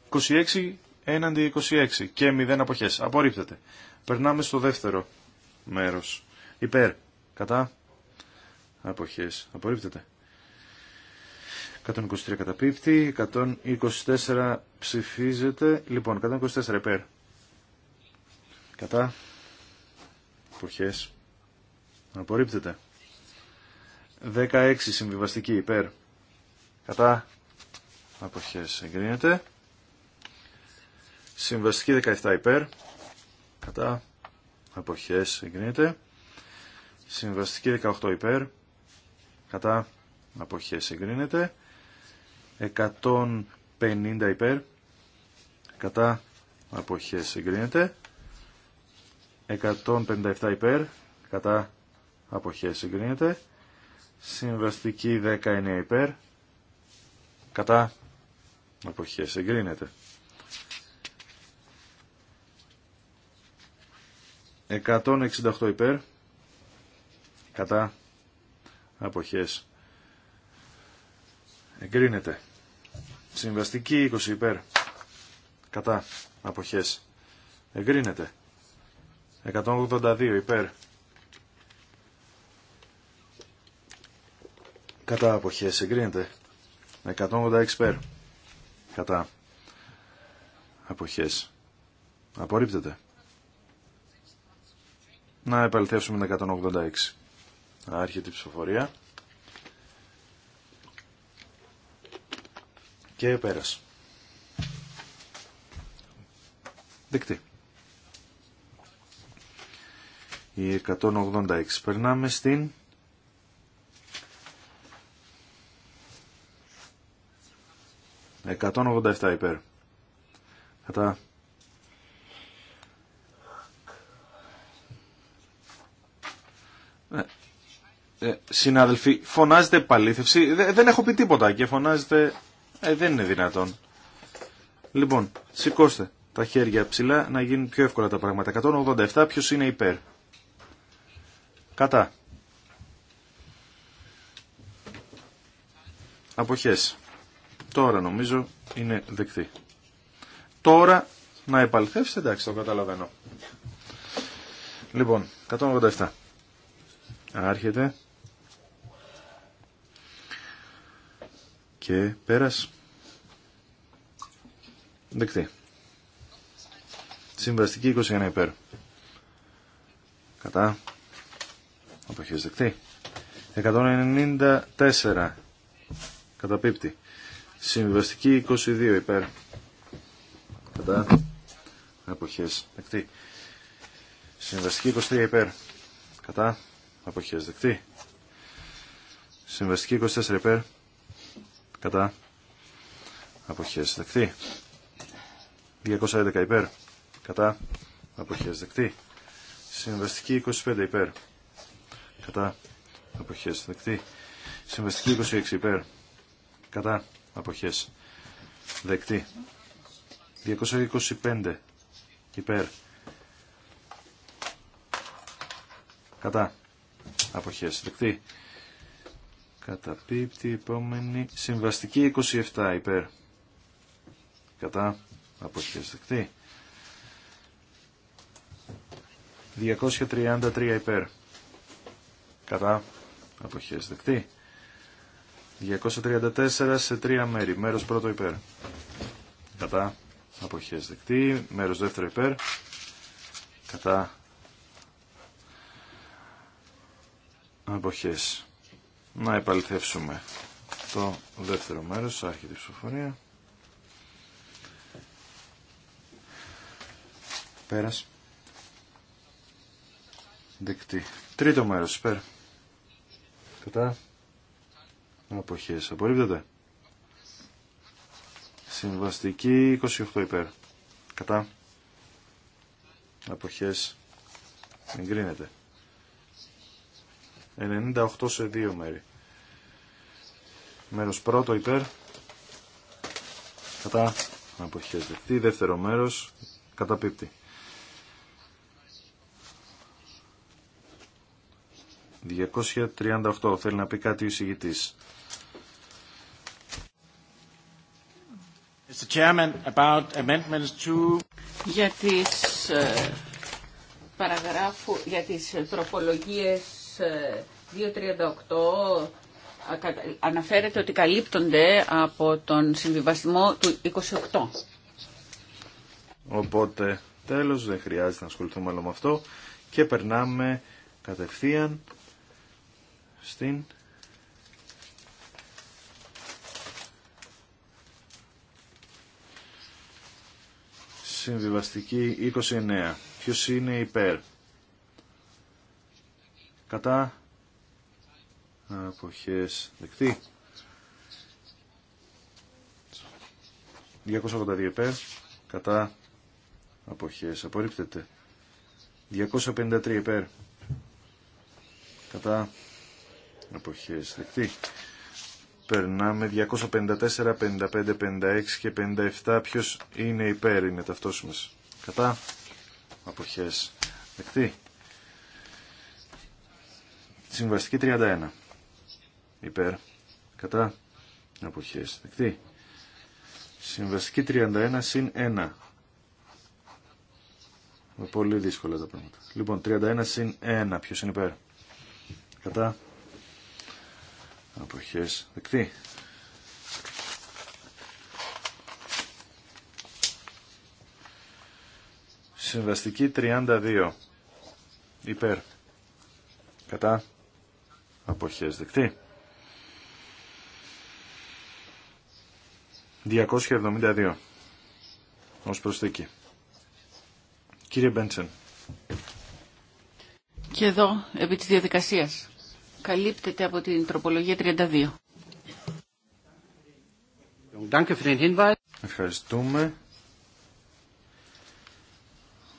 26 έναντι 26 και 0 αποχές. Απορρίπτεται. Περνάμε στο δεύτερο μέρος. Υπέρ. Κατά. Αποχές. Απορρίπτεται. 123 καταπίπτει. 124 ψηφίζεται. Λοιπόν, 124 υπέρ. Κατά. Αποχές. Απορρίπτεται. 16 συμβιβαστική υπέρ κατά αποχές εγκρίνεται. Συμβαστική 17 υπέρ, κατά αποχές εγκρίνεται. Συμβαστική 18 υπέρ, κατά αποχές εγκρίνεται. 150 υπέρ, κατά αποχές εγκρίνεται. 157 υπέρ, κατά αποχές εγκρίνεται. Συμβαστική 19 υπέρ, Κατά. Αποχές εγκρίνεται. 168 υπέρ. Κατά. Αποχές. Εγκρίνεται. Συμβαστική 20 υπέρ. Κατά. Αποχές. Εγκρίνεται. 182 υπέρ. Κατά αποχές εγκρίνεται. 186 πέρ. Κατά. Αποχές. Απορρίπτεται. Να επαληθεύσουμε 186. Άρχεται η ψηφοφορία. Και πέρας. Δεκτή. Η 186. Περνάμε στην 187 υπέρ. Κατά. Ε, ε, συνάδελφοι, φωνάζετε επαλήθευση. δεν έχω πει τίποτα και φωνάζετε... Ε, δεν είναι δυνατόν. Λοιπόν, σηκώστε τα χέρια ψηλά να γίνουν πιο εύκολα τα πράγματα. 187, ποιος είναι υπέρ. Κατά. Αποχές. Τώρα νομίζω είναι δεκτή. Τώρα να επαληθεύσετε, εντάξει, το καταλαβαίνω. Λοιπόν, 187. Άρχεται. Και πέρας. Δεκτή. Συμβαστική 21 υπέρ. Κατά. Αποχές δεκτή. 194. Καταπίπτει. Συμβαστική 22 υπέρ. Κατά. Αποχές. Δεκτή. Συμβαστική 23 υπέρ. Κατά. Αποχές. Δεκτή. Συμβαστική 24 υπέρ. Κατά. Αποχές. Δεκτή. 211 υπέρ. Κατά. Αποχές. Δεκτή. Συμβαστική 25 υπέρ. Κατά. Αποχές. Δεκτή. Συμβαστική 26 υπέρ. Κατά αποχές δεκτή 225 υπέρ κατά αποχές δεκτή καταπίπτει επόμενη συμβαστική 27 υπέρ κατά αποχές δεκτή 233 υπέρ κατά αποχές δεκτή 234 σε τρία μέρη. Μέρος πρώτο υπέρ. Κατά αποχές δεκτή. Μέρος δεύτερο υπέρ. Κατά αποχές. Να επαληθεύσουμε το δεύτερο μέρος, άρχεται η ψηφοφορία. Πέρας. Δεκτή. Τρίτο μέρος, υπέρ. Κατά. Αποχές. Απορρίπτεται. Συμβαστική 28 υπέρ. Κατά. Αποχές. Εγκρίνεται. 98 σε δύο μέρη. Μέρος πρώτο υπέρ. Κατά. Αποχές Τι Δεύτερο μέρος. Καταπίπτει. 238. Θέλει να πει κάτι ο εισηγητής. Για τις ε, παραγράφου, για τις ε, τροπολογίες 238 ε, αναφέρεται ότι καλύπτονται από τον συμβιβασμό του 28. Οπότε τέλος δεν χρειάζεται να ασχοληθούμε άλλο με αυτό και περνάμε κατευθείαν στην Συμβιβαστική 29. Ποιος είναι υπέρ. Κατά. Αποχές δεκτή. 282 υπέρ. Κατά. Αποχές απορρίπτεται. 253 υπέρ. Κατά. Αποχές δεκτή. Περνάμε 254, 55, 56 και 57. Ποιο είναι υπέρ ταυτό μα. Κατά. Αποχέ. Δεκτή. Συμβαστική 31. Υπέρ. Κατά. Αποχές. Δεκτή. Συμβαστική 31 συν 1. Πολύ δύσκολα τα πράγματα. Λοιπόν, 31 συν 1. Ποιο είναι υπέρ. Κατά αποχές δεκτή. Συμβαστική 32 υπέρ κατά αποχές δεκτή. 272 ως προσθήκη. Κύριε Μπέντσεν. Και εδώ, επί της διαδικασίας καλύπτεται από την τροπολογία 32. Ευχαριστούμε.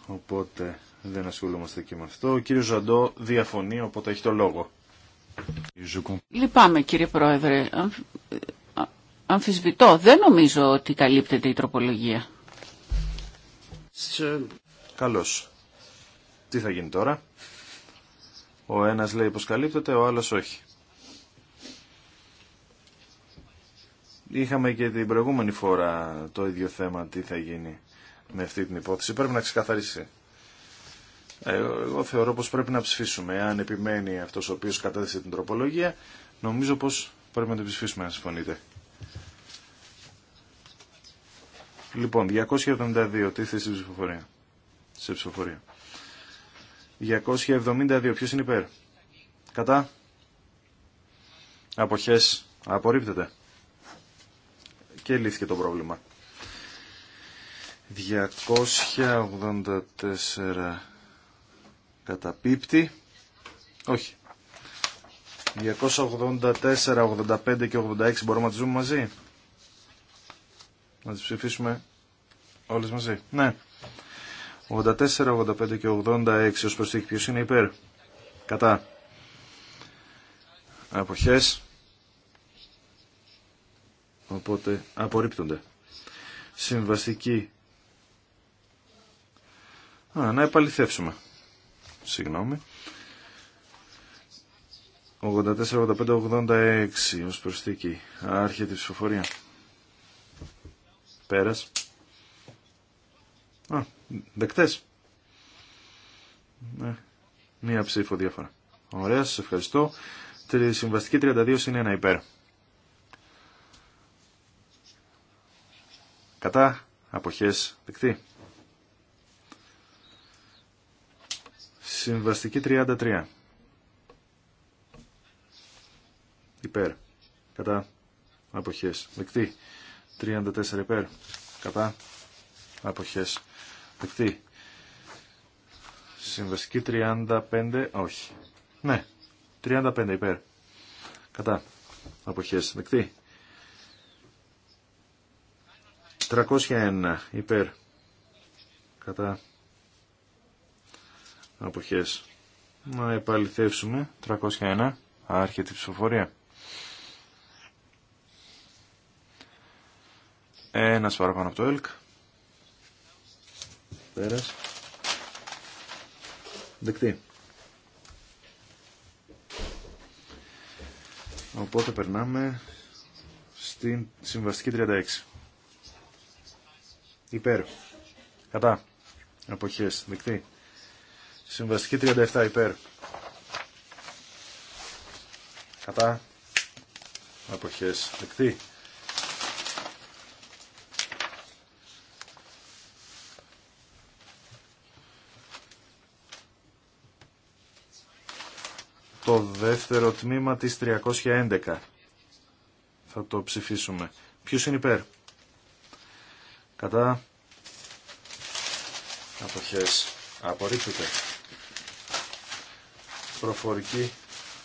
Οπότε δεν ασχολούμαστε και με αυτό. Ο κύριος Ζαντό διαφωνεί, οπότε έχει το λόγο. Λυπάμαι κύριε Πρόεδρε. Αμφισβητώ. Δεν νομίζω ότι καλύπτεται η τροπολογία. Καλώς. Τι θα γίνει τώρα. Ο ένας λέει πως καλύπτεται, ο άλλος όχι. Είχαμε και την προηγούμενη φορά το ίδιο θέμα τι θα γίνει με αυτή την υπόθεση. Πρέπει να ξεκαθαρίσει. Ε, εγώ, θεωρώ πως πρέπει να ψηφίσουμε. Αν επιμένει αυτός ο οποίος κατέθεσε την τροπολογία, νομίζω πως πρέπει να την ψηφίσουμε, αν συμφωνείτε. Λοιπόν, 272, τι ψηφοφορία. Σε ψηφοφορία. 272. Ποιος είναι υπέρ. Κατά. Αποχές. Απορρίπτεται. Και λύθηκε το πρόβλημα. 284 καταπίπτη. Όχι. 284, 85 και 86 μπορούμε να τις δούμε μαζί. Να τις ψηφίσουμε όλες μαζί. Ναι. 84, 85 και 86 ως προσθήκη. ποιος είναι υπέρ. Κατά. Αποχές. Οπότε απορρίπτονται. Συμβαστική. Α, να επαληθεύσουμε. Συγγνώμη. 84, 85, 86 ως προσθήκη. Άρχεται τη ψηφοφορία. Πέρας. Α, Δεκτέ. Ε, μία ψήφο διαφορά. Ωραία, σα ευχαριστώ. Συμβαστική 32 είναι 1 υπέρ. Κατά αποχές δεκτή. Συμβαστική 33. Υπέρ. Κατά αποχές δεκτή. 34 υπέρ. Κατά αποχές Συμβαστική 35, όχι. Ναι, 35 υπέρ. Κατά. Αποχές. Δεκτή. 301 υπέρ. Κατά. Αποχές. Να επαληθεύσουμε. 301. Άρχεται η ψηφοφορία. Ένας παραπάνω από το ΕΛΚ. Πέρας. Δεκτή. Οπότε περνάμε στην συμβαστική 36. Υπέρ. Κατά. Αποχές. Δεκτή. Συμβαστική 37. Υπέρ. Κατά. Αποχές. Δεκτή. το δεύτερο τμήμα της 311. Θα το ψηφίσουμε. Ποιος είναι υπέρ. Κατά. Αποχές. Απορρίπτεται. Προφορική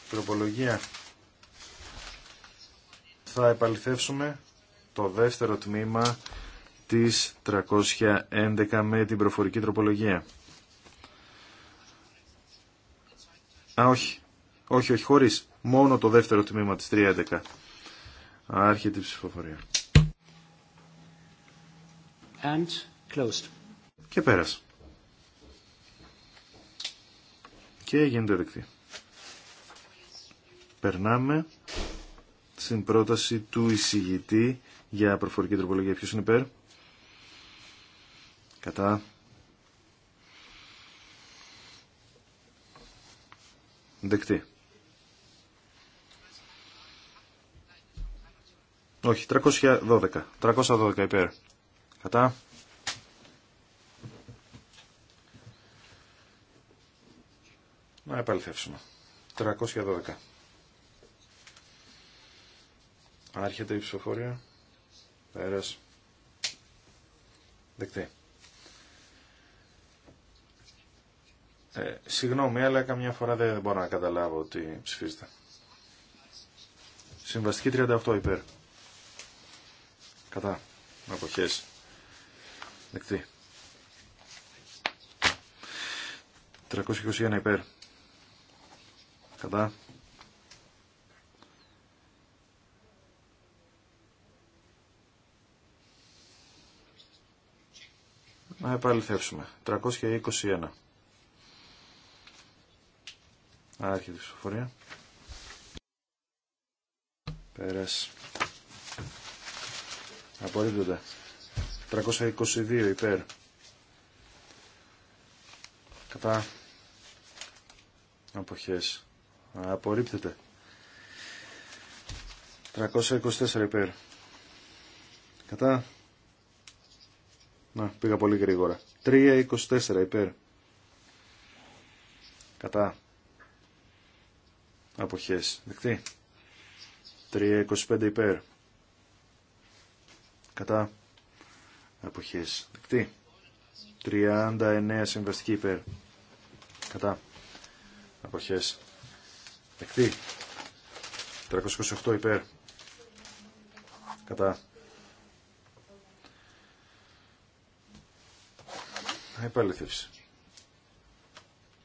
τροπολογία. Θα επαληθεύσουμε το δεύτερο τμήμα της 311 με την προφορική τροπολογία. Α, όχι. Όχι, όχι, χωρίς. Μόνο το δεύτερο τμήμα της 3.11. Άρχεται η ψηφοφορία. And closed. Και πέρασε. Και γίνεται δεκτή. Περνάμε στην πρόταση του εισηγητή για προφορική τροπολογία. Ποιος είναι υπέρ. Κατά. Δεκτή. Όχι, 312. 312 υπέρ. Κατά. Να επαληθεύσουμε. 312. Άρχεται η ψηφοφορία. Πέρας. Δεκτή. Ε, συγγνώμη, αλλά καμιά φορά δεν μπορώ να καταλάβω ότι ψηφίζεται. Συμβαστική 38 υπέρ. Κατά. Αποχές. Δεκτή. 321 υπέρ. Κατά. Να επαληθεύσουμε. 321. Άρχεται η ψηφοφορία. Πέρας. Απορρίπτεται. 322 υπέρ. Κατά. Αποχές. Απορρίπτεται. 324 υπέρ. Κατά. Να, πήγα πολύ γρήγορα. 324 υπέρ. Κατά. Αποχές. Δεκτή. 325 υπέρ κατά αποχές δεκτή 39 συμβαστική υπέρ κατά αποχές δεκτή 328 υπέρ κατά επαληθεύση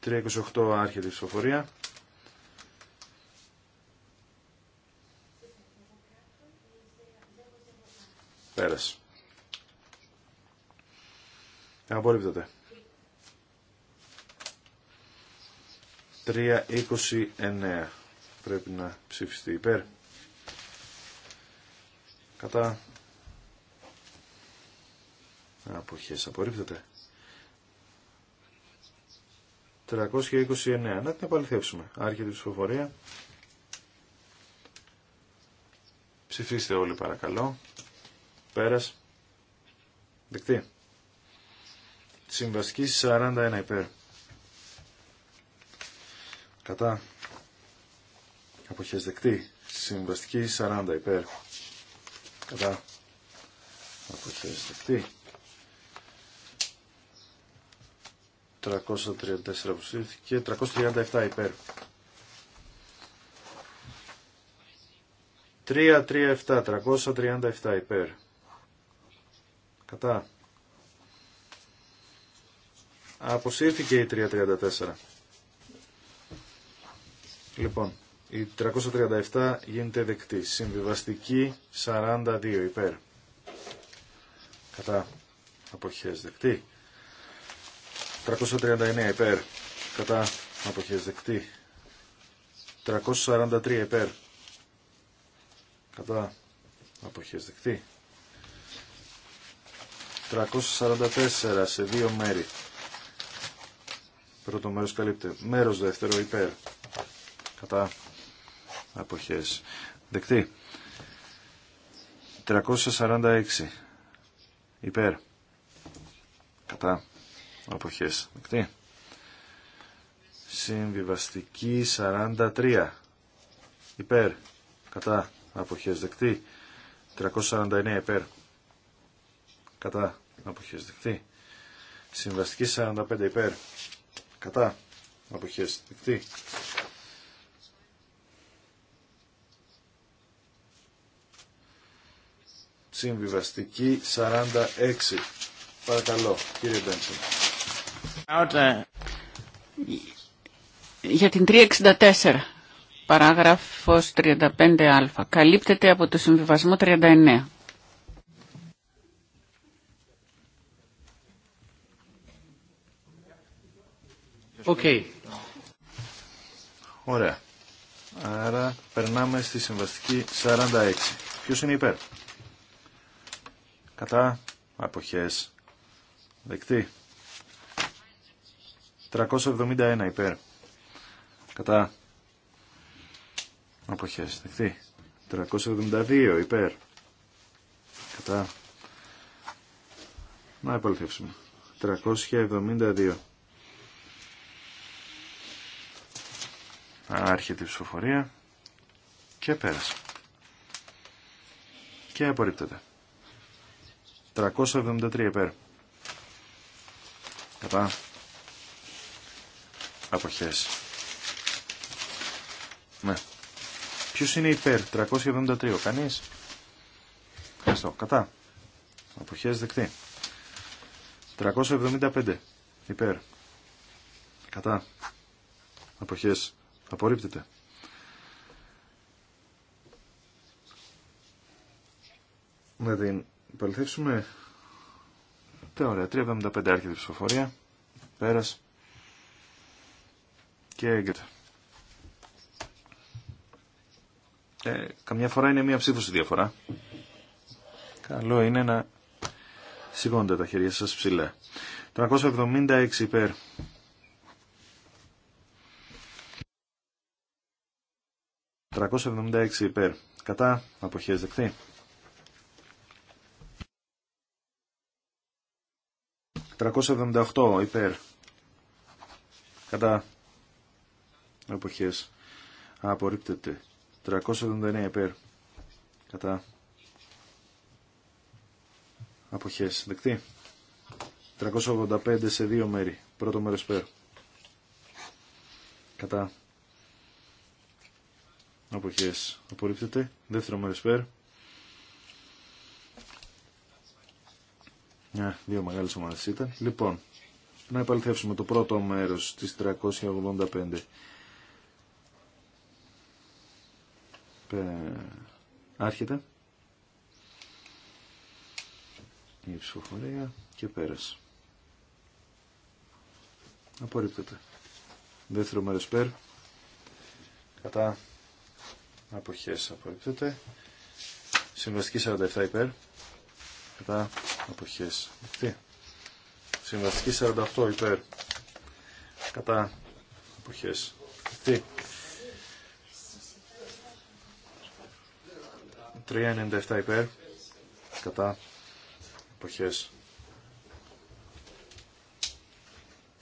328 άρχεται η ψηφοφορία Απορρίπτεται. 3.29 πρέπει να ψηφιστεί υπέρ. Κατά. Αποχές απορρίπτεται. 329. Να την επαληθεύσουμε. Άρχεται η ψηφοφορία. Ψηφίστε όλοι παρακαλώ. Πέρας. Δεκτή. Συμβαστική 41 υπέρ. Κατά. Αποχές Συμβαστική 40 υπέρ. Κατά. Αποχές δεκτεί. 334 αποσύρθηκε. 337 υπέρ. 337, 337 υπέρ. Κατά. Αποσύρθηκε η 334. Λοιπόν, η 337 γίνεται δεκτή. Συμβιβαστική 42 υπέρ. Κατά αποχές δεκτή. 339 υπέρ. Κατά αποχές δεκτή. 343 υπέρ. Κατά αποχές δεκτή. 344 σε δύο μέρη. Πρώτο μέρος καλύπτε. Μέρος δεύτερο υπέρ. Κατά αποχές. Δεκτή. 346 υπέρ. Κατά αποχές. Δεκτή. Συμβιβαστική 43 υπέρ. Κατά αποχές. Δεκτή. 349 υπέρ. Κατά αποχές. Δεκτή. Συμβαστική 45 υπέρ κατά αποχές συμβιβαστική 46. Παρακαλώ, κύριε Μπέντσον. Ε. Για την 364, παράγραφος 35α, καλύπτεται από το συμβιβασμό 39. Okay. Ωραία. Άρα περνάμε στη συμβαστική 46. Ποιος είναι υπέρ. Κατά αποχές. Δεκτή. 371 υπέρ. Κατά αποχές. Δεκτή. 372 υπέρ. Κατά. Να επαληθεύσουμε. 372. Άρχεται η ψηφοφορία και πέρασε. Και απορρίπτεται. 373 υπέρ. Κατά. Αποχές. Ναι. Ποιος είναι υπέρ. 373. Κανείς. Ευχαριστώ. Κατά. Αποχές δεκτή. 375. Υπέρ. Κατά. Αποχές. Απορρίπτεται. Να την παληθεύσουμε. Τα ωραία. 3,75 άρχεται ψηφοφορία. Πέρας. Και έγκαιτα. Ε, καμιά φορά είναι μία ψήφωση διαφορά. Καλό είναι να σηκώνετε τα χέρια σας ψηλά. 376 υπέρ 376 υπέρ. Κατά αποχές δεκτή. 378 υπέρ. Κατά αποχές απορρίπτεται. 379 υπέρ. Κατά αποχές δεκτή. 385 σε δύο μέρη. Πρώτο μέρος υπέρ. Κατά αποχές απορρίπτεται. Δεύτερο μέρος πέρ. δύο μεγάλες ομάδες ήταν. Λοιπόν, να επαληθεύσουμε το πρώτο μέρος της 385. Άρχεται η ψηφοφορία και πέρασε. Απορρίπτεται. Δεύτερο μέρος πέρ. Κατά αποχές απορρίπτεται. Συμβαστική 47 υπέρ, κατά αποχές Συμβαστική 48 υπέρ, κατά αποχές Τι; 3.97 υπέρ, κατά αποχές.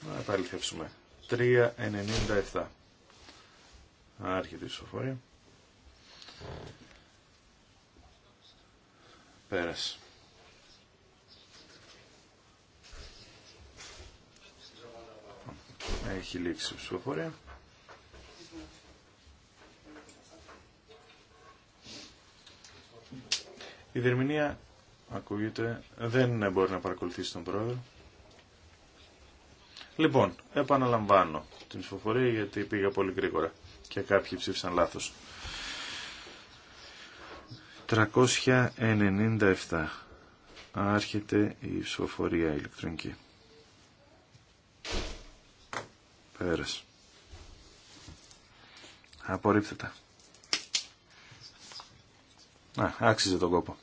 Να επαληθεύσουμε. 3.97. Άρχεται η Πέρασε. Έχει λήξει η ψηφοφορία. Η Δερμηνία ακούγεται, δεν μπορεί να παρακολουθήσει τον πρόεδρο. Λοιπόν, επαναλαμβάνω την ψηφοφορία γιατί πήγα πολύ γρήγορα και κάποιοι ψήφισαν λάθος. 397. Άρχεται η ψηφοφορία ηλεκτρονική. Πέρασε. Απορρίπτεται. Α, άξιζε τον κόπο.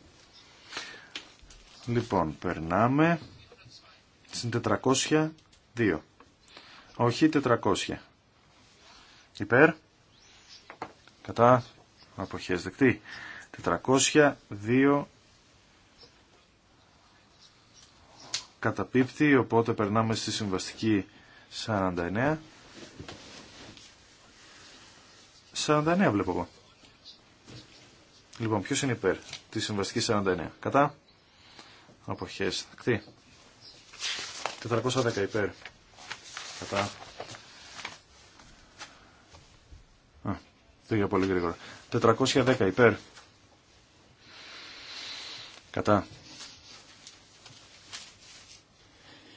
Λοιπόν, περνάμε στην 402. Όχι 400. Υπέρ. Κατά. Αποχές δεκτή. 402 καταπίπτει, οπότε περνάμε στη συμβαστική 49. 49 βλέπω εγώ. Λοιπόν, ποιος είναι υπέρ τη συμβαστικής 49. Κατά. Αποχές. Κτή. 410 υπέρ. Κατά. Α, πολύ γρήγορα. 410 υπέρ. Κατά.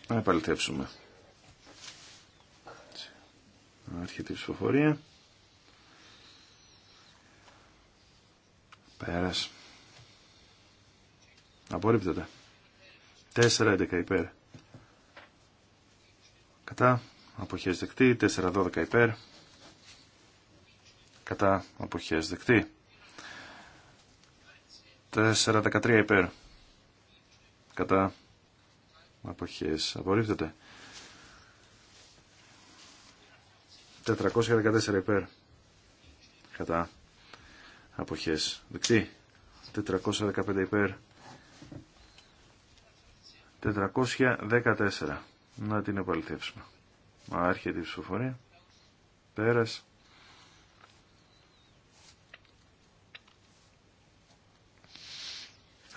Να επαληθεύσουμε. Άρχεται η ψηφοφορία. Πέρας. Απορρίπτεται. 4-11 υπέρ. Κατά. Αποχές δεκτή. 4-12 υπέρ. Κατά. Αποχές δεκτή. 413 υπέρ. Κατά αποχές. Απορρίφτεται. 414 υπέρ. Κατά αποχές. Δεκτή. 415 υπέρ. 414. Να την επαληθεύσουμε. Άρχεται η ψηφοφορία. Πέρας.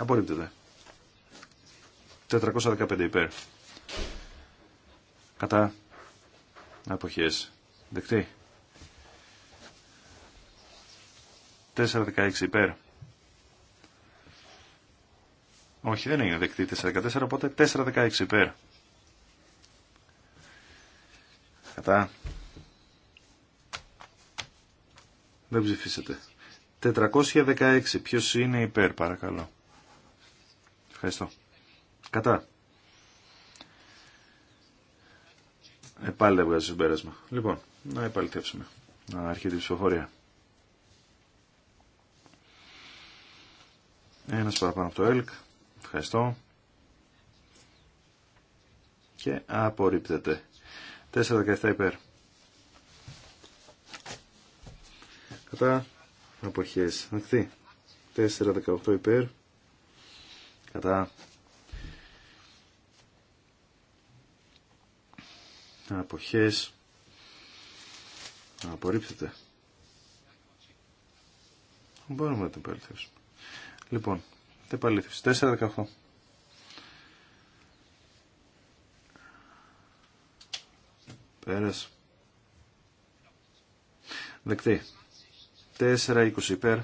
Απορρίπτεται. 415 υπέρ. Κατά αποχές. Δεκτή. 416 υπέρ. Όχι, δεν είναι δεκτή 414, οπότε 416 υπέρ. Κατά. Δεν ψηφίσετε. 416. Ποιος είναι υπέρ, παρακαλώ. Ευχαριστώ. Κατά. Ε, πάλι δεν βγάζει συμπέρασμα. Λοιπόν, να επαληθεύσουμε. Να αρχίσει η ψηφοφορία. Ένα παραπάνω από το ΕΛΚ. Ευχαριστώ. Και απορρίπτεται. 4-17 υπέρ. Κατά. αποχες ακτη Δεκτή. 4-18 υπέρ κατά αποχές απορρίπτεται μπορούμε να την παλήθευσουμε λοιπόν την παλήθευση 4-18 Πέρας. Δεκτή. 4-20 υπέρ.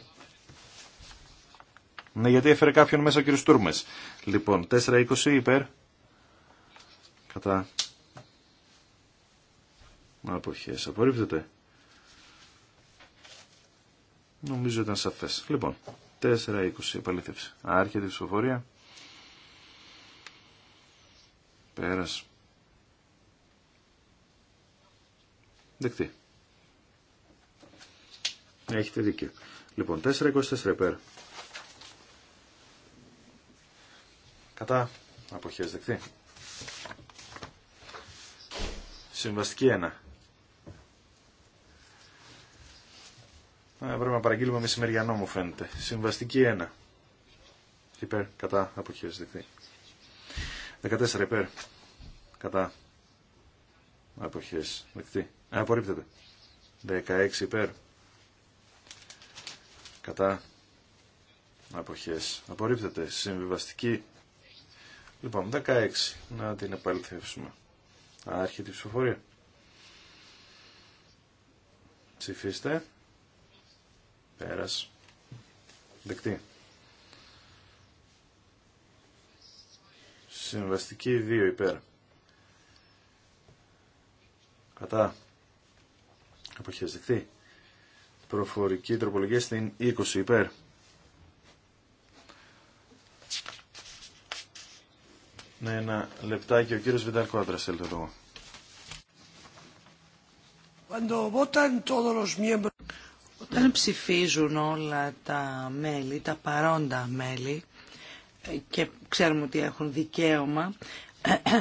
Ναι, γιατί έφερε κάποιον μέσα ο κυριος Τούρμες. Λοιπόν, 4-20 υπέρ. Κατά. Αποχές. Απορρίπτεται. Νομίζω ήταν σαφές. Λοιπόν, 4-20 επαλήθευση. Άρχεται η ψηφοφορία. Πέρας. Δεκτή. Έχετε δίκιο. Λοιπόν, 4-24 πέρα. Κατά. Αποχές δεκτή. Συμβαστική 1. Ε, πρέπει να παραγγείλουμε μεσημεριανό μου φαίνεται. Συμβαστική 1. Υπέρ. Κατά. Αποχές δεκτή. 14 υπέρ. Κατά. Αποχές δεκτή. Ε, απορρίπτεται. 16 υπέρ. Κατά. Αποχές. Απορρίπτεται. Συμβιβαστική Λοιπόν, 16. Να την επαληθεύσουμε. Άρχεται η ψηφοφορία. Ψηφίστε. Πέρας. Δεκτή. Συμβαστική 2 υπέρ. Κατά. Αποχές Προφορική τροπολογία στην 20 υπέρ. Ναι, ένα λεπτάκι. Ο κύριος Βιντάλ το λόγο. Όταν ψηφίζουν όλα τα μέλη, τα παρόντα μέλη, ε, και ξέρουμε ότι έχουν δικαίωμα, <clears throat>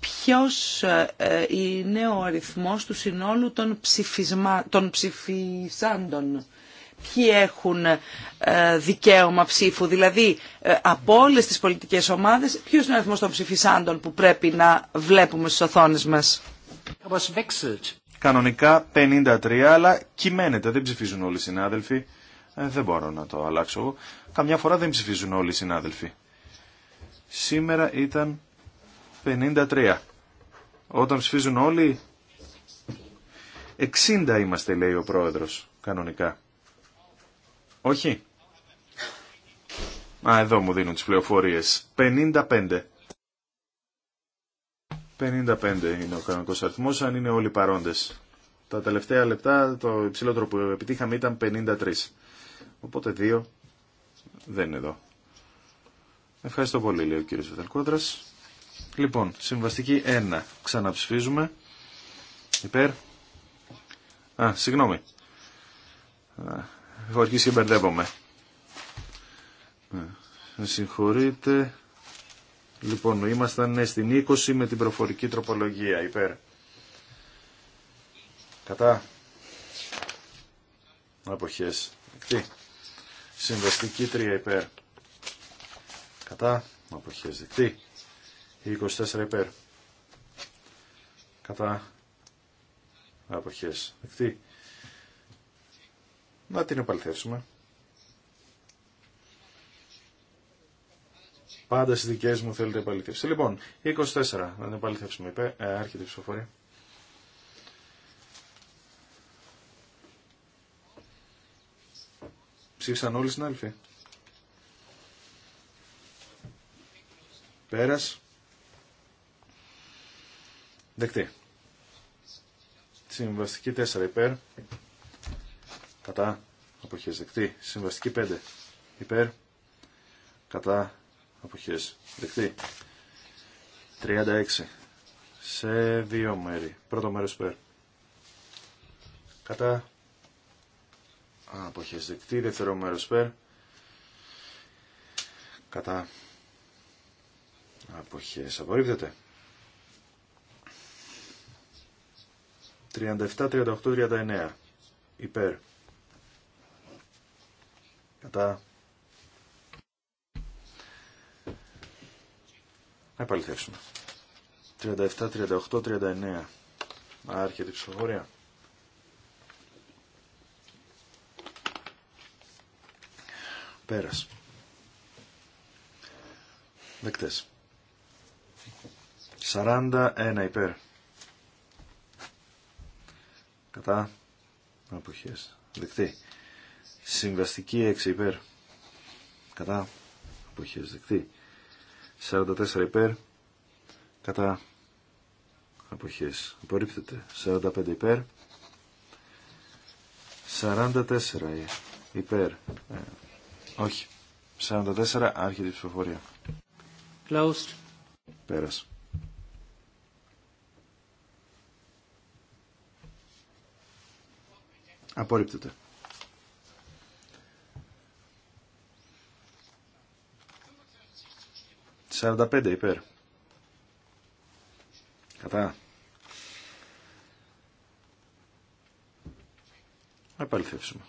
ποιος ε, ε, είναι ο αριθμός του συνόλου των, ψηφισμά, των ψηφισάντων ποιοι έχουν ε, δικαίωμα ψήφου. Δηλαδή, ε, από όλε τι πολιτικέ ομάδε, ποιο είναι ο αριθμό των ψηφισάντων που πρέπει να βλέπουμε στι οθόνε μα. Κανονικά 53, αλλά κυμαίνεται. Δεν ψηφίζουν όλοι οι συνάδελφοι. Ε, δεν μπορώ να το αλλάξω εγώ. Καμιά φορά δεν ψηφίζουν όλοι οι συνάδελφοι. Σήμερα ήταν 53. Όταν ψηφίζουν όλοι, 60 είμαστε λέει ο πρόεδρος κανονικά. Όχι. Α, εδώ μου δίνουν τις πληροφορίες. 55. 55 είναι ο κανονικός αριθμός, αν είναι όλοι παρόντες. Τα τελευταία λεπτά το υψηλότερο που επιτύχαμε ήταν 53. Οπότε 2 δεν είναι εδώ. Ευχαριστώ πολύ, λέει ο κύριος Βεθαλκόδρας. Λοιπόν, συμβαστική 1. Ξαναψηφίζουμε. Υπέρ. Α, συγγνώμη. Έχω αρχίσει και μπερδεύομαι. Ναι. συγχωρείτε. Λοιπόν, ήμασταν ναι, στην 20 με την προφορική τροπολογία. Υπέρ. Κατά. Αποχές. Δεκτή. Συνδεστική 3 υπέρ. Κατά. Αποχές δεκτή. 24 υπέρ. Κατά. Αποχές δεκτή. Να την επαληθεύσουμε. Πάντα στι δικέ μου θέλετε επαληθεύσει. Λοιπόν, 24, να την επαληθεύσουμε, είπε, ε, η ψηφοφορία. Ψήφισαν όλοι οι συνάδελφοι. Πέρας. Δεκτή. Συμβαστική 4 υπέρ κατά αποχές δεκτή. Συμβαστική 5 υπέρ κατά αποχές δεκτή. 36 σε δύο μέρη. Πρώτο μέρος υπέρ κατά αποχές δεκτή. Δεύτερο μέρος υπέρ κατά αποχές απορρίπτεται. 37, 38, 39 υπέρ Κατά. Να επαληθεύσουμε. 37, 38, 39. έρχεται η ψηφοφορία. Πέρας. Δεκτές. 41 υπέρ. Κατά. Αποχές. Δεκτή. Συμβαστική έξι υπέρ. Κατά. Αποχές δεκτή. 44 υπέρ. Κατά. Αποχές. Απορρίπτεται. 45 υπέρ. 44 ε, υπέρ. Ε, όχι. 44 άρχεται η ψηφοφορία. Closed. Πέρας. Απορρίπτεται. 45 υπέρ. Κατά. Να επαληθεύσουμε.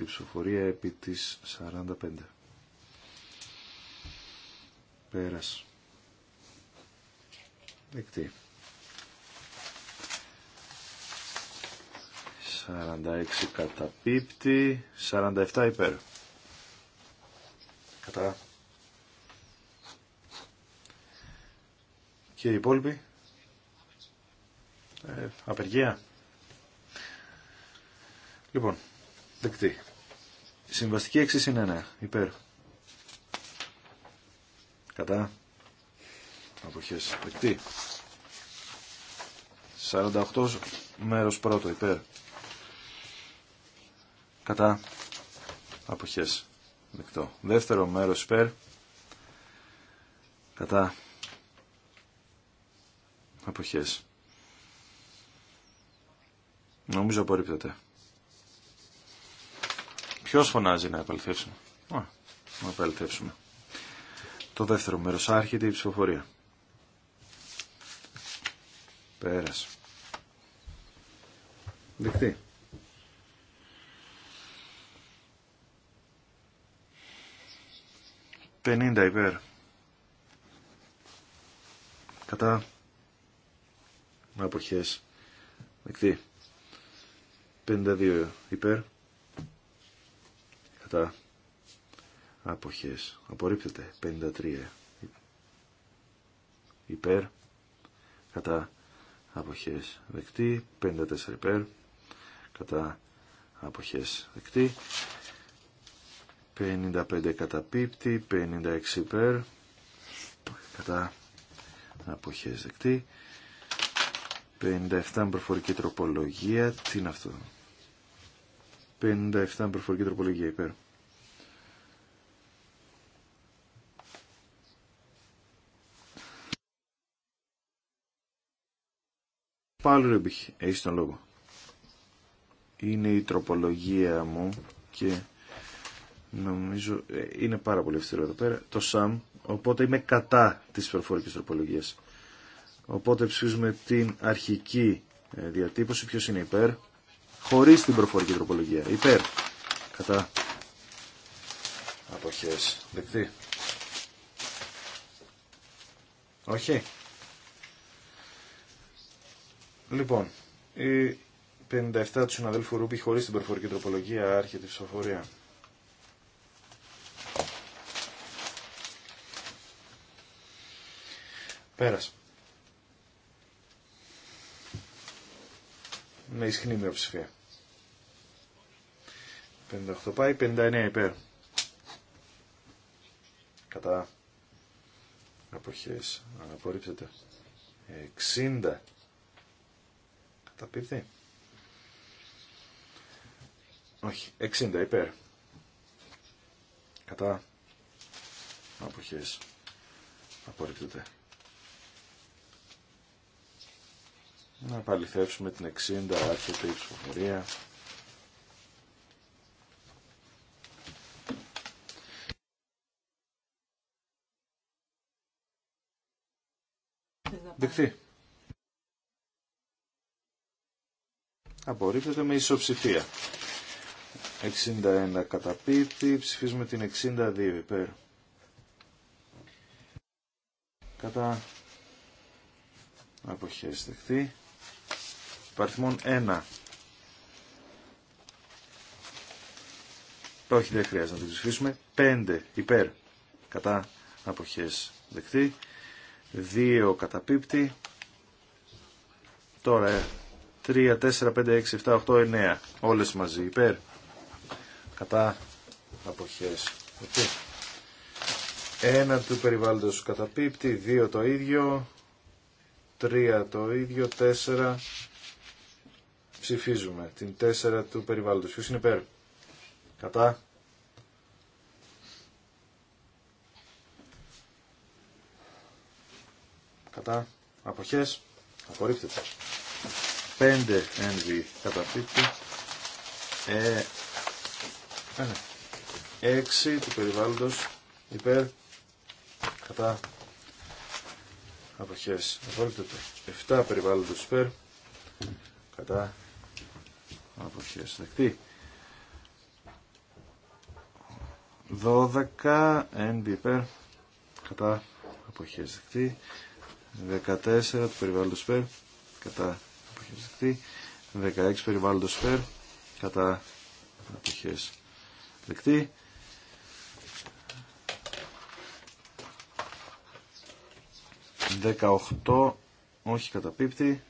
η ψηφοφορία επί της 45. Πέρας. Δεκτή. 46 καταπίπτει, 47 υπέρ. Κατά. Και οι υπόλοιποι. Ε, απεργία. Λοιπόν, δεκτή. Συμβαστική έξι είναι ένα. Υπέρ. Κατά. Αποχές. Δεκτή. 48 μέρος πρώτο. Υπέρ. Κατά. Αποχές. Δεκτό. Δεύτερο μέρος υπέρ. Κατά. Αποχές. Νομίζω απορρίπτεται. Ποιος φωνάζει να επαληθεύσουμε. να επαληθεύσουμε. Το δεύτερο μέρος άρχεται η ψηφοφορία. Πέρασε. Δεκτή. 50 υπέρ. Κατά. Αποχές. Δεκτή. 52 υπέρ. Κατά. Αποχές. Απορρίπτεται. 53 υπέρ. Κατά. Αποχές. Δεκτή. 54 υπέρ. Κατά. Αποχές. Δεκτή. 55 καταπίπτει, 56 υπέρ, κατά αποχές δεκτή, 57 προφορική τροπολογία, τι είναι αυτό, 57 προφορική τροπολογία υπέρ. Πάλι ρεμπιχ, έχεις τον λόγο. Είναι η τροπολογία μου και νομίζω ε, είναι πάρα πολύ αυστηρό εδώ πέρα, το ΣΑΜ, οπότε είμαι κατά της προφορικής τροπολογίας. Οπότε ψηφίζουμε την αρχική ε, διατύπωση, ποιος είναι υπέρ, χωρίς την προφορική τροπολογία. Υπέρ, κατά αποχές, δεκτή. Όχι. Λοιπόν, η 57 του συναδέλφου Ρούπη χωρίς την προφορική τροπολογία άρχεται η ψηφοφορία. Πέρασε. Με ισχυρή μειοψηφία. 58 πάει, 59 υπέρ. Κατά αποχές απορρίπτεται. 60 καταπίπτει. Όχι, 60 υπέρ. Κατά αποχές απορρίπτεται. Να παληθεύσουμε την 60, άρχεται η ψηφοφορία. Δεχθεί. Απορρίπτεται με ισοψηφία. 61 πίπτη. ψηφίζουμε την 62 υπέρ. Κατά αποχές δεχθεί. Παριθμόν 1. Όχι, δεν χρειάζεται να το ψηφίσουμε. 5 υπέρ κατά αποχές δεκτή. 2 καταπίπτει. Τώρα 3, 4, 5, 6, 7, 8, 9. Όλες μαζί υπέρ κατά αποχές δεκτή. Ένα του περιβάλλοντος καταπίπτει, δύο το ίδιο, τρία το ίδιο, τέσσερα, Ψηφίζουμε την 4 του περιβάλλοντος. Ποιος είναι υπέρ. Κατά. Κατά. αποχέ, Απορρίπτεται. 5 NV καταπίπτει. Ε, 6 ε, ναι. του περιβάλλοντος υπέρ κατά αποχές απορρίπτεται 7 περιβάλλοντος υπέρ κατά αποχές δεκτή 12 NB υπέρ κατά αποχές δεκτή 14 του περιβάλλοντος υπέρ κατά αποχές δεκτή 16 περιβάλλοντος υπέρ κατά αποχές δεκτή Δεκαοχτώ, όχι καταπίπτει.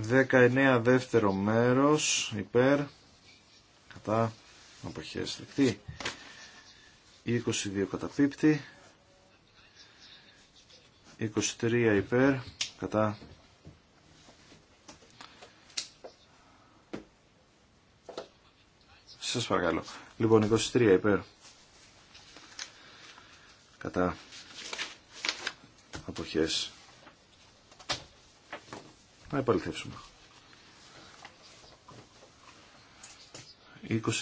19 δεύτερο μέρος υπέρ κατά αποχές δεκτή 22 καταπίπτη 23 υπέρ κατά σας παρακαλώ λοιπόν 23 υπέρ κατά αποχές να επαληθεύσουμε.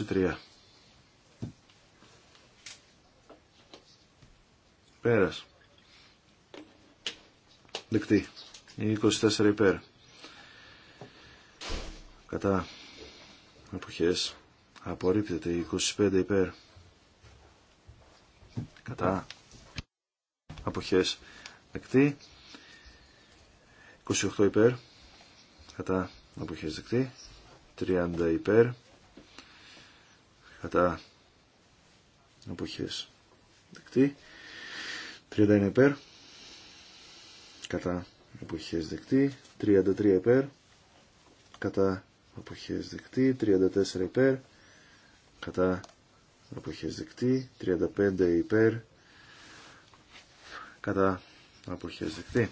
23. Πέρας. Δεκτή. 24 υπέρ. Κατά. Εποχές. Απορρίπτεται. 25 υπέρ. Κατά. Αποχές. Δεκτή. 28 υπέρ κατά αποχές δεκτή 30 υπέρ κατά αποχές 30 31 υπέρ κατά αποχές δεκτή 33 υπέρ κατά αποχές δεκτή 34 υπέρ κατά αποχές δεκτή 35 υπέρ κατά αποχές δεκτή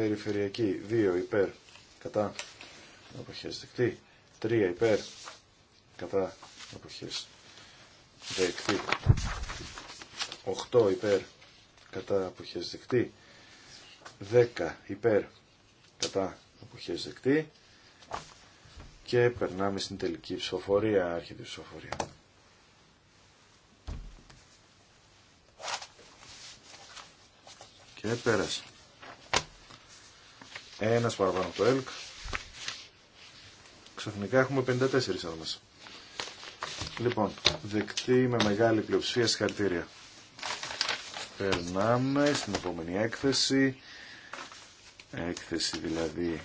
περιφερειακή 2 υπέρ κατά αποχές δεκτή 3 υπέρ κατά αποχές δεκτή 8 υπέρ κατά αποχές δεκτή 10 υπέρ κατά αποχές δεκτή και περνάμε στην τελική ψηφοφορία, άρχιτη ψηφοφορία. Και πέρασε. Ένας παραπάνω από το ΕΛΚ. Ξαφνικά έχουμε 54 εδώ Λοιπόν, δεκτή με μεγάλη πλειοψηφία συγχαρητήρια. Περνάμε στην επόμενη έκθεση. Έκθεση δηλαδή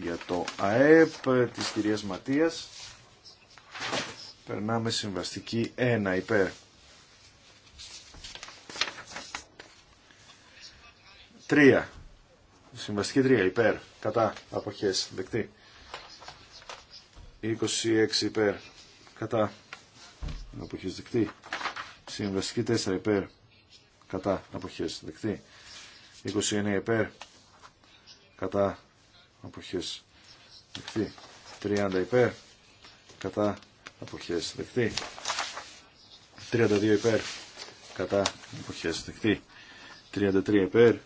για το ΑΕΠ της κυρίας Ματίας. Περνάμε συμβαστική 1 υπέρ. Τρία Συμβαστική 3 υπέρ. Κατά. Αποχές. Δεκτή. 26 υπέρ. Κατά. Αποχές δεκτή. Συμβαστική 4 υπέρ. Κατά. Αποχές δεκτή. 29 υπέρ. Κατά. Αποχές δεκτή. 30 υπέρ. Κατά. Αποχές δεκτή. 32 υπέρ. Κατά. Αποχές δεκτή. 33 υπέρ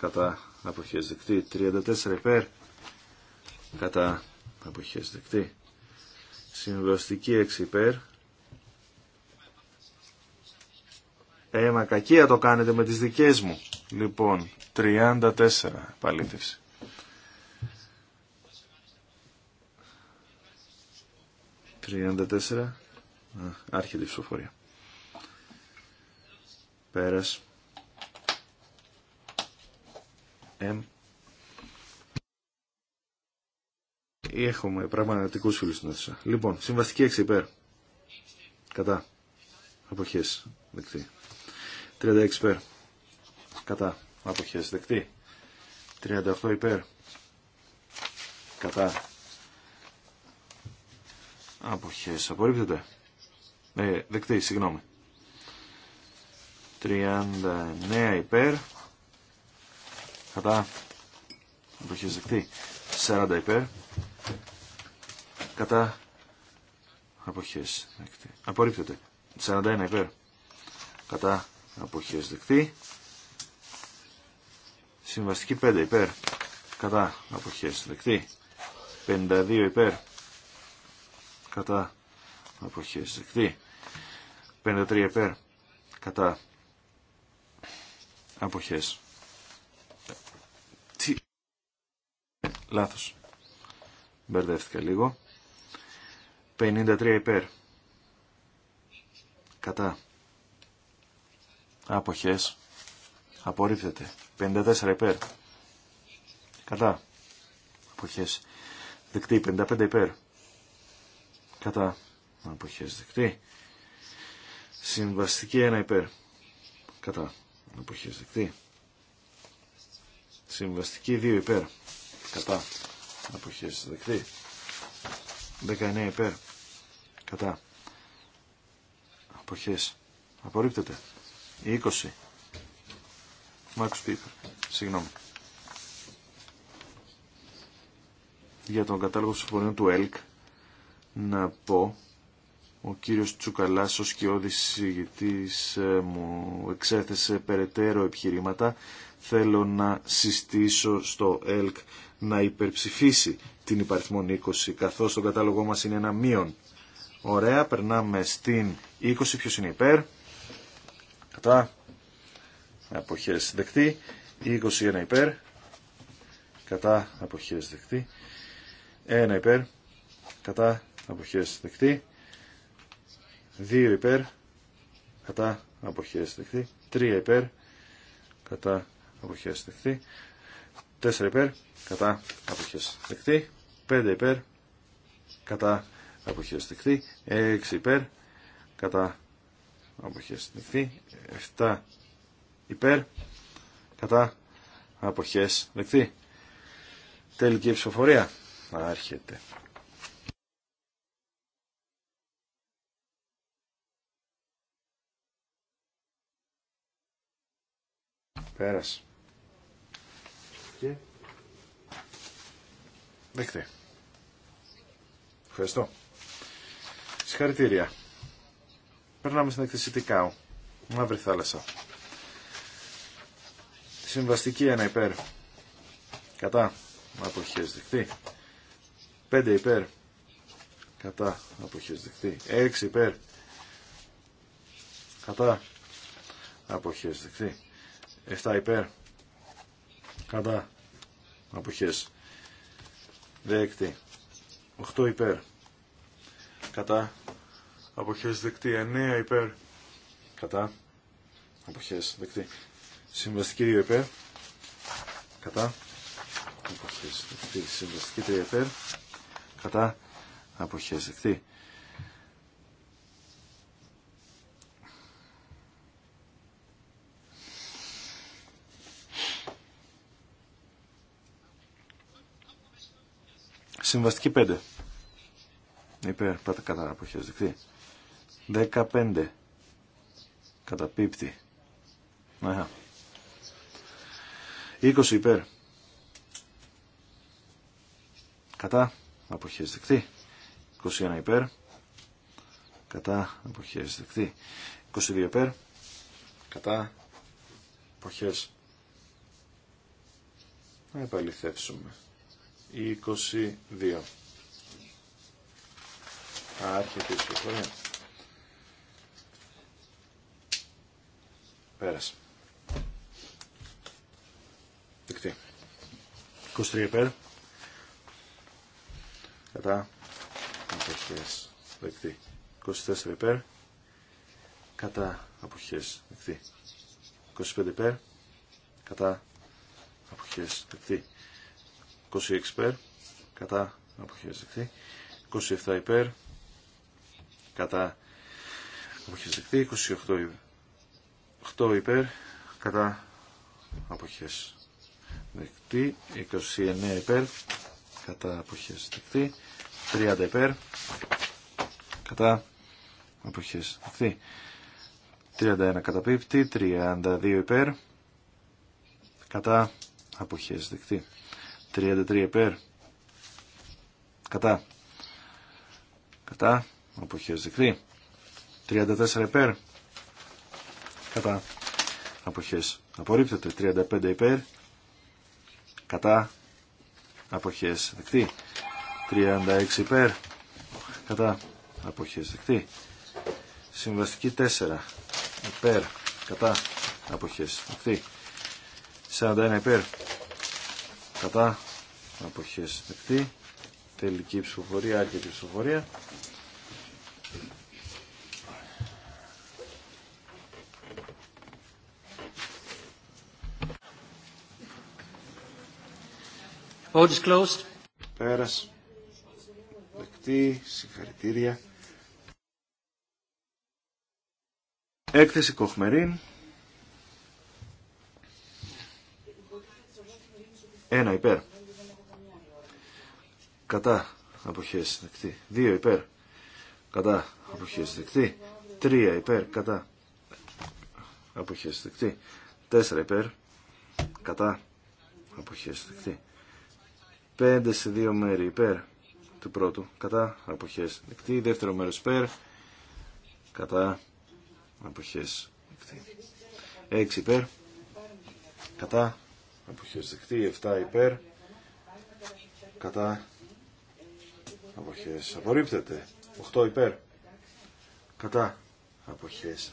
κατά αποχές δεκτή 34 υπέρ κατά αποχές δεκτή συμβαστική 6 υπέρ ε μα κακία το κάνετε με τις δικές μου λοιπόν 34 παλήθευση 34. τέσσερα. Άρχεται η ψηφοφορία. Πέρας. M. Έχουμε πραγματικούς φίλους στην αίθουσα. Λοιπόν, συμβαστική 6 υπέρ. Κατά. Αποχές. Δεκτή. 36 υπέρ. Κατά. Αποχές. Δεκτή. 38 υπέρ. Κατά. Αποχές. Απορρίπτεται. Ε, δεκτή, συγγνώμη. 39 υπέρ κατά έχεις δεκτή 40 υπέρ κατά αποχές δεκτή απορρίπτεται 41 υπέρ κατά αποχές δεκτή συμβαστική 5 υπέρ κατά αποχές δεκτή 52 υπέρ κατά αποχές δεκτή 53 υπέρ κατά αποχές Λάθος. Μπερδεύτηκα λίγο. 53 υπέρ. Κατά. Αποχές. Απορρίπτεται. 54 υπέρ. Κατά. Αποχές. Δεκτή. 55 υπέρ. Κατά. Αποχές. Δεκτή. Συμβαστική 1 υπέρ. Κατά. Αποχές. Δεκτή. Συμβαστική 2 υπέρ κατά αποχές δεκτή 19 υπέρ κατά αποχές απορρίπτεται 20 Μάρκος Πίπερ συγγνώμη για τον κατάλογο συμφωνίων του ΕΛΚ να πω ο κύριος Τσουκαλάς ο ε, μου εξέθεσε περαιτέρω επιχειρήματα θέλω να συστήσω στο ΕΛΚ να υπερψηφίσει την υπαριθμόν 20, καθώς στον κατάλογό μας είναι ένα μείον. Ωραία, περνάμε στην 20, Ποιο είναι υπέρ. Κατά. Αποχές δεκτή. 21 υπέρ. Κατά. Αποχές δεκτή. 1 υπέρ. Κατά. Αποχές δεκτή. 2 υπέρ. Κατά. Αποχές δεκτή. 3 υπέρ. Κατά. Αποχές δεκτή. 4 υπέρ κατά αποχές δεκτή 5 υπέρ κατά αποχές δεκτή 6 υπέρ κατά αποχές δεκτή 7 υπέρ κατά αποχές δεκτή τελική ψηφοφορία άρχεται πέρασε Αποχές. Ευχαριστώ. Συγχαρητήρια. Περνάμε στην εκθεσή Τικάου. Μαύρη θάλασσα. Συμβαστική 1 υπέρ. Κατά. Αποχές δεχτεί. 5 υπέρ. Κατά. Αποχές δεχτεί. 6 υπέρ. Κατά. Αποχές δεχτεί. 7 υπέρ κατά αποχές δεκτή 8 υπέρ κατά αποχές δεκτή 9 υπέρ κατά αποχές δεκτή συμβαστική 2 υπέρ κατά αποχές δεκτή συμβαστική 3 υπέρ κατά αποχές δεκτή Συμβαστική 5. Υπέρ, πάτε κατά αποχές δεκτή. 15. Καταπίπτει. Αχα. 20 υπέρ. Κατά αποχές δεκτή. 21 υπέρ. Κατά αποχές δεκτή. 22 υπέρ. Κατά αποχές. Να επαληθεύσουμε. 22. Άρχεται η ψηφοφορία. Πέρασε. Δεκτή. 23 πέρα Κατά. Αποχές. Δεκτή. 24 υπέρ. Κατά. Αποχές. Δεκτή. 25 υπέρ. Κατά. Αποχές. Δεκτή. 26 υπέρ, κατά αποχές 27 υπέρ, κατά αποχές δεκτή. 28 8 υπέρ, κατά αποχές δεκτή. 29 υπέρ, κατά αποχές 30 υπέρ, κατά αποχές δεκτή. 31 καταπίπτει, 32 υπέρ, κατά αποχές δεκτή. 33 υπέρ. Κατά. Κατά. χέρι δεκτεί? 34 υπέρ. Κατά. χέρι. Απορρίπτεται. 35 υπέρ. Κατά. Αποχές δεκτή. 36 υπέρ. Κατά. χέρι δεκτή. Συμβαστική 4. Υπέρ. Κατά. χέρι δεκτή. 41 υπέρ. Κατά αποχές δεκτή τελική ψηφοφορία άρκετη ψηφοφορία closed. Πέρας. Δεκτή. Συγχαρητήρια. Έκθεση Κοχμερίν. Ένα υπέρ κατά αποχές δεκτή 2 υπέρ κατά αποχές δεκτή 3 υπέρ κατά αποχές δεκτή 4 υπέρ κατά αποχές δεκτή 5 σε 2 μέρη υπέρ του πρώτου κατά αποχές δεκτή δεύτερο μέρος υπέρ κατά αποχές δεκτή 6 υπέρ κατά αποχές δεκτή 7 υπέρ κατά αποχές απορρίπτεται 8 υπέρ κατά αποχές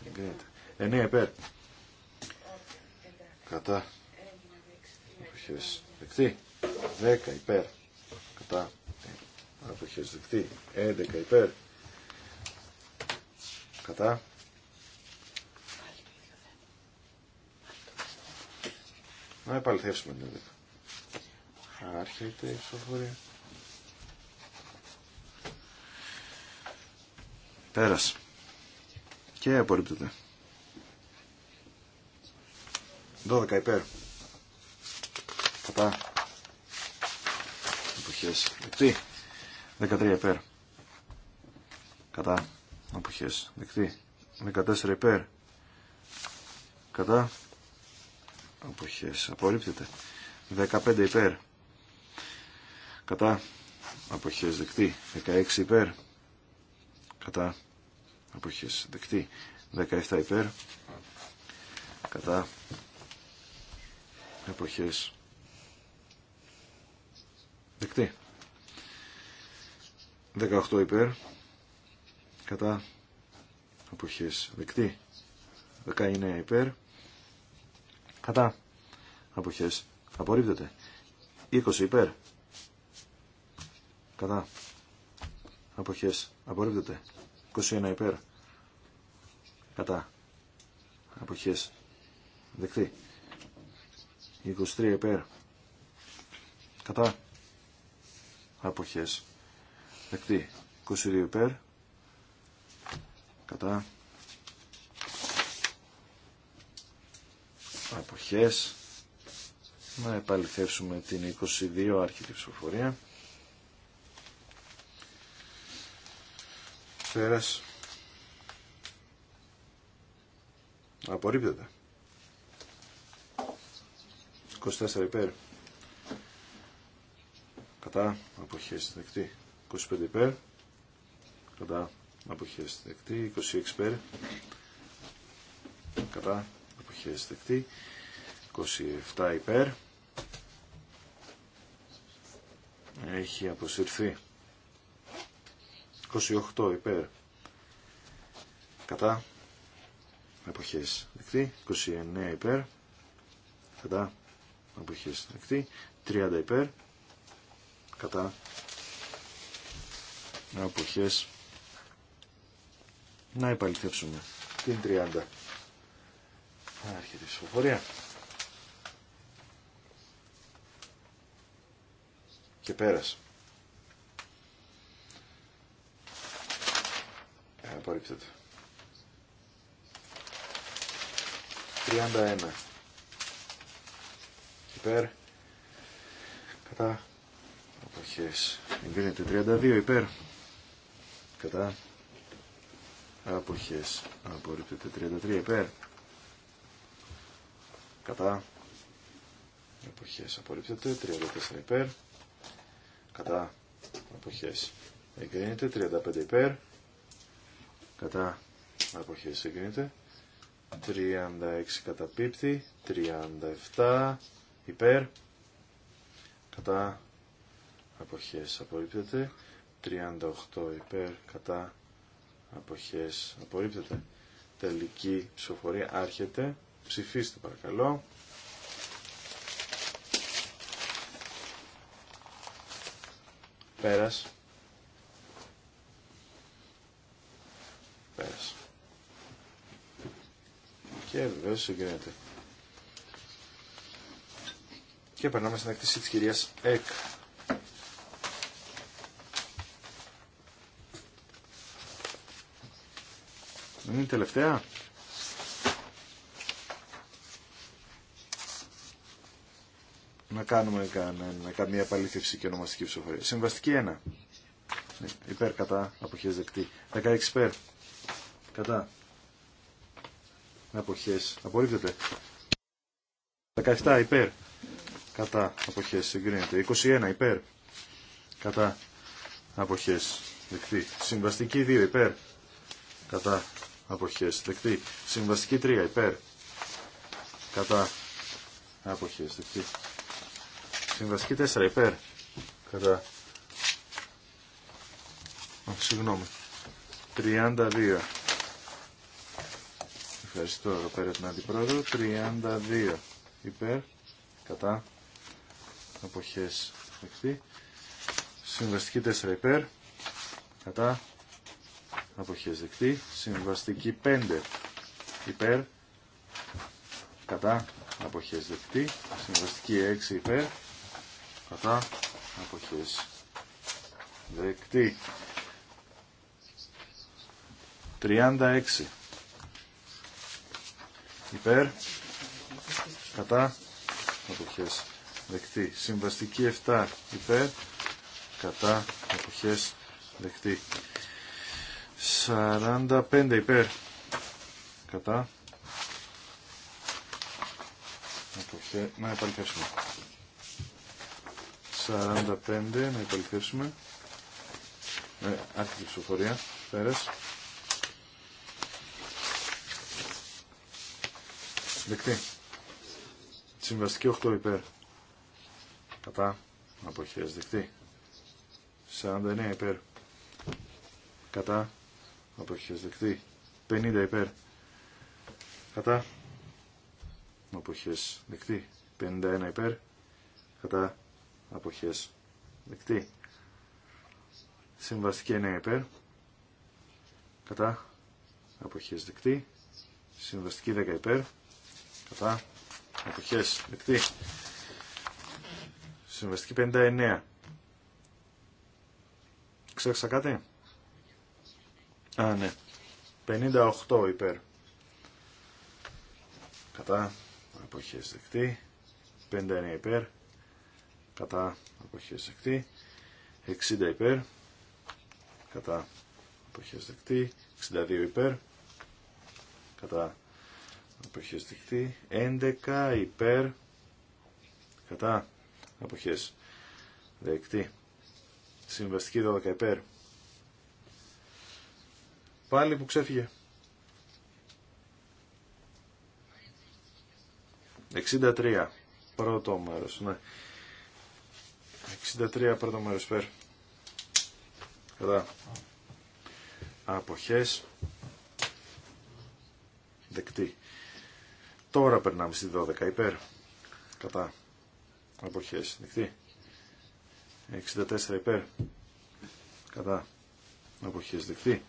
9 υπέρ κατά αποχές δεκτή 10 υπέρ κατά αποχές δεκτή 11 υπέρ κατά να επαληθεύσουμε την 11 άρχεται η ψηφοφορία Πέρασε. Και απορρίπτεται. 12 υπέρ. Κατά. αποχές Δεκτή. 13 υπέρ. Κατά. Αποχές. Δεκτή. 14 υπέρ. Κατά. Αποχές. Απορρίπτεται. 15 υπέρ. Κατά. Αποχές δεκτή. 16 υπέρ. Κατά αποχές δεκτή 17 υπέρ κατά αποχές δεκτή 18 υπέρ κατά αποχές δεκτή 19 υπέρ κατά αποχές απορρίπτεται 20 υπέρ κατά αποχές απορρίπτεται 21 υπέρ. Κατά. Αποχές. Δεκτή. 23 υπέρ. Κατά. Αποχές. Δεκτή. 22 υπέρ. Κατά. Αποχές. Να επαληθεύσουμε την 22 άρχιτη ψηφοφορία. σφαίρας Απορρίπτεται. 24 υπέρ. Κατά αποχές δεκτή. 25 υπέρ. Κατά αποχές δεκτή. 26 υπέρ. Κατά αποχές δεκτή. 27 υπέρ. Έχει αποσυρθεί. 28 υπέρ κατά εποχές δεκτή 29 υπέρ κατά εποχές δεκτή 30 υπέρ κατά εποχές να υπαλληθεύσουμε την 30 έρχεται η ψηφοφορία και πέρασε απορρίπτεται. 31 υπέρ κατά αποχές εγκρίνεται 32 υπέρ κατά αποχές απορρίπτεται 33 υπέρ κατά αποχές απορρίπτεται 34 υπέρ κατά αποχές εγκρίνεται 35 υπέρ κατά αποχές εγκρίνεται 36 κατά πίπτη. 37 υπέρ κατά αποχές απορρίπτεται 38 υπέρ κατά αποχές απορρίπτεται τελική ψηφοφορία άρχεται ψηφίστε παρακαλώ πέρας και βεβαίω συγκρίνεται. Και περνάμε στην εκτίση τη κυρίας ΕΚ. Είναι τελευταία. Να κάνουμε καμία επαλήθευση και ονομαστική ψηφοφορία. Συμβαστική 1. Ναι, υπέρ κατά αποχές δεκτή. 16 υπέρ. Κατά αποχές απορρίπτεται. 17 υπέρ κατά αποχές Συγκρίνεται. 21 υπέρ κατά αποχές δεκτή. Συμβαστική 2 υπέρ κατά αποχές δεκτή. Συμβαστική 3 υπέρ κατά αποχές δεκτή. Συμβαστική 4 υπέρ κατά συγγνώμη. 32 Ευχαριστώ εδώ πέρα την Αντιπρόεδρο. 32 υπέρ, κατά, αποχές δεκτή. Συμβαστική 4 υπέρ, κατά, αποχές δεκτή. Συμβαστική 5 υπέρ, κατά, αποχές δεκτή. Συμβαστική 6 υπέρ, κατά, αποχές δεκτή. 36 υπέρ, κατά, αποχές δεκτή. Συμβαστική 7 υπέρ, κατά, αποχές δεκτή. 45 υπέρ, κατά, αποχέ, να επαληθεύσουμε. 45, να επαληθεύσουμε. Ε, άρχιτη ψηφοφορία, πέρας. Δεκτή. Συμβαστική 8 υπέρ. Κατά. Αποχές. Δεκτή. 49 υπέρ. Κατά. Αποχές. Δεκτή. 50 υπέρ. Κατά. Αποχές. Δεκτή. 51 υπέρ. Κατά. Αποχές. Δεκτή. Συμβαστική 9 υπέρ. Κατά. Αποχές δεκτή. Συμβαστική 10 υπέρ. Κατά. Εποχέ. Δεκτή. Συμβαστική 59. Ξέχασα κάτι. Α, ναι. 58 υπέρ. Κατά. Εποχέ δεκτή. 59 υπέρ. Κατά. Εποχέ δεκτή. 60 υπέρ. Κατά. Εποχέ δεκτή. 62 υπέρ. Κατά αποχές 11 υπέρ κατά αποχές δεκτή συμβαστική 12 υπέρ πάλι που ξέφυγε 63 πρώτο μέρος ναι 63 πρώτο μέρος υπέρ κατά αποχές δεκτή Τώρα περνάμε στη 12 υπέρ. Κατά. Αποχές. Δεκτή. 64 υπέρ. Κατά. Αποχές. Δεκτή.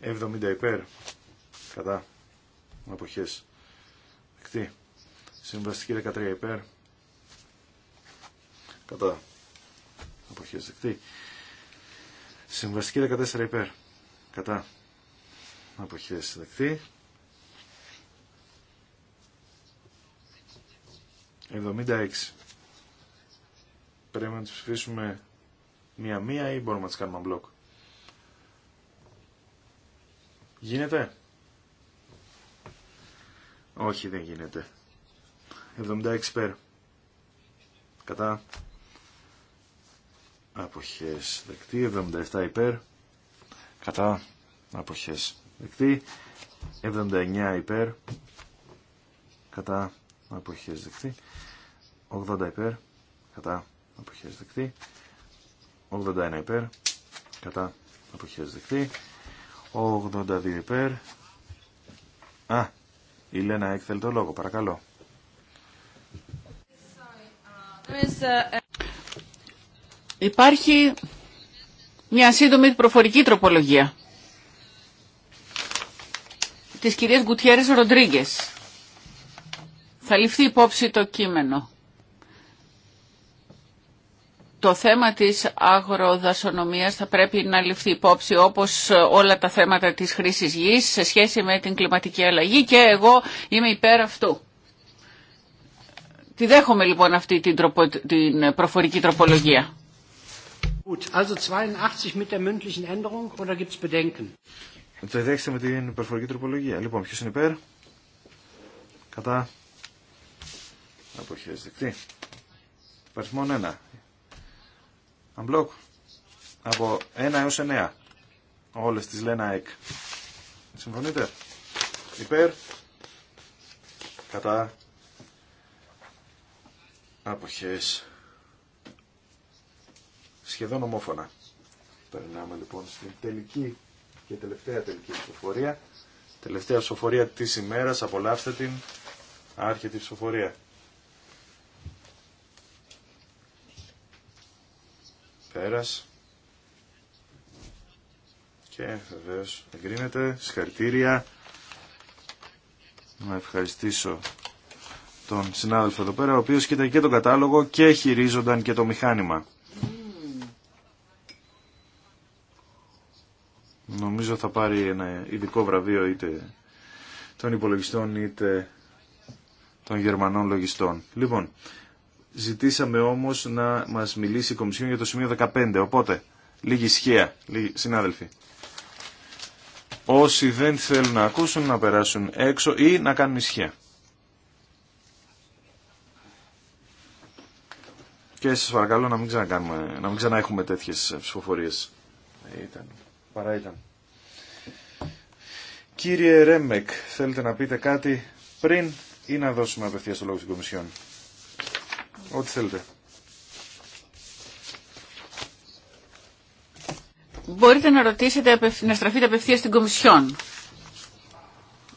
70 υπέρ. Κατά. Αποχές. Δεκτή. Συμβαστική 13 υπέρ. Κατά. Αποχές. Δεκτή. Συμβαστική 14 υπέρ. Κατά. Αποχές. Δεκτή. 76. Πρέπει να τις ψηφίσουμε μία-μία ή μπορούμε να τις κάνουμε μπλοκ. Γίνεται. Όχι δεν γίνεται. 76 πέρα. Κατά. Αποχές δεκτή. 77 υπέρ. Κατά. Αποχές δεκτή. 79 υπέρ. Κατά αποχές δεκτή 80 υπέρ κατά αποχές δεκτή 81 υπέρ κατά αποχές δεκτή 82 υπέρ Α, η Λένα έκθελε το λόγο, παρακαλώ. Υπάρχει μια σύντομη προφορική τροπολογία της κυρίας Γκουτιέρης Ροντρίγκες. Θα ληφθεί υπόψη το κείμενο. Το θέμα της αγροδασονομίας θα πρέπει να ληφθεί υπόψη όπως όλα τα θέματα της χρήσης γης σε σχέση με την κλιματική αλλαγή και εγώ είμαι υπέρ αυτού. Τη δέχομαι λοιπόν αυτή την, την προφορική τροπολογία. Το δέχεστε με την προφορική τροπολογία. Λοιπόν, ποιος είναι υπέρ. Κατά αποχές δεκτή. Παριθμόν 1. Αμπλόκ. Από 1 έως 9. Όλες τις λένε ΑΕΚ. Συμφωνείτε. Υπέρ. Κατά. Αποχές. Σχεδόν ομόφωνα. Περνάμε λοιπόν στην τελική και τελευταία τελική ψηφοφορία. Τελευταία ψηφοφορία της ημέρας. Απολαύστε την. άρχη της ψηφοφορία. Πέρας. Και βεβαίω εγκρίνεται. Συγχαρητήρια. Να ευχαριστήσω τον συνάδελφο εδώ πέρα, ο οποίος κοίταγε και τον κατάλογο και χειρίζονταν και το μηχάνημα. Νομίζω θα πάρει ένα ειδικό βραβείο είτε των υπολογιστών είτε των γερμανών λογιστών. Λοιπόν, Ζητήσαμε όμως να μας μιλήσει η Κομισιόν για το σημείο 15. Οπότε, λίγη ισχύα, συνάδελφοι. Όσοι δεν θέλουν να ακούσουν, να περάσουν έξω ή να κάνουν ισχύα. Και σας παρακαλώ να μην, ξανακάνουμε, να μην ξανά τέτοιες ψηφοφορίες. Ε, ήταν, παρά ήταν. Κύριε Ρέμεκ, θέλετε να πείτε κάτι πριν ή να δώσουμε απευθείας το λόγο στην Κομισιόν. Ό,τι θέλετε. Μπορείτε να ρωτήσετε, να στραφείτε απευθεία στην Κομισιόν.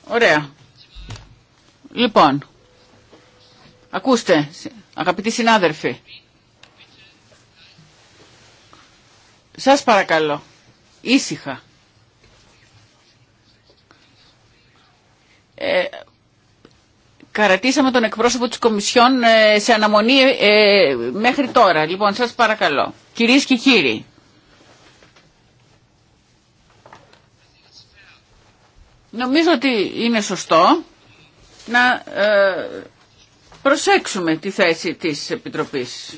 Ωραία. Λοιπόν, ακούστε, αγαπητοί συνάδελφοι. Σας παρακαλώ, ήσυχα. Ε, Καρατήσαμε τον εκπρόσωπο της Κομισιόν ε, σε αναμονή ε, μέχρι τώρα. Λοιπόν, σας παρακαλώ. Κυρίες και κύριοι. Νομίζω ότι είναι σωστό να ε, προσέξουμε τη θέση της Επιτροπής.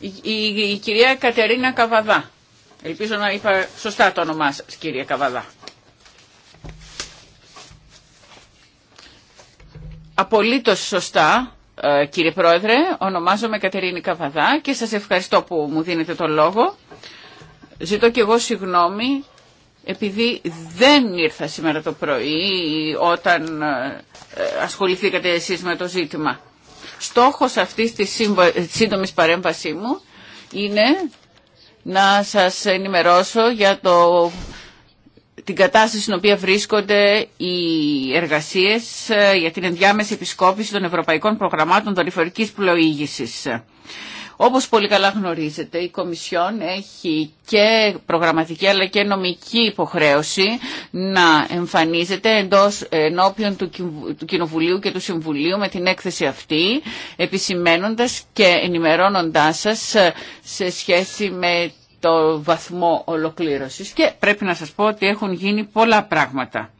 Η, η, η κυρία Κατερίνα Καβαδά. Ελπίζω να είπα σωστά το όνομά σας, κυρία Καβαδά. Απολύτως σωστά, ε, κύριε Πρόεδρε, ονομάζομαι Κατερίνη Καβαδά και σας ευχαριστώ που μου δίνετε το λόγο. Ζητώ και εγώ συγγνώμη επειδή δεν ήρθα σήμερα το πρωί όταν ε, ε, ασχοληθήκατε εσείς με το ζήτημα. Στόχος αυτής της σύντομης παρέμβασή μου είναι να σας ενημερώσω για το την κατάσταση στην οποία βρίσκονται οι εργασίες ε, για την ενδιάμεση επισκόπηση των ευρωπαϊκών προγραμμάτων δορυφορικής πλοήγησης. Όπως πολύ καλά γνωρίζετε, η Κομισιόν έχει και προγραμματική αλλά και νομική υποχρέωση να εμφανίζεται εντός ενώπιον του Κοινοβουλίου και του Συμβουλίου με την έκθεση αυτή, επισημένοντας και ενημερώνοντάς σας ε, σε σχέση με το βαθμό ολοκλήρωσης και πρέπει να σας πω ότι έχουν γίνει πολλά πράγματα.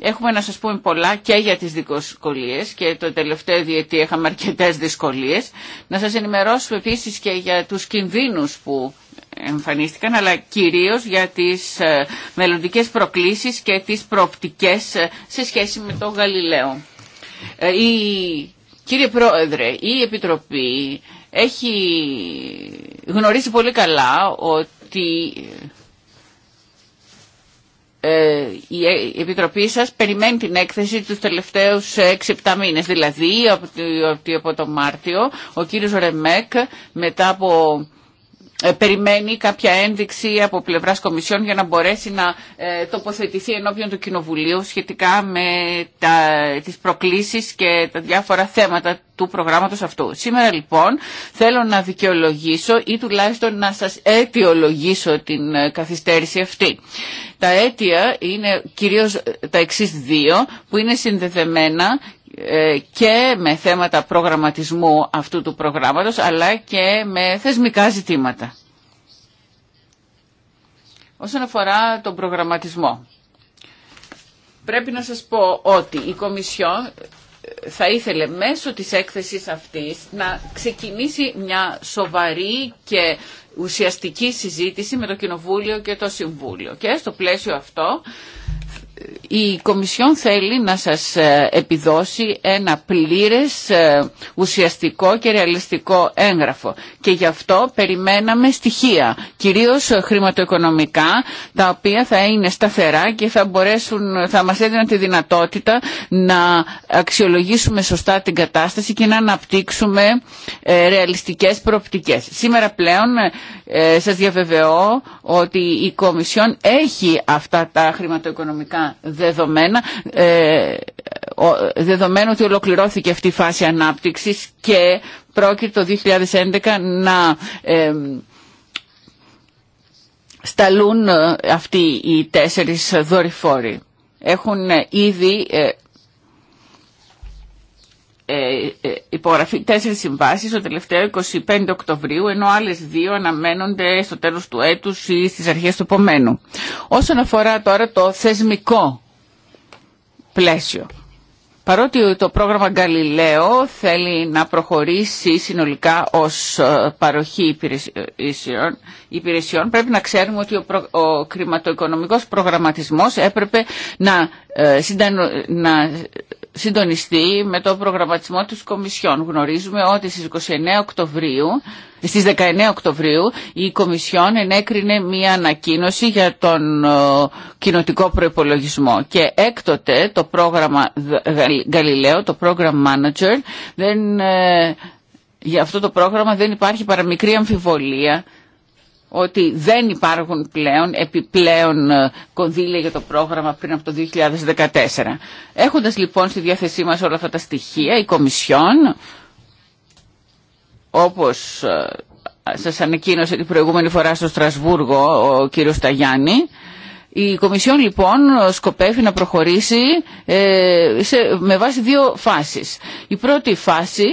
Έχουμε να σας πούμε πολλά και για τις δυσκολίες και το τελευταίο διετή είχαμε αρκετές δυσκολίες. Να σας ενημερώσω επίσης και για τους κινδύνους που εμφανίστηκαν αλλά κυρίως για τις ε, μελλοντικές προκλήσεις και τις προοπτικές ε, σε σχέση με τον Γαλιλαίο. Ε, η... Κύριε Πρόεδρε, η Επιτροπή έχει γνωρίσει πολύ καλά ότι ε, ε, η Επιτροπή σας περιμένει την έκθεση τους τελευταίους 6-7 μήνες. Δηλαδή, από το Μάρτιο, ο κύριος Ρεμέκ, μετά από ε, περιμένει κάποια ένδειξη από πλευράς Κομισιόν για να μπορέσει να ε, τοποθετηθεί ενώπιον του Κοινοβουλίου σχετικά με τα, τις προκλήσεις και τα διάφορα θέματα του προγράμματος αυτού. Σήμερα λοιπόν θέλω να δικαιολογήσω ή τουλάχιστον να σας αιτιολογήσω την ε, καθυστέρηση αυτή. Τα αίτια είναι κυρίως τα εξής δύο που είναι συνδεδεμένα ε, και με θέματα προγραμματισμού αυτού του προγράμματος αλλά και με θεσμικά ζητήματα. Όσον αφορά τον προγραμματισμό, πρέπει να σας πω ότι η Κομισιόν ε, θα ήθελε μέσω της έκθεσης αυτής να ξεκινήσει μια σοβαρή και ουσιαστική συζήτηση με το Κοινοβούλιο και το Συμβούλιο. Και στο πλαίσιο αυτό η Κομισιόν θέλει να σας ε, επιδώσει ένα πλήρες, ε, ουσιαστικό και ρεαλιστικό έγγραφο. Και γι' αυτό περιμέναμε στοιχεία, κυρίως χρηματοοικονομικά, τα οποία θα είναι σταθερά και θα, μπορέσουν, θα μας έδιναν τη δυνατότητα να αξιολογήσουμε σωστά την κατάσταση και να αναπτύξουμε ε, ρεαλιστικές προοπτικές. Σήμερα πλέον σας διαβεβαιώ ότι η Κομισιόν έχει αυτά τα χρηματοοικονομικά δεδομένα ε, δεδομένου ότι ολοκληρώθηκε αυτή η φάση ανάπτυξης και πρόκειται το 2011 να ε, σταλούν ε, αυτοί οι τέσσερις δορυφόροι. Έχουν ήδη ε, ε, υπογραφεί τέσσερις συμβάσεις το τελευταίο 25 Οκτωβρίου ενώ άλλες δύο αναμένονται στο τέλος του έτους ή στις αρχές του επομένου. Όσον αφορά τώρα το θεσμικό πλαίσιο. Παρότι το πρόγραμμα Galileo θέλει να προχωρήσει συνολικά ως ε, παροχή υπηρεσιών, πρέπει να ξέρουμε ότι ο, προ, ο κρηματοοικονομικός προγραμματισμός έπρεπε να, ε, συντονιστεί με το προγραμματισμό της Κομισιόν. Γνωρίζουμε ότι στις, 29 Οκτωβρίου, στις 19 Οκτωβρίου η Κομισιόν ενέκρινε μία ανακοίνωση για τον ε, κοινοτικό προϋπολογισμό και έκτοτε το πρόγραμμα Galileo, το πρόγραμμα Manager, δεν, ε, για αυτό το πρόγραμμα δεν υπάρχει παραμικρή αμφιβολία ότι δεν υπάρχουν πλέον επιπλέον ε, κονδύλια για το πρόγραμμα πριν από το 2014. Έχοντας λοιπόν στη διάθεσή μας όλα αυτά τα στοιχεία, η Κομισιόν, όπως ε, σας ανακοίνωσε την προηγούμενη φορά στο Στρασβούργο ο κύριος Ταγιάννη, η Κομισιόν λοιπόν σκοπεύει να προχωρήσει ε, σε, με βάση δύο φάσεις. Η πρώτη φάση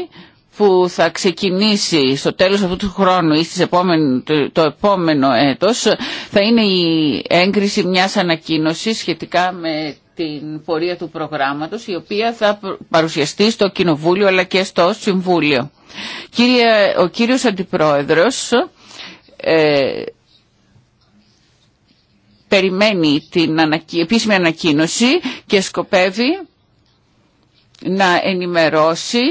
που θα ξεκινήσει στο τέλος αυτού του χρόνου ή στις επόμενη, το, επόμενο έτος θα είναι η στις το επομενο ετος θα ειναι η εγκριση μιας ανακοίνωσης σχετικά με την πορεία του προγράμματος η οποία θα παρουσιαστεί στο Κοινοβούλιο αλλά και στο Συμβούλιο. Κύριε, ο κύριος Αντιπρόεδρος ε, περιμένει την επίσημη ανακοίνωση και σκοπεύει να ενημερώσει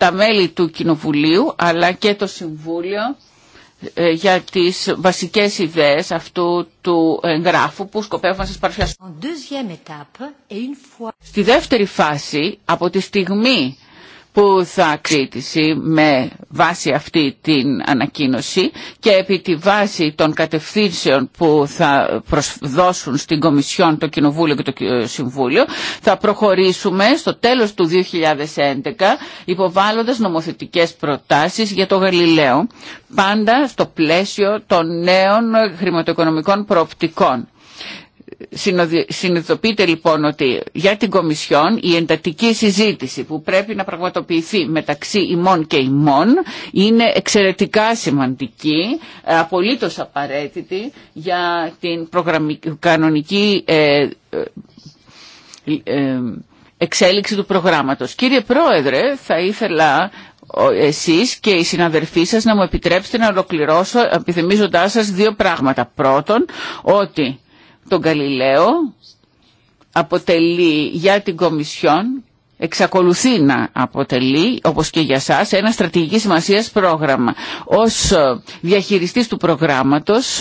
τα μέλη του Κοινοβουλίου αλλά και το Συμβούλιο ε, για τις βασικές ιδέες αυτού του εγγράφου που σκοπεύουμε να σας παρουσιάσω. Στη δεύτερη φάση, από τη στιγμή που θα κρίτησει με βάση αυτή την ανακοίνωση και επί τη βάση των κατευθύνσεων που θα προσδώσουν στην Κομισιόν το Κοινοβούλιο και το Συμβούλιο θα προχωρήσουμε στο τέλος του 2011 υποβάλλοντας νομοθετικές προτάσεις για το Γαλιλαίο πάντα στο πλαίσιο των νέων χρηματοοικονομικών προοπτικών. Συνειδητοποιείται λοιπόν ότι για την Κομισιόν η εντατική συζήτηση που πρέπει να πραγματοποιηθεί μεταξύ ημών και ημών είναι εξαιρετικά σημαντική, ε, απολύτως απαραίτητη για την κανονική ε, ε, εξέλιξη του προγράμματος. Κύριε Πρόεδρε, θα ήθελα εσείς και οι συναδελφοί σας να μου επιτρέψετε να ολοκληρώσω επιθυμίζοντάς σας δύο πράγματα. Πρώτον, ότι τον Γαλιλαίο αποτελεί για την Κομισιόν, εξακολουθεί να αποτελεί, όπως και για σας, ένα στρατηγική σημασία πρόγραμμα. Ως ε, διαχειριστής του προγράμματος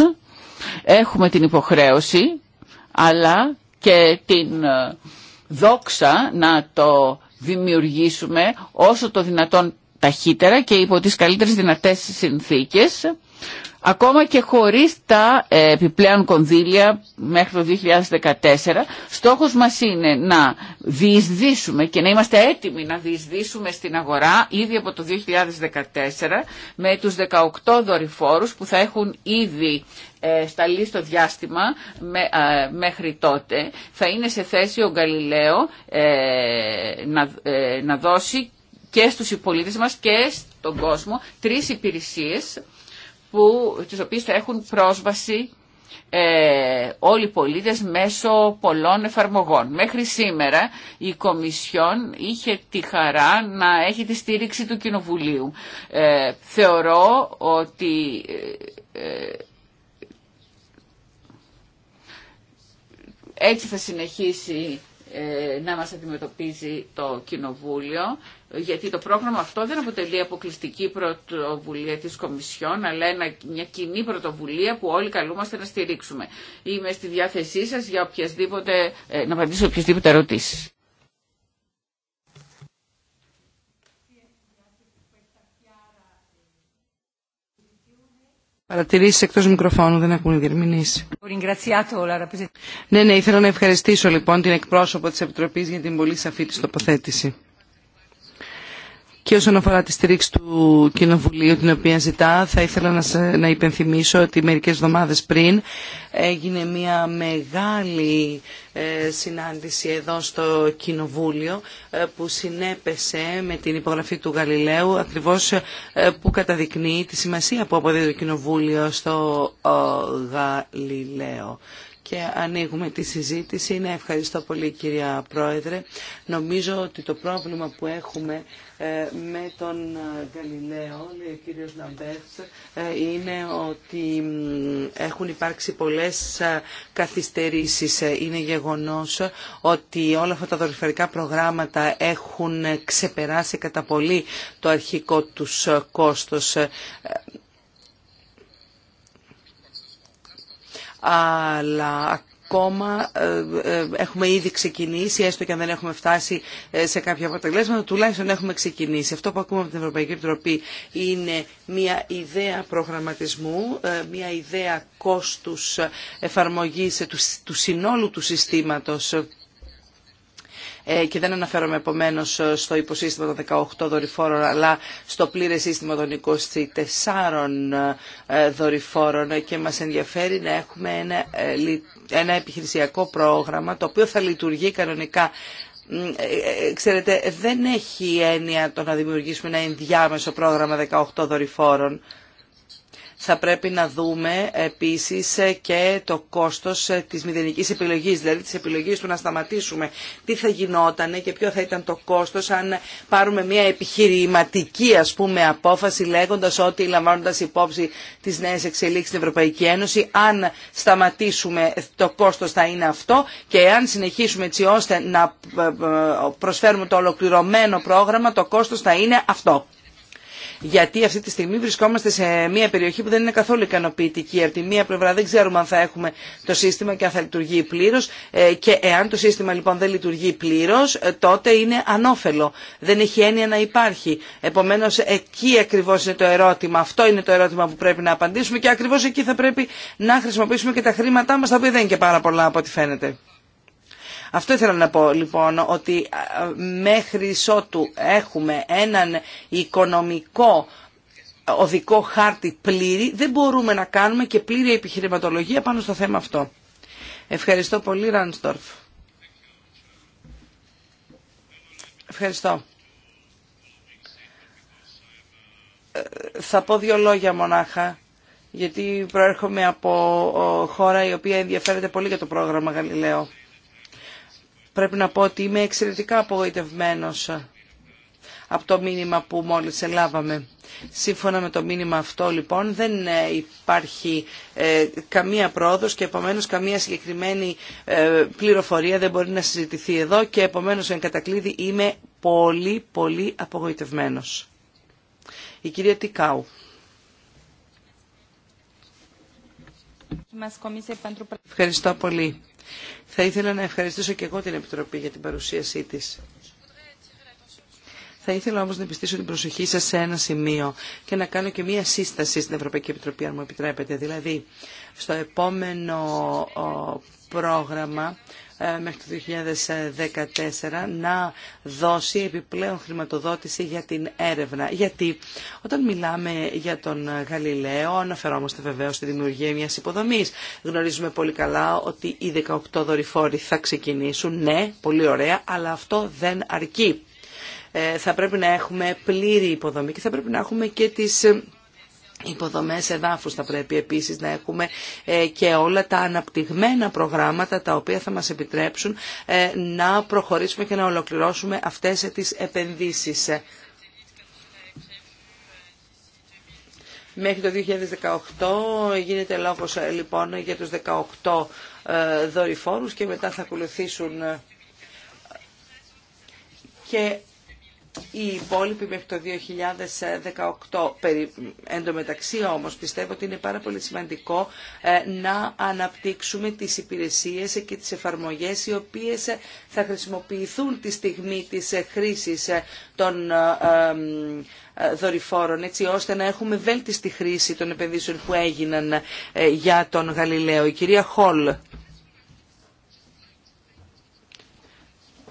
έχουμε την υποχρέωση, αλλά και την ε, δόξα να το δημιουργήσουμε όσο το δυνατόν ταχύτερα και υπό τις καλύτερες δυνατές συνθήκες ακόμα και χωρίς τα ε, επιπλέον κονδύλια μέχρι το 2014, στόχος μας είναι να διεισδύσουμε και να είμαστε έτοιμοι να διεισδύσουμε στην αγορά ήδη από το 2014 με τους 18 δορυφόρους που θα έχουν ήδη ε, σταλεί στο διάστημα ε, μέχρι τότε. Θα είναι σε θέση ο Γκαλιλαίο να δώσει και στους υπολίτες μας και στον κόσμο τρεις υπηρεσίες που, τις οποίες θα έχουν πρόσβαση ε, όλοι οι πολίτες μέσω πολλών εφαρμογών. Μέχρι σήμερα η Κομισιόν είχε τη χαρά να έχει τη στήριξη του Κοινοβουλίου. Ε, θεωρώ ότι... Ε, ε, έτσι θα συνεχίσει ε, να μας αντιμετωπίζει το Κοινοβούλιο, γιατί το πρόγραμμα αυτό δεν αποτελεί αποκλειστική πρωτοβουλία της Κομισιόν, αλλά μια κοινή πρωτοβουλία που όλοι καλούμαστε να στηρίξουμε. Είμαι στη διάθεσή σας για οποιασδήποτε, ε, να απαντήσω οποιασδήποτε ερωτήσεις. Παρατηρήσει εκτό μικροφώνου, δεν έχουν διερμηνήσει. Ναι, ναι, ήθελα να ευχαριστήσω λοιπόν την εκπρόσωπο της Επιτροπής για την πολύ σαφή της τοποθέτηση. Και όσον αφορά τη στήριξη του Κοινοβουλίου την οποία ζητά, θα ήθελα να, να υπενθυμίσω ότι μερικές εβδομάδες πριν έγινε μια μεγάλη ε, συνάντηση εδώ στο Κοινοβούλιο ε, που συνέπεσε με την υπογραφή του Γαλιλαίου ακριβώς ε, που καταδεικνύει τη σημασία που αποδίδει το Κοινοβούλιο στο Γαλιλαίο και ανοίγουμε τη συζήτηση. Ναι, ευχαριστώ πολύ κυρία Πρόεδρε. Νομίζω ότι το πρόβλημα που έχουμε ε, με τον ε, Γαλιλαίο, ο κύριος Λαμπέρτς, ε, είναι ότι έχουν υπάρξει πολλές καθυστερήσεις. Είναι γεγονός ότι όλα αυτά τα δορυφορικά προγράμματα έχουν ξεπεράσει κατά πολύ το αρχικό τους κόστος. αλλά ακόμα ε, ε, έχουμε ήδη ξεκινήσει, έστω και αν δεν έχουμε φτάσει ε, σε κάποια αποτελέσματα, τουλάχιστον έχουμε ξεκινήσει. Αυτό που ακούμε από την Ευρωπαϊκή Επιτροπή είναι μια ιδέα προγραμματισμού, μια ιδέα κόστους εφαρμογής του συνόλου του συστήματος ε, και δεν αναφέρομαι επομένω ε, στο υποσύστημα των 18 δορυφόρων αλλά στο πλήρε σύστημα των 24 ε, δορυφόρων και μας ενδιαφέρει να έχουμε ένα, ένα επιχειρησιακό πρόγραμμα το οποίο θα λειτουργεί κανονικά Ξέρετε, δεν έχει έννοια το να δημιουργήσουμε ένα ενδιάμεσο πρόγραμμα 18 δορυφόρων. Θα πρέπει να δούμε επίσης και το κόστος ε, της μηδενικής επιλογής, δηλαδή της επιλογής του να σταματήσουμε. Τι θα γινόταν και ποιο θα ήταν το κόστος αν πάρουμε μια επιχειρηματική ας πούμε απόφαση λέγοντας ότι λαμβάνοντας υπόψη τις νέες εξελίξεις στην Ευρωπαϊκή Ένωση, αν σταματήσουμε ε, το κόστος θα είναι αυτό και αν συνεχίσουμε έτσι ώστε να ε, προσφέρουμε το ολοκληρωμένο πρόγραμμα, το κόστος θα είναι αυτό γιατί αυτή τη στιγμή βρισκόμαστε σε μια περιοχή που δεν είναι καθόλου ικανοποιητική. Από τη μία πλευρά δεν ξέρουμε αν θα έχουμε το σύστημα και αν θα λειτουργεί πλήρω. Ε, και εάν το σύστημα λοιπόν δεν λειτουργεί πλήρω, ε, τότε είναι ανώφελο. Δεν έχει έννοια να υπάρχει. Επομένω, εκεί ακριβώ είναι το ερώτημα. Αυτό είναι το ερώτημα που πρέπει να απαντήσουμε και ακριβώ εκεί θα πρέπει να χρησιμοποιήσουμε και τα χρήματά μα τα οποία δεν είναι και πάρα πολλά από ό,τι φαίνεται. Αυτό ήθελα να πω λοιπόν ότι ε, μέχρι ότου έχουμε έναν οικονομικό οδικό χάρτη πλήρη δεν μπορούμε να κάνουμε και πλήρη επιχειρηματολογία πάνω στο θέμα αυτό. Ευχαριστώ πολύ Ράνστορφ. Ευχαριστώ. Ε, θα πω δύο λόγια μονάχα, γιατί προέρχομαι από χώρα η οποία ενδιαφέρεται πολύ για το πρόγραμμα Γαλιλαίο πρέπει να πω ότι είμαι εξαιρετικά απογοητευμένος από το μήνυμα που μόλις ελάβαμε. Σύμφωνα με το μήνυμα αυτό λοιπόν δεν ε, υπάρχει ε, καμία πρόοδος και επομένως καμία συγκεκριμένη ε, πληροφορία δεν μπορεί να συζητηθεί εδώ και επομένως εν κατακλείδη είμαι πολύ πολύ απογοητευμένος. Η κυρία Τικάου. Ευχαριστώ πολύ. Θα ήθελα να ευχαριστήσω και εγώ την Επιτροπή για την παρουσίασή της. Θα ήθελα όμω να επιστήσω την προσοχή σα σε ένα σημείο και να κάνω και μία σύσταση στην Ευρωπαϊκή Επιτροπή, αν μου επιτρέπετε. Δηλαδή, στο επόμενο πρόγραμμα ε, μέχρι το 2014 να δώσει επιπλέον χρηματοδότηση για την έρευνα. Γιατί όταν μιλάμε για τον Γαλιλαίο αναφερόμαστε βεβαίως στη δημιουργία μιας υποδομής. Γνωρίζουμε πολύ καλά ότι οι 18 δορυφόροι θα ξεκινήσουν, ναι, πολύ ωραία, αλλά αυτό δεν αρκεί. Ε, θα πρέπει να έχουμε πλήρη υποδομή και θα πρέπει να έχουμε και τις ε, υποδομές εδάφους θα πρέπει επίσης να έχουμε ε, και όλα τα αναπτυγμένα προγράμματα τα οποία θα μας επιτρέψουν να προχωρήσουμε και να ολοκληρώσουμε αυτές τις επενδύσεις. Μέχρι το 2018 γίνεται λόγος λοιπόν για τους 18 δορυφόρους και μετά θα ακολουθήσουν οι υπόλοιποι μέχρι το 2018. Περι... Εν όμως πιστεύω ότι είναι πάρα πολύ σημαντικό ε, να αναπτύξουμε τις υπηρεσίες και τις εφαρμογές οι οποίες θα χρησιμοποιηθούν τη στιγμή της ε, χρήσης ε, των δορυφόρων έτσι ώστε να έχουμε βέλτιστη χρήση των επενδύσεων που έγιναν για τον Γαλιλαίο. Η κυρία Χολ.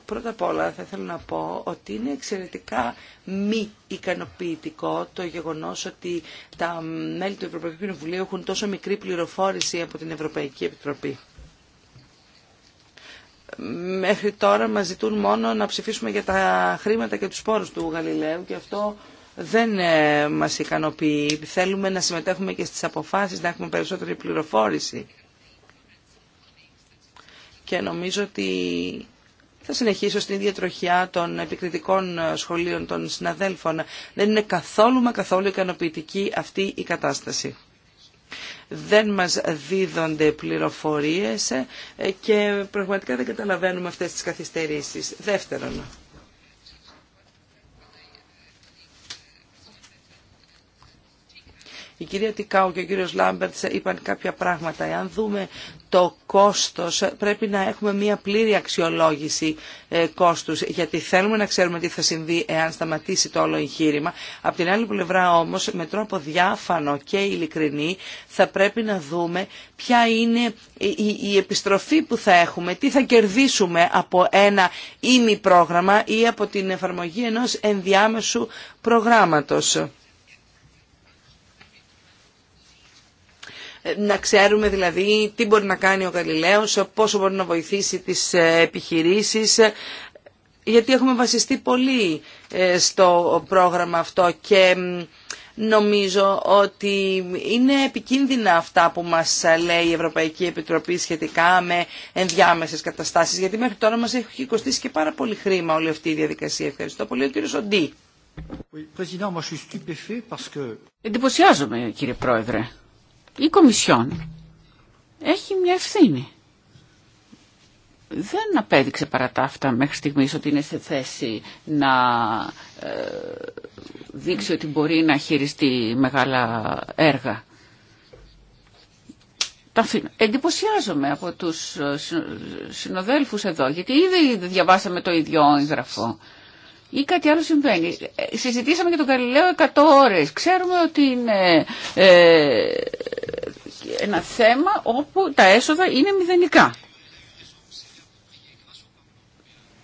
Πρώτα απ' όλα θα ήθελα να πω ότι είναι εξαιρετικά μη ικανοποιητικό το γεγονός ότι τα μέλη του Ευρωπαϊκού Κοινοβουλίου έχουν τόσο μικρή πληροφόρηση από την Ευρωπαϊκή Επιτροπή. Μέχρι τώρα μας ζητούν μόνο να ψηφίσουμε για τα χρήματα και τους πόρους του Γαλιλαίου και αυτό δεν ε, μας ικανοποιεί. Θέλουμε να συμμετέχουμε και στις αποφάσεις, να έχουμε περισσότερη πληροφόρηση. Και νομίζω ότι θα συνεχίσω στην ίδια τροχιά των επικριτικών ε, σχολείων των συναδέλφων. Δεν είναι καθόλου μα καθόλου ικανοποιητική αυτή η κατάσταση δεν μας δίδονται πληροφορίες ε, και πραγματικά δεν καταλαβαίνουμε αυτές τις καθυστερήσεις. Δεύτερον, η κυρία Τικάου και ο κύριος Λάμπερτς είπαν κάποια πράγματα. Εάν δούμε το κόστος πρέπει να έχουμε μια πλήρη αξιολόγηση ε, κόστους γιατί θέλουμε να ξέρουμε τι θα συμβεί εάν σταματήσει το όλο εγχείρημα. Από την άλλη πλευρά όμως με τρόπο διάφανο και ειλικρινή θα πρέπει να δούμε ποια είναι η επιστροφή που θα έχουμε, τι θα κερδίσουμε από ένα ήμι πρόγραμμα ή από την εφαρμογή ενός ενδιάμεσου προγράμματος. να ξέρουμε δηλαδή τι μπορεί να κάνει ο Γαλιλαίος, πόσο μπορεί να βοηθήσει τις ε, επιχειρήσεις, γιατί έχουμε βασιστεί πολύ ε, στο πρόγραμμα αυτό και νομίζω ότι είναι επικίνδυνα αυτά που μας ε, λέει η Ευρωπαϊκή Επιτροπή σχετικά με ενδιάμεσες καταστάσεις, γιατί μέχρι τώρα μας έχει κοστίσει και πάρα πολύ χρήμα όλη αυτή η διαδικασία. Ευχαριστώ πολύ. Ο κύριος Οντί. Εντυπωσιάζομαι κύριε Πρόεδρε η Κομισιόν έχει μια ευθύνη. Δεν απέδειξε παρά τα αυτά μέχρι στιγμής ότι είναι σε θέση να ε, δείξει ότι μπορεί να χειριστεί μεγάλα έργα. Εντυπωσιάζομαι από τους ε, συνοδέλφους εδώ, γιατί ήδη διαβάσαμε το ίδιο έγγραφο ή κάτι άλλο συμβαίνει. Ε, συζητήσαμε για τον Γαλιλαίο 100 ώρες. Ξέρουμε ότι είναι ε, ένα θέμα όπου τα έσοδα είναι μηδενικά.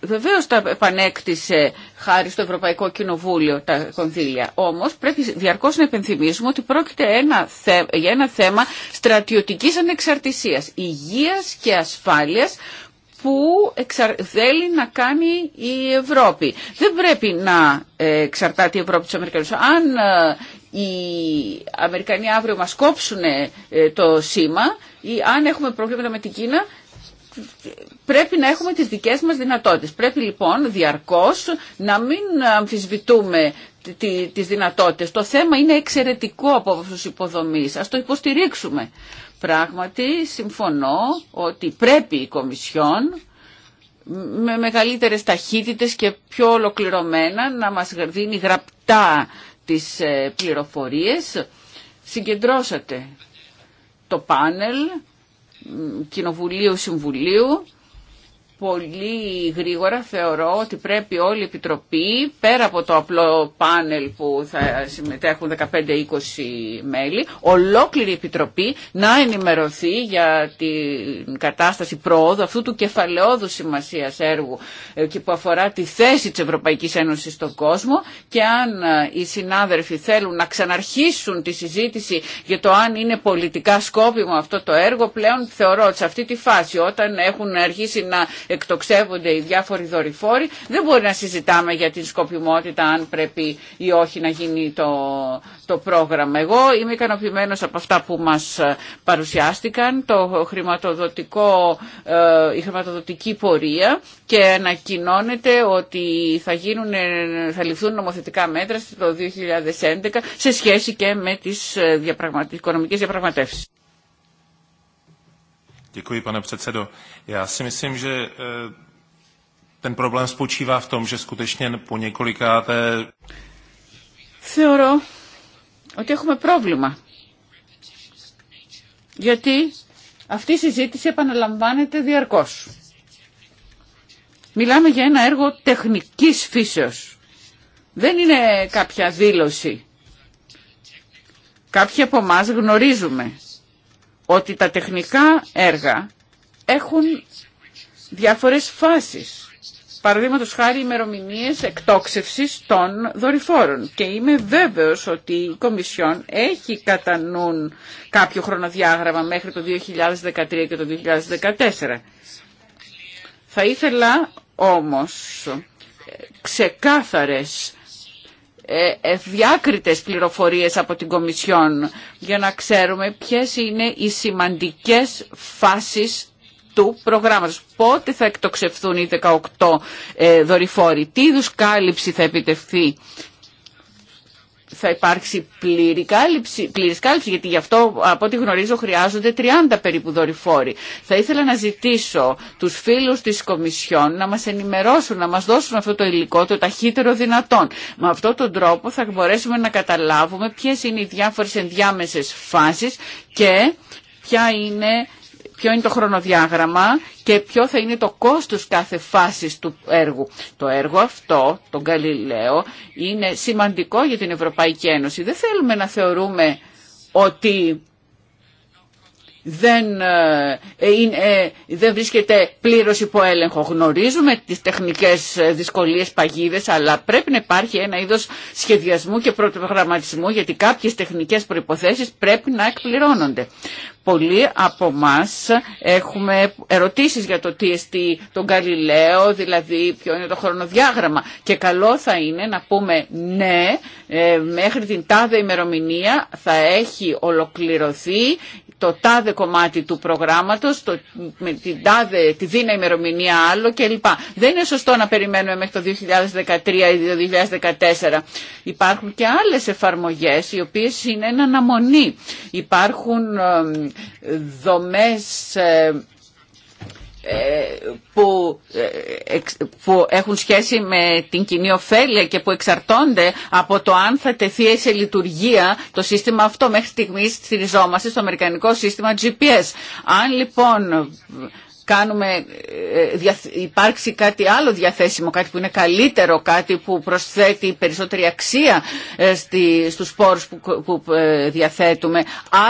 Βεβαίω τα επανέκτησε χάρη στο Ευρωπαϊκό Κοινοβούλιο τα κονδύλια. Όμω πρέπει διαρκώ να επενθυμίσουμε ότι πρόκειται ένα για ένα θέμα στρατιωτική ανεξαρτησία, υγεία και ασφάλεια που θέλει να κάνει η Ευρώπη. Δεν πρέπει να ε, εξαρτάται η Ευρώπη του Αμερικανούς. Αν ε, οι Αμερικανοί αύριο μας κόψουν ε, το σήμα ή αν έχουμε προβλήματα με την Κίνα, πρέπει να έχουμε τις δικές μας δυνατότητες. Πρέπει λοιπόν διαρκώς να μην αμφισβητούμε τις δυνατότητες. Το θέμα είναι εξαιρετικό από αυτούς τους υποδομής. Ας το υποστηρίξουμε. Πράγματι, συμφωνώ ότι πρέπει η Κομισιόν με μεγαλύτερες ταχύτητες και πιο ολοκληρωμένα να μας δίνει γραπτά τις ε, πληροφορίες. Συγκεντρώσατε το πάνελ Κοινοβουλίου-Συμβουλίου πολύ γρήγορα θεωρώ ότι πρέπει όλη η Επιτροπή, πέρα από το απλό πάνελ που θα συμμετέχουν 15-20 μέλη, ολόκληρη η Επιτροπή να ενημερωθεί για την κατάσταση προόδου αυτού του κεφαλαιόδου σημασία έργου ε, και που αφορά τη θέση της Ευρωπαϊκής Ένωσης στον κόσμο και αν ε, οι συνάδελφοι θέλουν να ξαναρχίσουν τη συζήτηση για το αν είναι πολιτικά σκόπιμο αυτό το έργο, πλέον θεωρώ ότι σε αυτή τη φάση όταν έχουν αρχίσει να εκτοξεύονται οι διάφοροι δορυφόροι, δεν μπορεί να συζητάμε για την σκοπιμότητα αν πρέπει ή όχι να γίνει το, το πρόγραμμα. Εγώ είμαι ικανοποιημένος από αυτά που μας ε, παρουσιάστηκαν, το χρηματοδοτικό, ε, η χρηματοδοτική πορεία και ανακοινώνεται ότι θα, γίνουν, ε, θα ληφθούν νομοθετικά μέτρα το 2011 σε σχέση και με τις διαπραγμα... οικονομικές διαπραγματεύσεις. Θεωρώ ότι έχουμε πρόβλημα. Γιατί αυτή η συζήτηση επαναλαμβάνεται διαρκώς. Μιλάμε για ένα έργο τεχνικής φύσεως. Δεν είναι κάποια δήλωση. Κάποιοι από εμά γνωρίζουμε ότι τα τεχνικά έργα έχουν διάφορες φάσεις. Παραδείγματος χάρη ημερομηνίε εκτόξευσης των δορυφόρων. Και είμαι βέβαιος ότι η Κομισιόν έχει κατά νου κάποιο χρονοδιάγραμμα μέχρι το 2013 και το 2014. Θα ήθελα όμως ξεκάθαρες ε, ευδιάκριτες πληροφορίες από την Κομισιόν για να ξέρουμε ποιες είναι οι σημαντικές φάσεις του προγράμματος. Πότε θα εκτοξευθούν οι 18 ε, δορυφόροι, τι είδους κάλυψη θα επιτευχθεί θα υπάρξει πλήρη κάλυψη, πλήρης κάλυψη, γιατί γι' αυτό από ό,τι γνωρίζω χρειάζονται 30 περίπου δορυφόροι. Θα ήθελα να ζητήσω τους φίλους της Κομισιόν να μας ενημερώσουν, να μας δώσουν αυτό το υλικό το ταχύτερο δυνατόν. Με αυτόν τον τρόπο θα μπορέσουμε να καταλάβουμε ποιες είναι οι διάφορες ενδιάμεσες φάσεις και ποια είναι ποιο είναι το χρονοδιάγραμμα και ποιο θα είναι το κόστος κάθε φάσης του έργου. Το έργο αυτό, τον Γαλιλαίο, είναι σημαντικό για την Ευρωπαϊκή Ένωση. Δεν θέλουμε να θεωρούμε ότι δεν, ε, ε, είναι, ε, δεν βρίσκεται πλήρως υπό έλεγχο. Γνωρίζουμε τις τεχνικές δυσκολίες παγίδες, αλλά πρέπει να υπάρχει ένα είδος σχεδιασμού και προγραμματισμού, γιατί κάποιες τεχνικές προϋποθέσεις πρέπει να εκπληρώνονται. Πολλοί από εμά έχουμε ερωτήσεις για το τι εστί τον Γαλιλαίο, δηλαδή ποιο είναι το χρονοδιάγραμμα. Και καλό θα είναι να πούμε ναι, μέχρι την τάδε ημερομηνία θα έχει ολοκληρωθεί το τάδε κομμάτι του προγράμματος, το, με την τη δίνα ημερομηνία άλλο κλπ. Δεν είναι σωστό να περιμένουμε μέχρι το 2013 ή το 2014. Υπάρχουν και άλλες εφαρμογές οι οποίες είναι εν αναμονή. Υπάρχουν δομές ε, ε, που, έχουν σχέση με την κοινή ωφέλεια και που εξαρτώνται από το αν θα τεθεί σε λειτουργία το σύστημα αυτό. Μέχρι στιγμής στηριζόμαστε στο αμερικανικό σύστημα GPS. Αν λοιπόν κάνουμε, ε, υπάρξει κάτι άλλο διαθέσιμο, κάτι που είναι καλύτερο, κάτι που προσθέτει περισσότερη αξία ε, στη, στους πόρους που, ε, διαθέτουμε.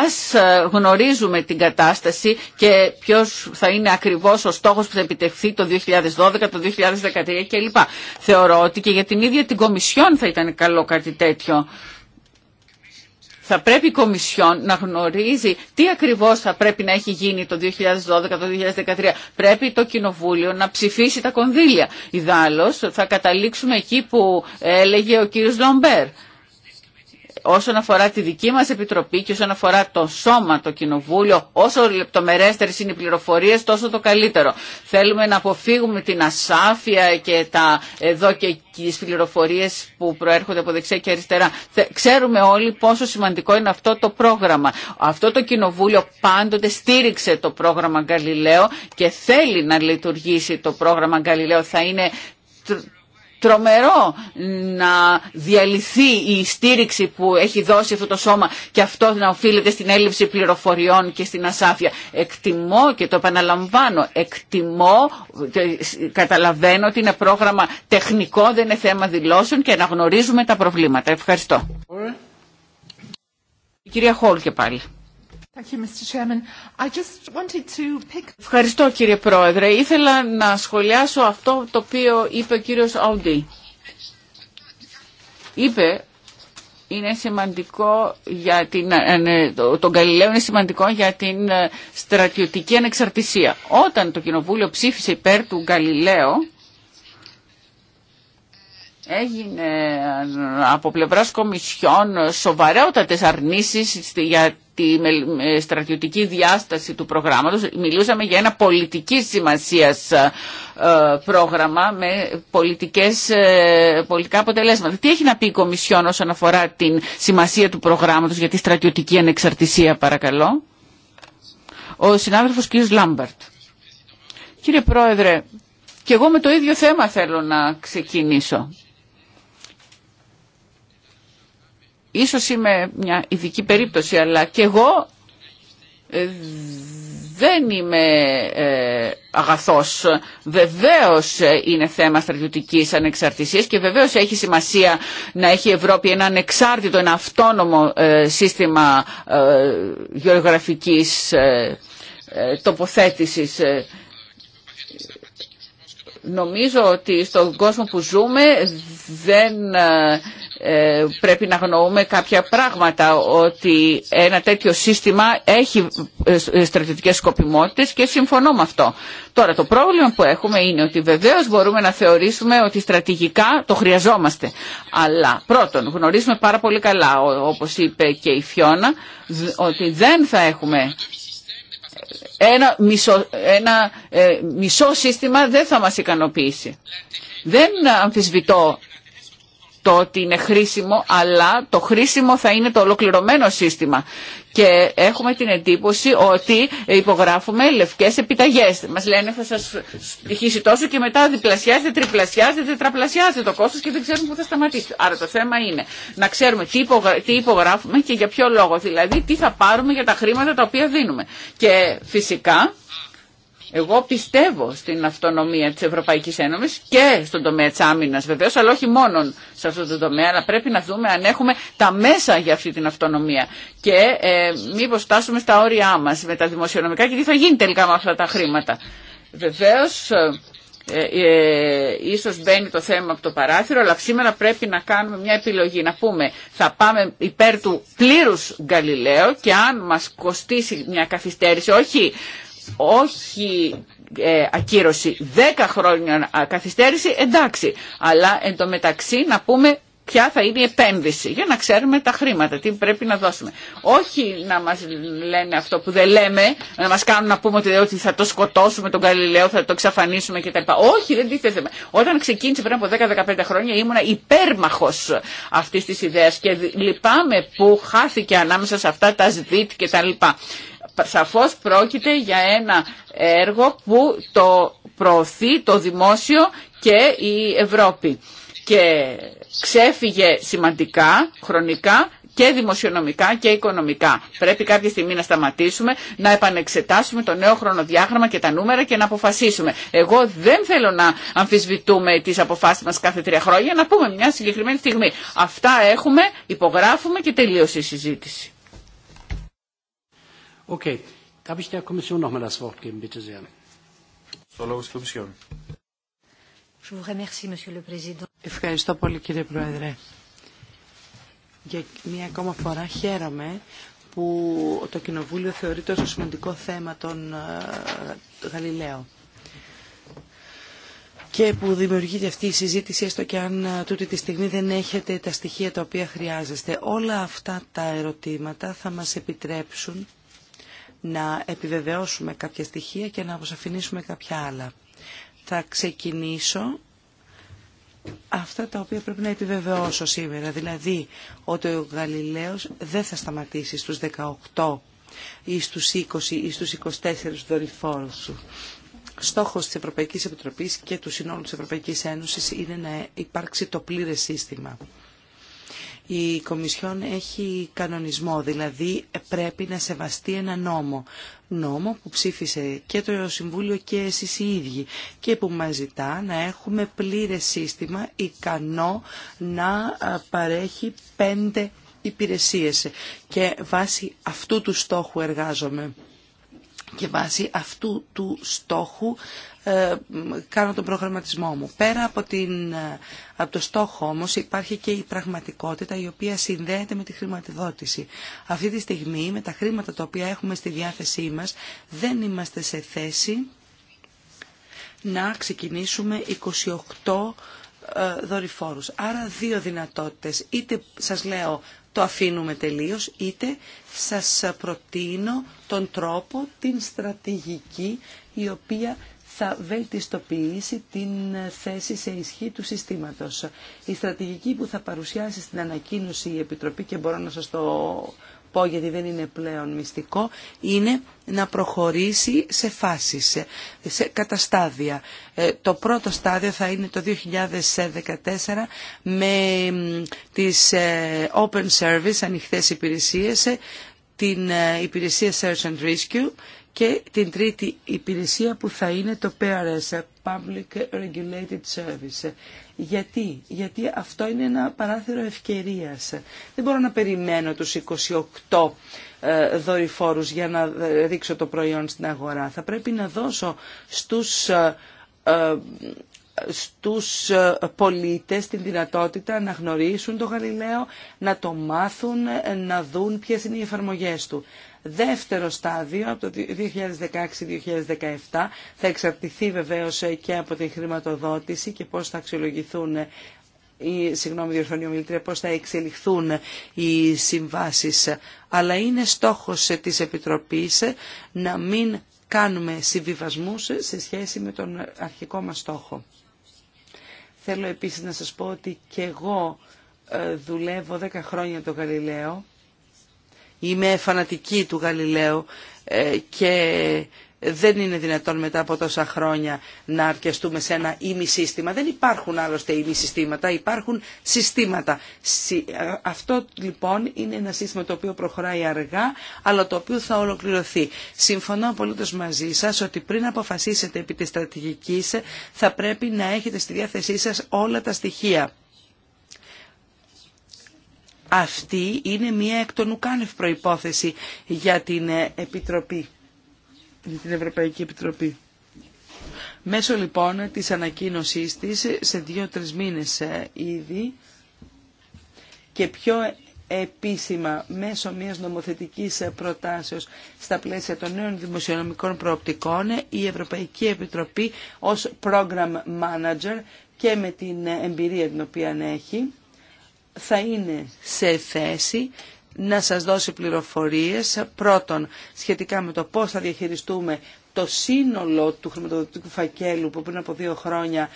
Ας γνωρίζουμε την κατάσταση και ποιος θα είναι ακριβώς ο στόχος που θα επιτευχθεί το 2012, το 2013 κλπ. Θεωρώ ότι και για την ίδια την Κομισιόν θα ήταν καλό κάτι τέτοιο θα πρέπει η Κομισιόν να γνωρίζει τι ακριβώς θα πρέπει να έχει γίνει το 2012, το 2013. Πρέπει το Κοινοβούλιο να ψηφίσει τα κονδύλια. Ιδάλλως θα καταλήξουμε εκεί που έλεγε ο κύριος Λομπέρ όσον αφορά τη δική μας Επιτροπή και όσον αφορά το σώμα, το Κοινοβούλιο, όσο λεπτομερέστερες είναι οι πληροφορίες, τόσο το καλύτερο. Θέλουμε να αποφύγουμε την ασάφεια και τα εδώ τις πληροφορίες που προέρχονται από δεξιά και αριστερά. Ξέρουμε όλοι πόσο σημαντικό είναι αυτό το πρόγραμμα. Αυτό το Κοινοβούλιο πάντοτε στήριξε το πρόγραμμα Γκαλιλαίο και θέλει να λειτουργήσει το πρόγραμμα Γκαλιλαίο. Θα είναι τρομερό να διαλυθεί η στήριξη που έχει δώσει αυτό το σώμα και αυτό να οφείλεται στην έλλειψη πληροφοριών και στην ασάφεια. Εκτιμώ και το επαναλαμβάνω, εκτιμώ, καταλαβαίνω ότι είναι πρόγραμμα τεχνικό, δεν είναι θέμα δηλώσεων και αναγνωρίζουμε τα προβλήματα. Ευχαριστώ. Η κυρία Χόλ και πάλι. Ευχαριστώ κύριε Πρόεδρε. Ήθελα να σχολιάσω αυτό το οποίο είπε ο κύριος Αούντι. Είπε είναι σημαντικό για την, ε, τον Γαλιλαίο είναι σημαντικό για την ε, στρατιωτική ανεξαρτησία. Όταν το Κοινοβούλιο ψήφισε υπέρ του Γκαλιλαίο, έγινε από πλευράς κομισιών σοβαρότατες αρνήσεις για τη ε, στρατιωτική διάσταση του προγράμματος. Μιλούσαμε για ένα πολιτική σημασίας ε, ε, πρόγραμμα με πολιτικές, πολιτικά αποτελέσματα. Τι έχει να πει η Κομισιόν όσον αφορά την σημασία του προγράμματος για τη στρατιωτική ανεξαρτησία παρακαλώ. Ο συνάδελφος κ. Λάμπερτ. Κύριε Πρόεδρε, και εγώ με το ίδιο θέμα θέλω να ξεκινήσω. ίσως είμαι μια ειδική περίπτωση, αλλά και εγώ ε, δεν είμαι ε, αγαθός. Βεβαίως ε, είναι θέμα στρατιωτικής ανεξαρτησίας και βεβαίως έχει σημασία να έχει η Ευρώπη ένα ανεξάρτητο, ένα αυτόνομο ε, σύστημα ε, γεωγραφικής τοποθέτησης νομίζω ότι στον κόσμο που ζούμε δεν ε, ε, πρέπει να γνωρούμε κάποια πράγματα ότι ένα τέτοιο σύστημα έχει ε, στρατιωτικές σκοπιμότητες και συμφωνώ με αυτό. Τώρα το πρόβλημα που έχουμε είναι ότι βεβαίως μπορούμε να θεωρήσουμε ότι στρατηγικά το χρειαζόμαστε. Αλλά πρώτον γνωρίζουμε πάρα πολύ καλά όπως είπε και η Φιώνα ότι δεν θα έχουμε ένα μισό, ένα ε, μισό σύστημα δεν θα μας ικανοποιήσει. Δεν αμφισβητώ το ότι είναι χρήσιμο, αλλά το χρήσιμο θα είναι το ολοκληρωμένο σύστημα. Και έχουμε την εντύπωση ότι υπογράφουμε λευκές επιταγές. Μας λένε θα σας στοιχήσει τόσο και μετά διπλασιάζεται τριπλασιάζεται τετραπλασιάζεται το κόστος και δεν ξέρουμε που θα σταματήσει. Άρα το θέμα είναι να ξέρουμε τι, τι υπογράφουμε και για ποιο λόγο. Δηλαδή τι θα πάρουμε για τα χρήματα τα οποία δίνουμε. Και φυσικά εγώ πιστεύω στην αυτονομία της Ευρωπαϊκής Ένωσης και στον τομέα της άμυνας βεβαίως, αλλά όχι μόνο σε αυτό το τομέα, αλλά πρέπει να δούμε αν έχουμε τα μέσα για αυτή την αυτονομία και ε, μήπως φτάσουμε στα όρια μας με τα δημοσιονομικά και τι θα γίνει τελικά με αυτά τα χρήματα. Βεβαίως, ε, ε, ε ίσως μπαίνει το θέμα από το παράθυρο, αλλά σήμερα πρέπει να κάνουμε μια επιλογή, να πούμε θα πάμε υπέρ του πλήρους Γκαλιλαίου και αν μας κοστίσει μια καθυστέρηση, όχι όχι ε, ακύρωση 10 χρόνια καθυστέρηση, εντάξει. Αλλά εν τω μεταξύ να πούμε ποια θα είναι η επένδυση για να ξέρουμε τα χρήματα, τι πρέπει να δώσουμε. Όχι να μας λένε αυτό που δεν λέμε, να μας κάνουν να πούμε ότι θα το σκοτώσουμε τον Καλλιλέο, θα το εξαφανίσουμε κτλ. Όχι, δεν τίθεται. Όταν ξεκίνησε πριν από 10-15 χρόνια ήμουνα υπέρμαχος αυτής της ιδέας και λυπάμαι που χάθηκε ανάμεσα σε αυτά τα ΣΔΙΤ κτλ σαφώς πρόκειται για ένα έργο που το προωθεί το δημόσιο και η Ευρώπη. Και ξέφυγε σημαντικά, χρονικά και δημοσιονομικά και οικονομικά. Πρέπει κάποια στιγμή να σταματήσουμε, να επανεξετάσουμε το νέο χρονοδιάγραμμα και τα νούμερα και να αποφασίσουμε. Εγώ δεν θέλω να αμφισβητούμε τις αποφάσεις μας κάθε τρία χρόνια, να πούμε μια συγκεκριμένη στιγμή. Αυτά έχουμε, υπογράφουμε και τελείωσε η συζήτηση. Ευχαριστώ πολύ κύριε Πρόεδρε. Για μία ακόμα φορά χαίρομαι που το Κοινοβούλιο θεωρεί τόσο σημαντικό θέμα τον ε, Γαλιλαίο και που δημιουργείται αυτή η συζήτηση, έστω και αν ε, τούτη τη στιγμή δεν έχετε τα στοιχεία τα οποία χρειάζεστε. Όλα αυτά τα ερωτήματα θα μας επιτρέψουν να επιβεβαιώσουμε κάποια στοιχεία και να αποσαφηνίσουμε κάποια άλλα. Θα ξεκινήσω αυτά τα οποία πρέπει να επιβεβαιώσω σήμερα. Δηλαδή ότι ο Γαλιλαίος δεν θα σταματήσει στους 18 ή στους 20 ή στους 24 δορυφόρους σου. Στόχος της Ευρωπαϊκής Επιτροπής και του Συνόλου της Ευρωπαϊκής Ένωσης είναι να υπάρξει το πλήρες σύστημα. Η Κομισιόν έχει κανονισμό, δηλαδή πρέπει να σεβαστεί ένα νόμο. Νόμο που ψήφισε και το Συμβούλιο και εσείς οι ίδιοι και που μας ζητά να έχουμε πλήρες σύστημα ικανό να παρέχει πέντε υπηρεσίες και βάσει αυτού του στόχου εργάζομαι και βάσει αυτού του στόχου ε, κάνω τον προγραμματισμό μου. Πέρα από, την, ε, από το στόχο όμως υπάρχει και η πραγματικότητα η οποία συνδέεται με τη χρηματοδότηση. Αυτή τη στιγμή με τα χρήματα τα οποία έχουμε στη διάθεσή μας δεν είμαστε σε θέση να ξεκινήσουμε 28 ε, δορυφόρους. Άρα δύο δυνατότητες. Είτε σας λέω το αφήνουμε τελείως, είτε σας προτείνω τον τρόπο, την στρατηγική η οποία θα βελτιστοποιήσει την θέση σε ισχύ του συστήματος. Η στρατηγική που θα παρουσιάσει στην ανακοίνωση η Επιτροπή και μπορώ να σας το πω γιατί δεν είναι πλέον μυστικό, είναι να προχωρήσει σε φάσεις, σε καταστάδια. Ε, το πρώτο στάδιο θα είναι το 2014 με τις ε, open service, ανοιχτές υπηρεσίες, ε, την υπηρεσία Search and Rescue και την τρίτη υπηρεσία που θα είναι το PRS, Public Regulated Service. Γιατί, γιατί αυτό είναι ένα παράθυρο ευκαιρίας. Δεν μπορώ να περιμένω τους 28 ε, δορυφόρους για να ε, ρίξω το προϊόν στην αγορά. Θα πρέπει να δώσω στους ε, στους πολίτες την δυνατότητα να γνωρίσουν το Γαλιλαίο, να το μάθουν, να δουν ποιες είναι οι εφαρμογές του δεύτερο στάδιο από το 2016-2017 θα εξαρτηθεί βεβαίως ε, και από την χρηματοδότηση και πώς θα αξιολογηθούν ή, ε, συγγνώμη διορθώνει πώς θα εξελιχθούν οι συμβάσεις. Αλλά είναι στόχος ε, της Επιτροπής να μην κάνουμε συμβιβασμούς σε σχέση με τον αρχικό μας στόχο. Θέλω επίσης να σας πω ότι και εγώ δουλεύω 10 χρόνια το Γαλιλαίο Είμαι φανατική του Γαλιλαίου ε, και δεν είναι δυνατόν μετά από τόσα χρόνια να αρκεστούμε σε ένα ημισύστημα. Δεν υπάρχουν άλλωστε ημισυστήματα, υπάρχουν συστήματα. Ε, αυτό λοιπόν είναι ένα σύστημα το οποίο προχωράει αργά, αλλά το οποίο θα ολοκληρωθεί. Συμφωνώ απολύτως μαζί σας ότι πριν αποφασίσετε επί της στρατηγικής θα πρέπει να έχετε στη διάθεσή σας όλα τα στοιχεία αυτή είναι μια εκ των ουκάνευ προϋπόθεση για την ε, Επιτροπή, για την Ευρωπαϊκή Επιτροπή. Μέσω λοιπόν της ανακοίνωσής της σε δύο-τρεις μήνες ε, ήδη και πιο επίσημα μέσω μιας νομοθετικής ε, προτάσεως στα πλαίσια των νέων δημοσιονομικών προοπτικών η Ευρωπαϊκή Επιτροπή ως Program Manager και με την εμπειρία την οποία έχει θα είναι σε θέση να σας δώσει πληροφορίες πρώτον σχετικά με το πώς θα διαχειριστούμε το σύνολο του χρηματοδοτικού φακέλου που πριν από δύο χρόνια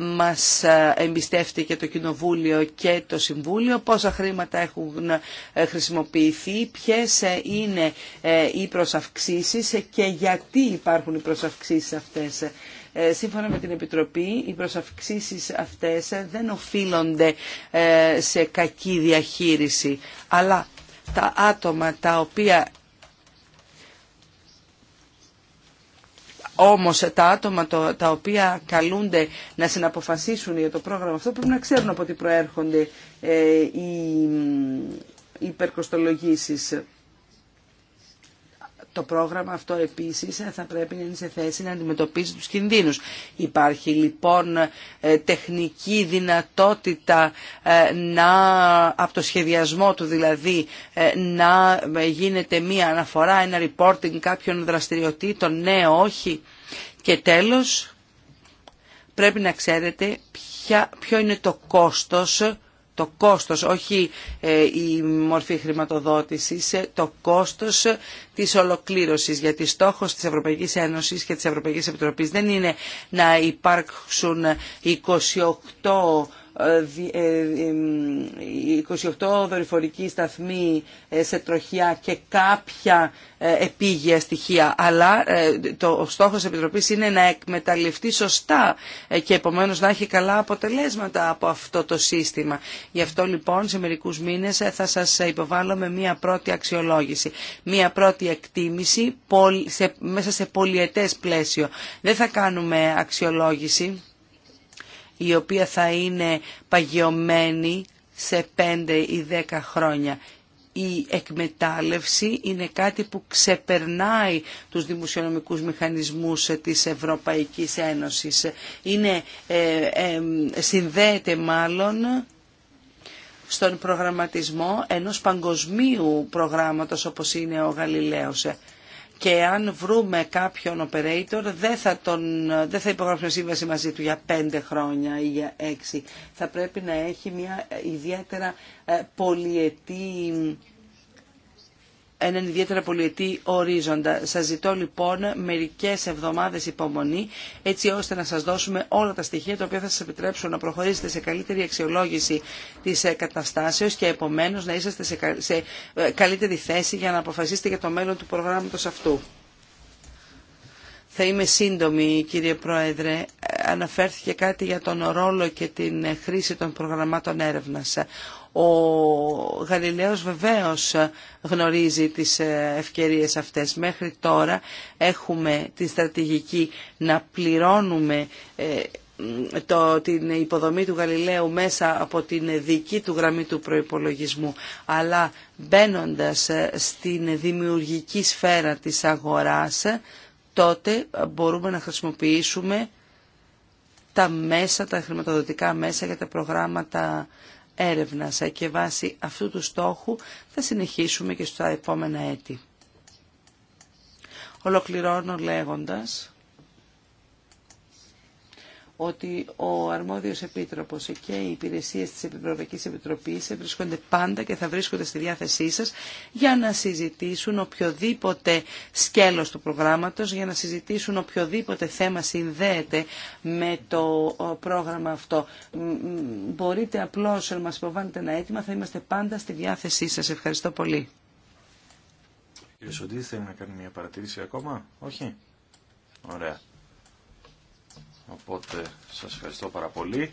μας εμπιστεύτηκε το Κοινοβούλιο και το Συμβούλιο, πόσα χρήματα έχουν ε, χρησιμοποιηθεί, ποιες ε, είναι ε, οι προσαυξήσεις και γιατί υπάρχουν οι προσαυξήσεις αυτές. Ε, σύμφωνα με την Επιτροπή, οι προσαυξήσεις αυτές δεν οφείλονται ε, σε κακή διαχείριση, αλλά τα άτομα τα οποία Όμως τα άτομα τα οποία καλούνται να συναποφασίσουν για το πρόγραμμα αυτό πρέπει να ξέρουν από τι προέρχονται ε, οι υπερκοστολογήσεις το πρόγραμμα αυτό επίσης θα πρέπει να είναι σε θέση να αντιμετωπίζει τους κινδύνους. Υπάρχει λοιπόν ε, τεχνική δυνατότητα ε, να, από το σχεδιασμό του δηλαδή ε, να γίνεται μία αναφορά, ένα reporting κάποιων δραστηριοτήτων, ναι, όχι. Και τέλος πρέπει να ξέρετε ποιο είναι το κόστος το κόστος, όχι ε, η μορφή χρηματοδότησης, ε, το κόστος της ολοκλήρωσης, γιατί στόχος της Ευρωπαϊκής Ένωσης και της Ευρωπαϊκής Επιτροπής δεν είναι να υπάρξουν 28 28 ε, ε, δορυφορικοί σταθμοί ε, σε τροχιά και κάποια επίγεια στοιχεία. Αλλά το στόχος της Επιτροπής είναι να εκμεταλλευτεί σωστά και επομένως να έχει καλά αποτελέσματα από αυτό το σύστημα. Γι' αυτό λοιπόν σε μερικούς μήνες θα σας υποβάλλω με μία πρώτη αξιολόγηση. Μία πρώτη εκτίμηση μέσα σε πολυετές πλαίσιο. Δεν θα κάνουμε αξιολόγηση η οποία θα είναι παγιωμένη σε 5 ή 10 χρόνια. Η εκμετάλλευση είναι κάτι που ξεπερνάει τους δημοσιονομικούς μηχανισμούς της Ευρωπαϊκής Ένωσης. Είναι, ε, ε συνδέεται μάλλον στον προγραμματισμό ενός παγκοσμίου προγράμματος όπως είναι ο Γαλιλαίος και αν βρούμε κάποιον operator δεν θα, τον, δεν θα υπογράψουμε σύμβαση μαζί του για πέντε χρόνια ή για έξι. Θα πρέπει να έχει μια ιδιαίτερα ε, πολυετή έναν ιδιαίτερα πολυετή ορίζοντα. Σα ζητώ λοιπόν μερικέ εβδομάδε υπομονή έτσι ώστε να σα δώσουμε όλα τα στοιχεία τα οποία θα σα επιτρέψουν να προχωρήσετε σε καλύτερη αξιολόγηση τη ε, καταστάσεω και επομένω να είσαστε σε ε, καλύτερη θέση για να αποφασίσετε για το μέλλον του προγράμματος αυτού. Θα είμαι σύντομη, κύριε Πρόεδρε. Ε, αναφέρθηκε κάτι για τον ρόλο και την χρήση των προγραμμάτων έρευνας. Ο Γαλιλαίος βεβαίως γνωρίζει τις ε, ευκαιρίες αυτές. Μέχρι τώρα έχουμε τη στρατηγική να πληρώνουμε ε, το, την υποδομή του Γαλιλαίου μέσα από την δική του γραμμή του προϋπολογισμού, αλλά μπαίνοντας ε, στην δημιουργική σφαίρα της αγοράς, τότε μπορούμε να χρησιμοποιήσουμε τα μέσα, τα χρηματοδοτικά μέσα για τα προγράμματα και βάσει αυτού του στόχου θα συνεχίσουμε και στα επόμενα έτη. Ολοκληρώνω λέγοντας ότι ο αρμόδιος επίτροπος και οι υπηρεσίες της Ευρωπαϊκής Επιτροπής βρίσκονται πάντα και θα βρίσκονται στη διάθεσή σας για να συζητήσουν οποιοδήποτε σκέλος του προγράμματος, για να συζητήσουν οποιοδήποτε θέμα συνδέεται με το πρόγραμμα αυτό. Μπορείτε απλώς να μας υποβάλλετε ένα αίτημα, θα είμαστε πάντα στη διάθεσή σας. Ευχαριστώ πολύ. Κύριε Σοντή, θέλει να κάνει μια παρατήρηση ακόμα, όχι. Ωραία. Οπότε σας ευχαριστώ πάρα πολύ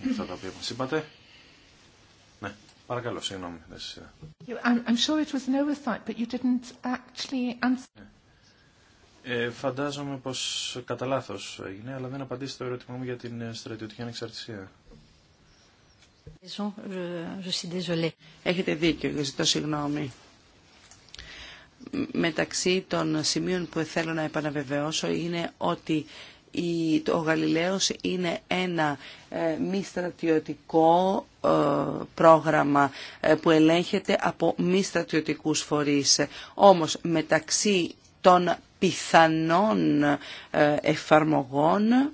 για αυτά τα οποία μας είπατε. Ναι, παρακαλώ, συγγνώμη. I'm sure it was but you didn't actually ε, φαντάζομαι πως κατά λάθο έγινε, αλλά δεν απαντήσετε το ερώτημά μου για την ε, στρατιωτική ανεξαρτησία. Έχετε δίκιο, ζητώ συγγνώμη μεταξύ των σημείων που θέλω να επαναβεβαιώσω είναι ότι ο Γαλιλαίος είναι ένα ε, μη στρατιωτικό ε, πρόγραμμα ε, που ελέγχεται από μη στρατιωτικούς φορείς. Όμως μεταξύ των πιθανών εφαρμογών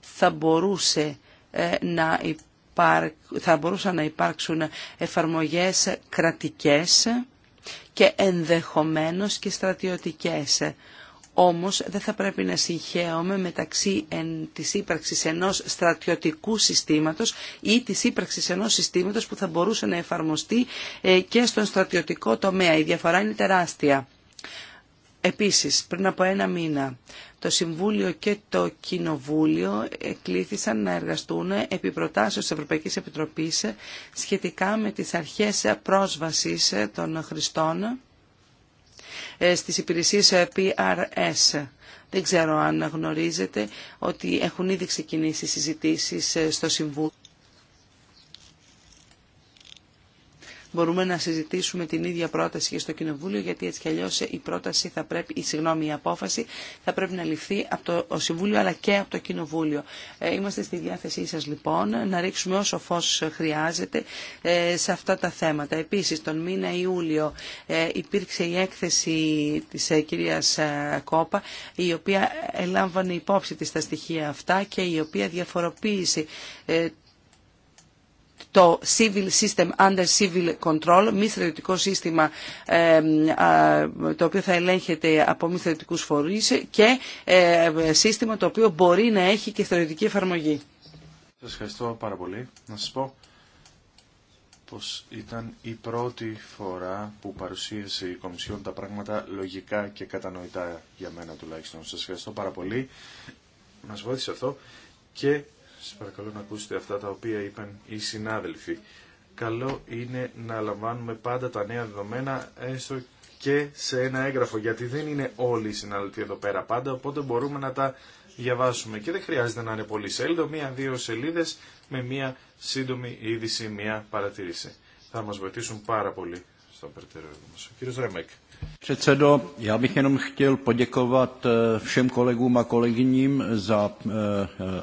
θα μπορούσε να θα μπορούσαν να υπάρξουν εφαρμογές κρατικές και ενδεχομένως και στρατιωτικές. Όμως δεν θα πρέπει να συγχαίωμε μεταξύ εν, της ύπαρξης ενός στρατιωτικού συστήματος ή της ύπαρξης ενός συστήματος που θα μπορούσε να εφαρμοστεί ε, και στον στρατιωτικό τομέα. Η διαφορά είναι τεράστια. Επίσης, πριν από ένα μήνα, το Συμβούλιο και το Κοινοβούλιο εκλήθησαν να εργαστούν επί προτάσεως της Ευρωπαϊκής Επιτροπής σχετικά με τις αρχές πρόσβασης των χρηστών ε, στις υπηρεσίες ε, PRS. Δεν ξέρω αν γνωρίζετε ότι έχουν ήδη ξεκινήσει συζητήσεις ε, στο Συμβούλιο μπορούμε να συζητήσουμε την ίδια πρόταση και στο Κοινοβούλιο, γιατί έτσι κι αλλιώ η πρόταση θα πρέπει, η, συγγνώμη, η απόφαση θα πρέπει να ληφθεί από το Συμβούλιο αλλά και από το Κοινοβούλιο. Ε, είμαστε στη διάθεσή σα λοιπόν να ρίξουμε όσο φω χρειάζεται ε, σε αυτά τα θέματα. Επίση, τον μήνα Ιούλιο ε, υπήρξε η έκθεση τη κυρία Κόπα, η οποία έλαμβανε υπόψη τη τα στοιχεία αυτά και η οποία διαφοροποίησε το Civil System Under Civil Control, μη στρατιωτικό σύστημα το οποίο θα ελέγχεται από μη στρατιωτικούς φορείς και ε, σύστημα το οποίο μπορεί να έχει και στρατιωτική εφαρμογή. Σας ευχαριστώ πάρα πολύ. Να σας πω πως ήταν η πρώτη φορά που παρουσίασε η Κομισιόν τα πράγματα λογικά και κατανοητά για μένα τουλάχιστον. Σας ευχαριστώ πάρα πολύ. Μας βοήθησε αυτό και Σα παρακαλώ να ακούσετε αυτά τα οποία είπαν οι συνάδελφοι. Καλό είναι να λαμβάνουμε πάντα τα νέα δεδομένα έστω και σε ένα έγγραφο γιατί δεν είναι όλοι οι συνάδελφοι εδώ πέρα πάντα οπότε μπορούμε να τα διαβάσουμε και δεν χρειάζεται να είναι πολύ σελίδο, μία-δύο σελίδες με μία σύντομη είδηση, μία παρατήρηση. Θα μα βοηθήσουν πάρα πολύ στον περαιτέρω μας. κύριος Ρέμεκ. Předsedo, já bych jenom chtěl poděkovat eh, všem kolegům a kolegyním za eh,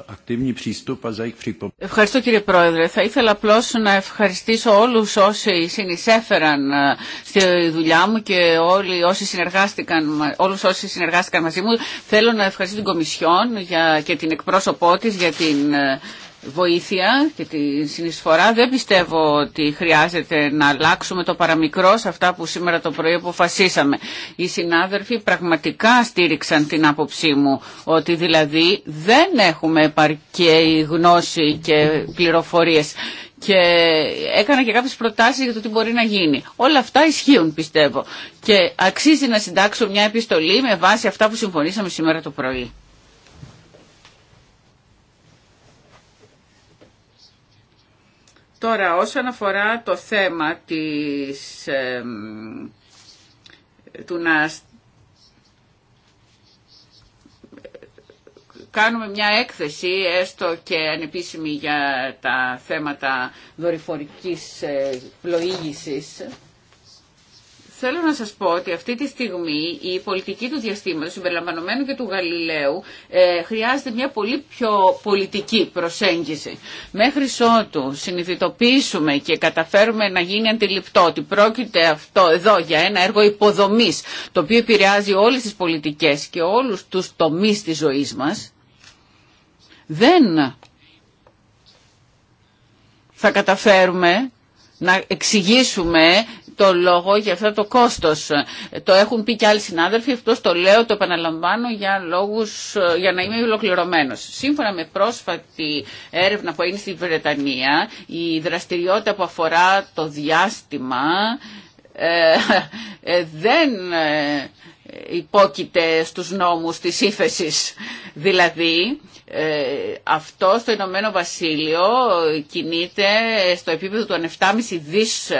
aktivní přístup a za jejich připomínky. Ευχαριστώ κύριε Πρόεδρε. Θα ήθελα απλώ να ευχαριστήσω όλους όσοι συνεισέφεραν ε, στη δουλειά μου και όλοι όσοι συνεργάστηκαν, όλους όσοι συνεργάστηκαν μαζί μου. Θέλω να ευχαριστήσω την Κομισιόν για, και την εκπρόσωπό της για την ε, βοήθεια και τη συνεισφορά. Δεν πιστεύω ότι χρειάζεται να αλλάξουμε το παραμικρό σε αυτά που σήμερα το πρωί αποφασίσαμε. Οι συνάδελφοι πραγματικά στήριξαν την άποψή μου ότι δηλαδή δεν έχουμε επαρκή γνώση και πληροφορίες και έκανα και κάποιες προτάσεις για το τι μπορεί να γίνει. Όλα αυτά ισχύουν πιστεύω και αξίζει να συντάξω μια επιστολή με βάση αυτά που συμφωνήσαμε σήμερα το πρωί. Τώρα όσον αφορά το θέμα της, του να κάνουμε μια έκθεση έστω και ανεπίσημη για τα θέματα δορυφορικής ε, πλοήγησης Θέλω να σας πω ότι αυτή τη στιγμή η πολιτική του διαστήματος, συμπεριλαμβανομένου και του Γαλιλαίου, ε, χρειάζεται μια πολύ πιο πολιτική προσέγγιση. Μέχρι ότου συνειδητοποιήσουμε και καταφέρουμε να γίνει αντιληπτό ότι πρόκειται αυτό εδώ για ένα έργο υποδομής, το οποίο επηρεάζει όλες τις πολιτικές και όλους τους τομείς της ζωής μας, δεν θα καταφέρουμε να εξηγήσουμε το λόγο για αυτό το κόστος. Το έχουν πει και άλλοι συνάδελφοι, αυτό το λέω, το επαναλαμβάνω για, λόγους, για να είμαι ολοκληρωμένο. Σύμφωνα με πρόσφατη έρευνα που έγινε στη Βρετανία, η δραστηριότητα που αφορά το διάστημα ε, ε, δεν ε, υπόκειται στους νόμους της ύφεση. Δηλαδή, αυτό στο Ηνωμένο Βασίλειο κινείται στο επίπεδο των 7,5 δις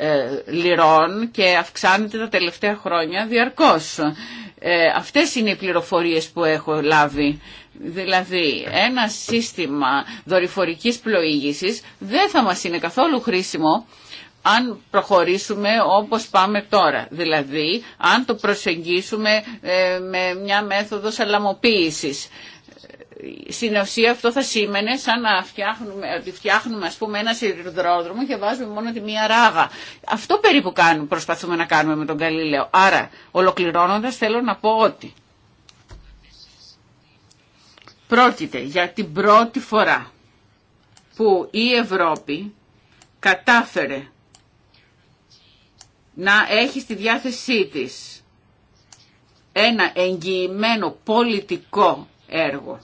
ε, λιρών και αυξάνεται τα τελευταία χρόνια διαρκώς. Ε, αυτές είναι οι πληροφορίες που έχω λάβει. Δηλαδή ένα σύστημα δορυφορικής πλοήγησης δεν θα μας είναι καθόλου χρήσιμο αν προχωρήσουμε όπως πάμε τώρα. Δηλαδή αν το προσεγγίσουμε ε, με μια μέθοδο σαλαμοποίησης στην ουσία αυτό θα σήμαινε σαν να φτιάχνουμε, ας πούμε ένα σιδηροδρόμο και βάζουμε μόνο τη μία ράγα. Αυτό περίπου κάνουμε, προσπαθούμε να κάνουμε με τον Καλλιλέο. Άρα ολοκληρώνοντας θέλω να πω ότι πρόκειται για την πρώτη φορά που η Ευρώπη κατάφερε να έχει στη διάθεσή της ένα εγγυημένο πολιτικό έργο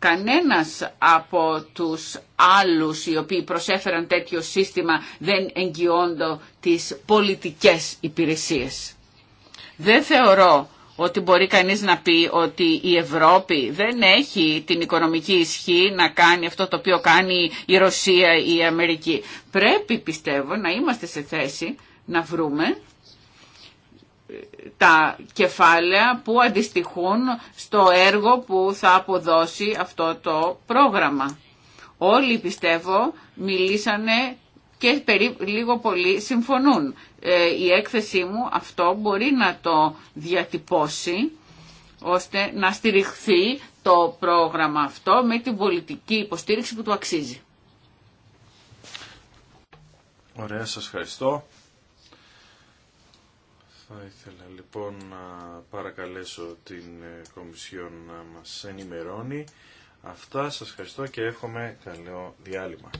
κανένας από τους άλλους οι οποίοι προσέφεραν τέτοιο σύστημα δεν εγγυώνται τις πολιτικές υπηρεσίες. Δεν θεωρώ ότι μπορεί κανείς να πει ότι η Ευρώπη δεν έχει την οικονομική ισχύ να κάνει αυτό το οποίο κάνει η Ρωσία ή η Αμερική. Πρέπει πιστεύω να είμαστε σε θέση να βρούμε τα κεφάλαια που αντιστοιχούν στο έργο που θα αποδώσει αυτό το πρόγραμμα. Όλοι πιστεύω μιλήσανε και περί, λίγο πολύ συμφωνούν. Ε, η έκθεσή μου αυτό μπορεί να το διατυπώσει ώστε να στηριχθεί το πρόγραμμα αυτό με την πολιτική υποστήριξη που του αξίζει. Ωραία, σας ευχαριστώ. Θα ήθελα λοιπόν να παρακαλέσω την ε, Κομισιόν να μας ενημερώνει. Αυτά σας ευχαριστώ και εύχομαι καλό διάλειμμα.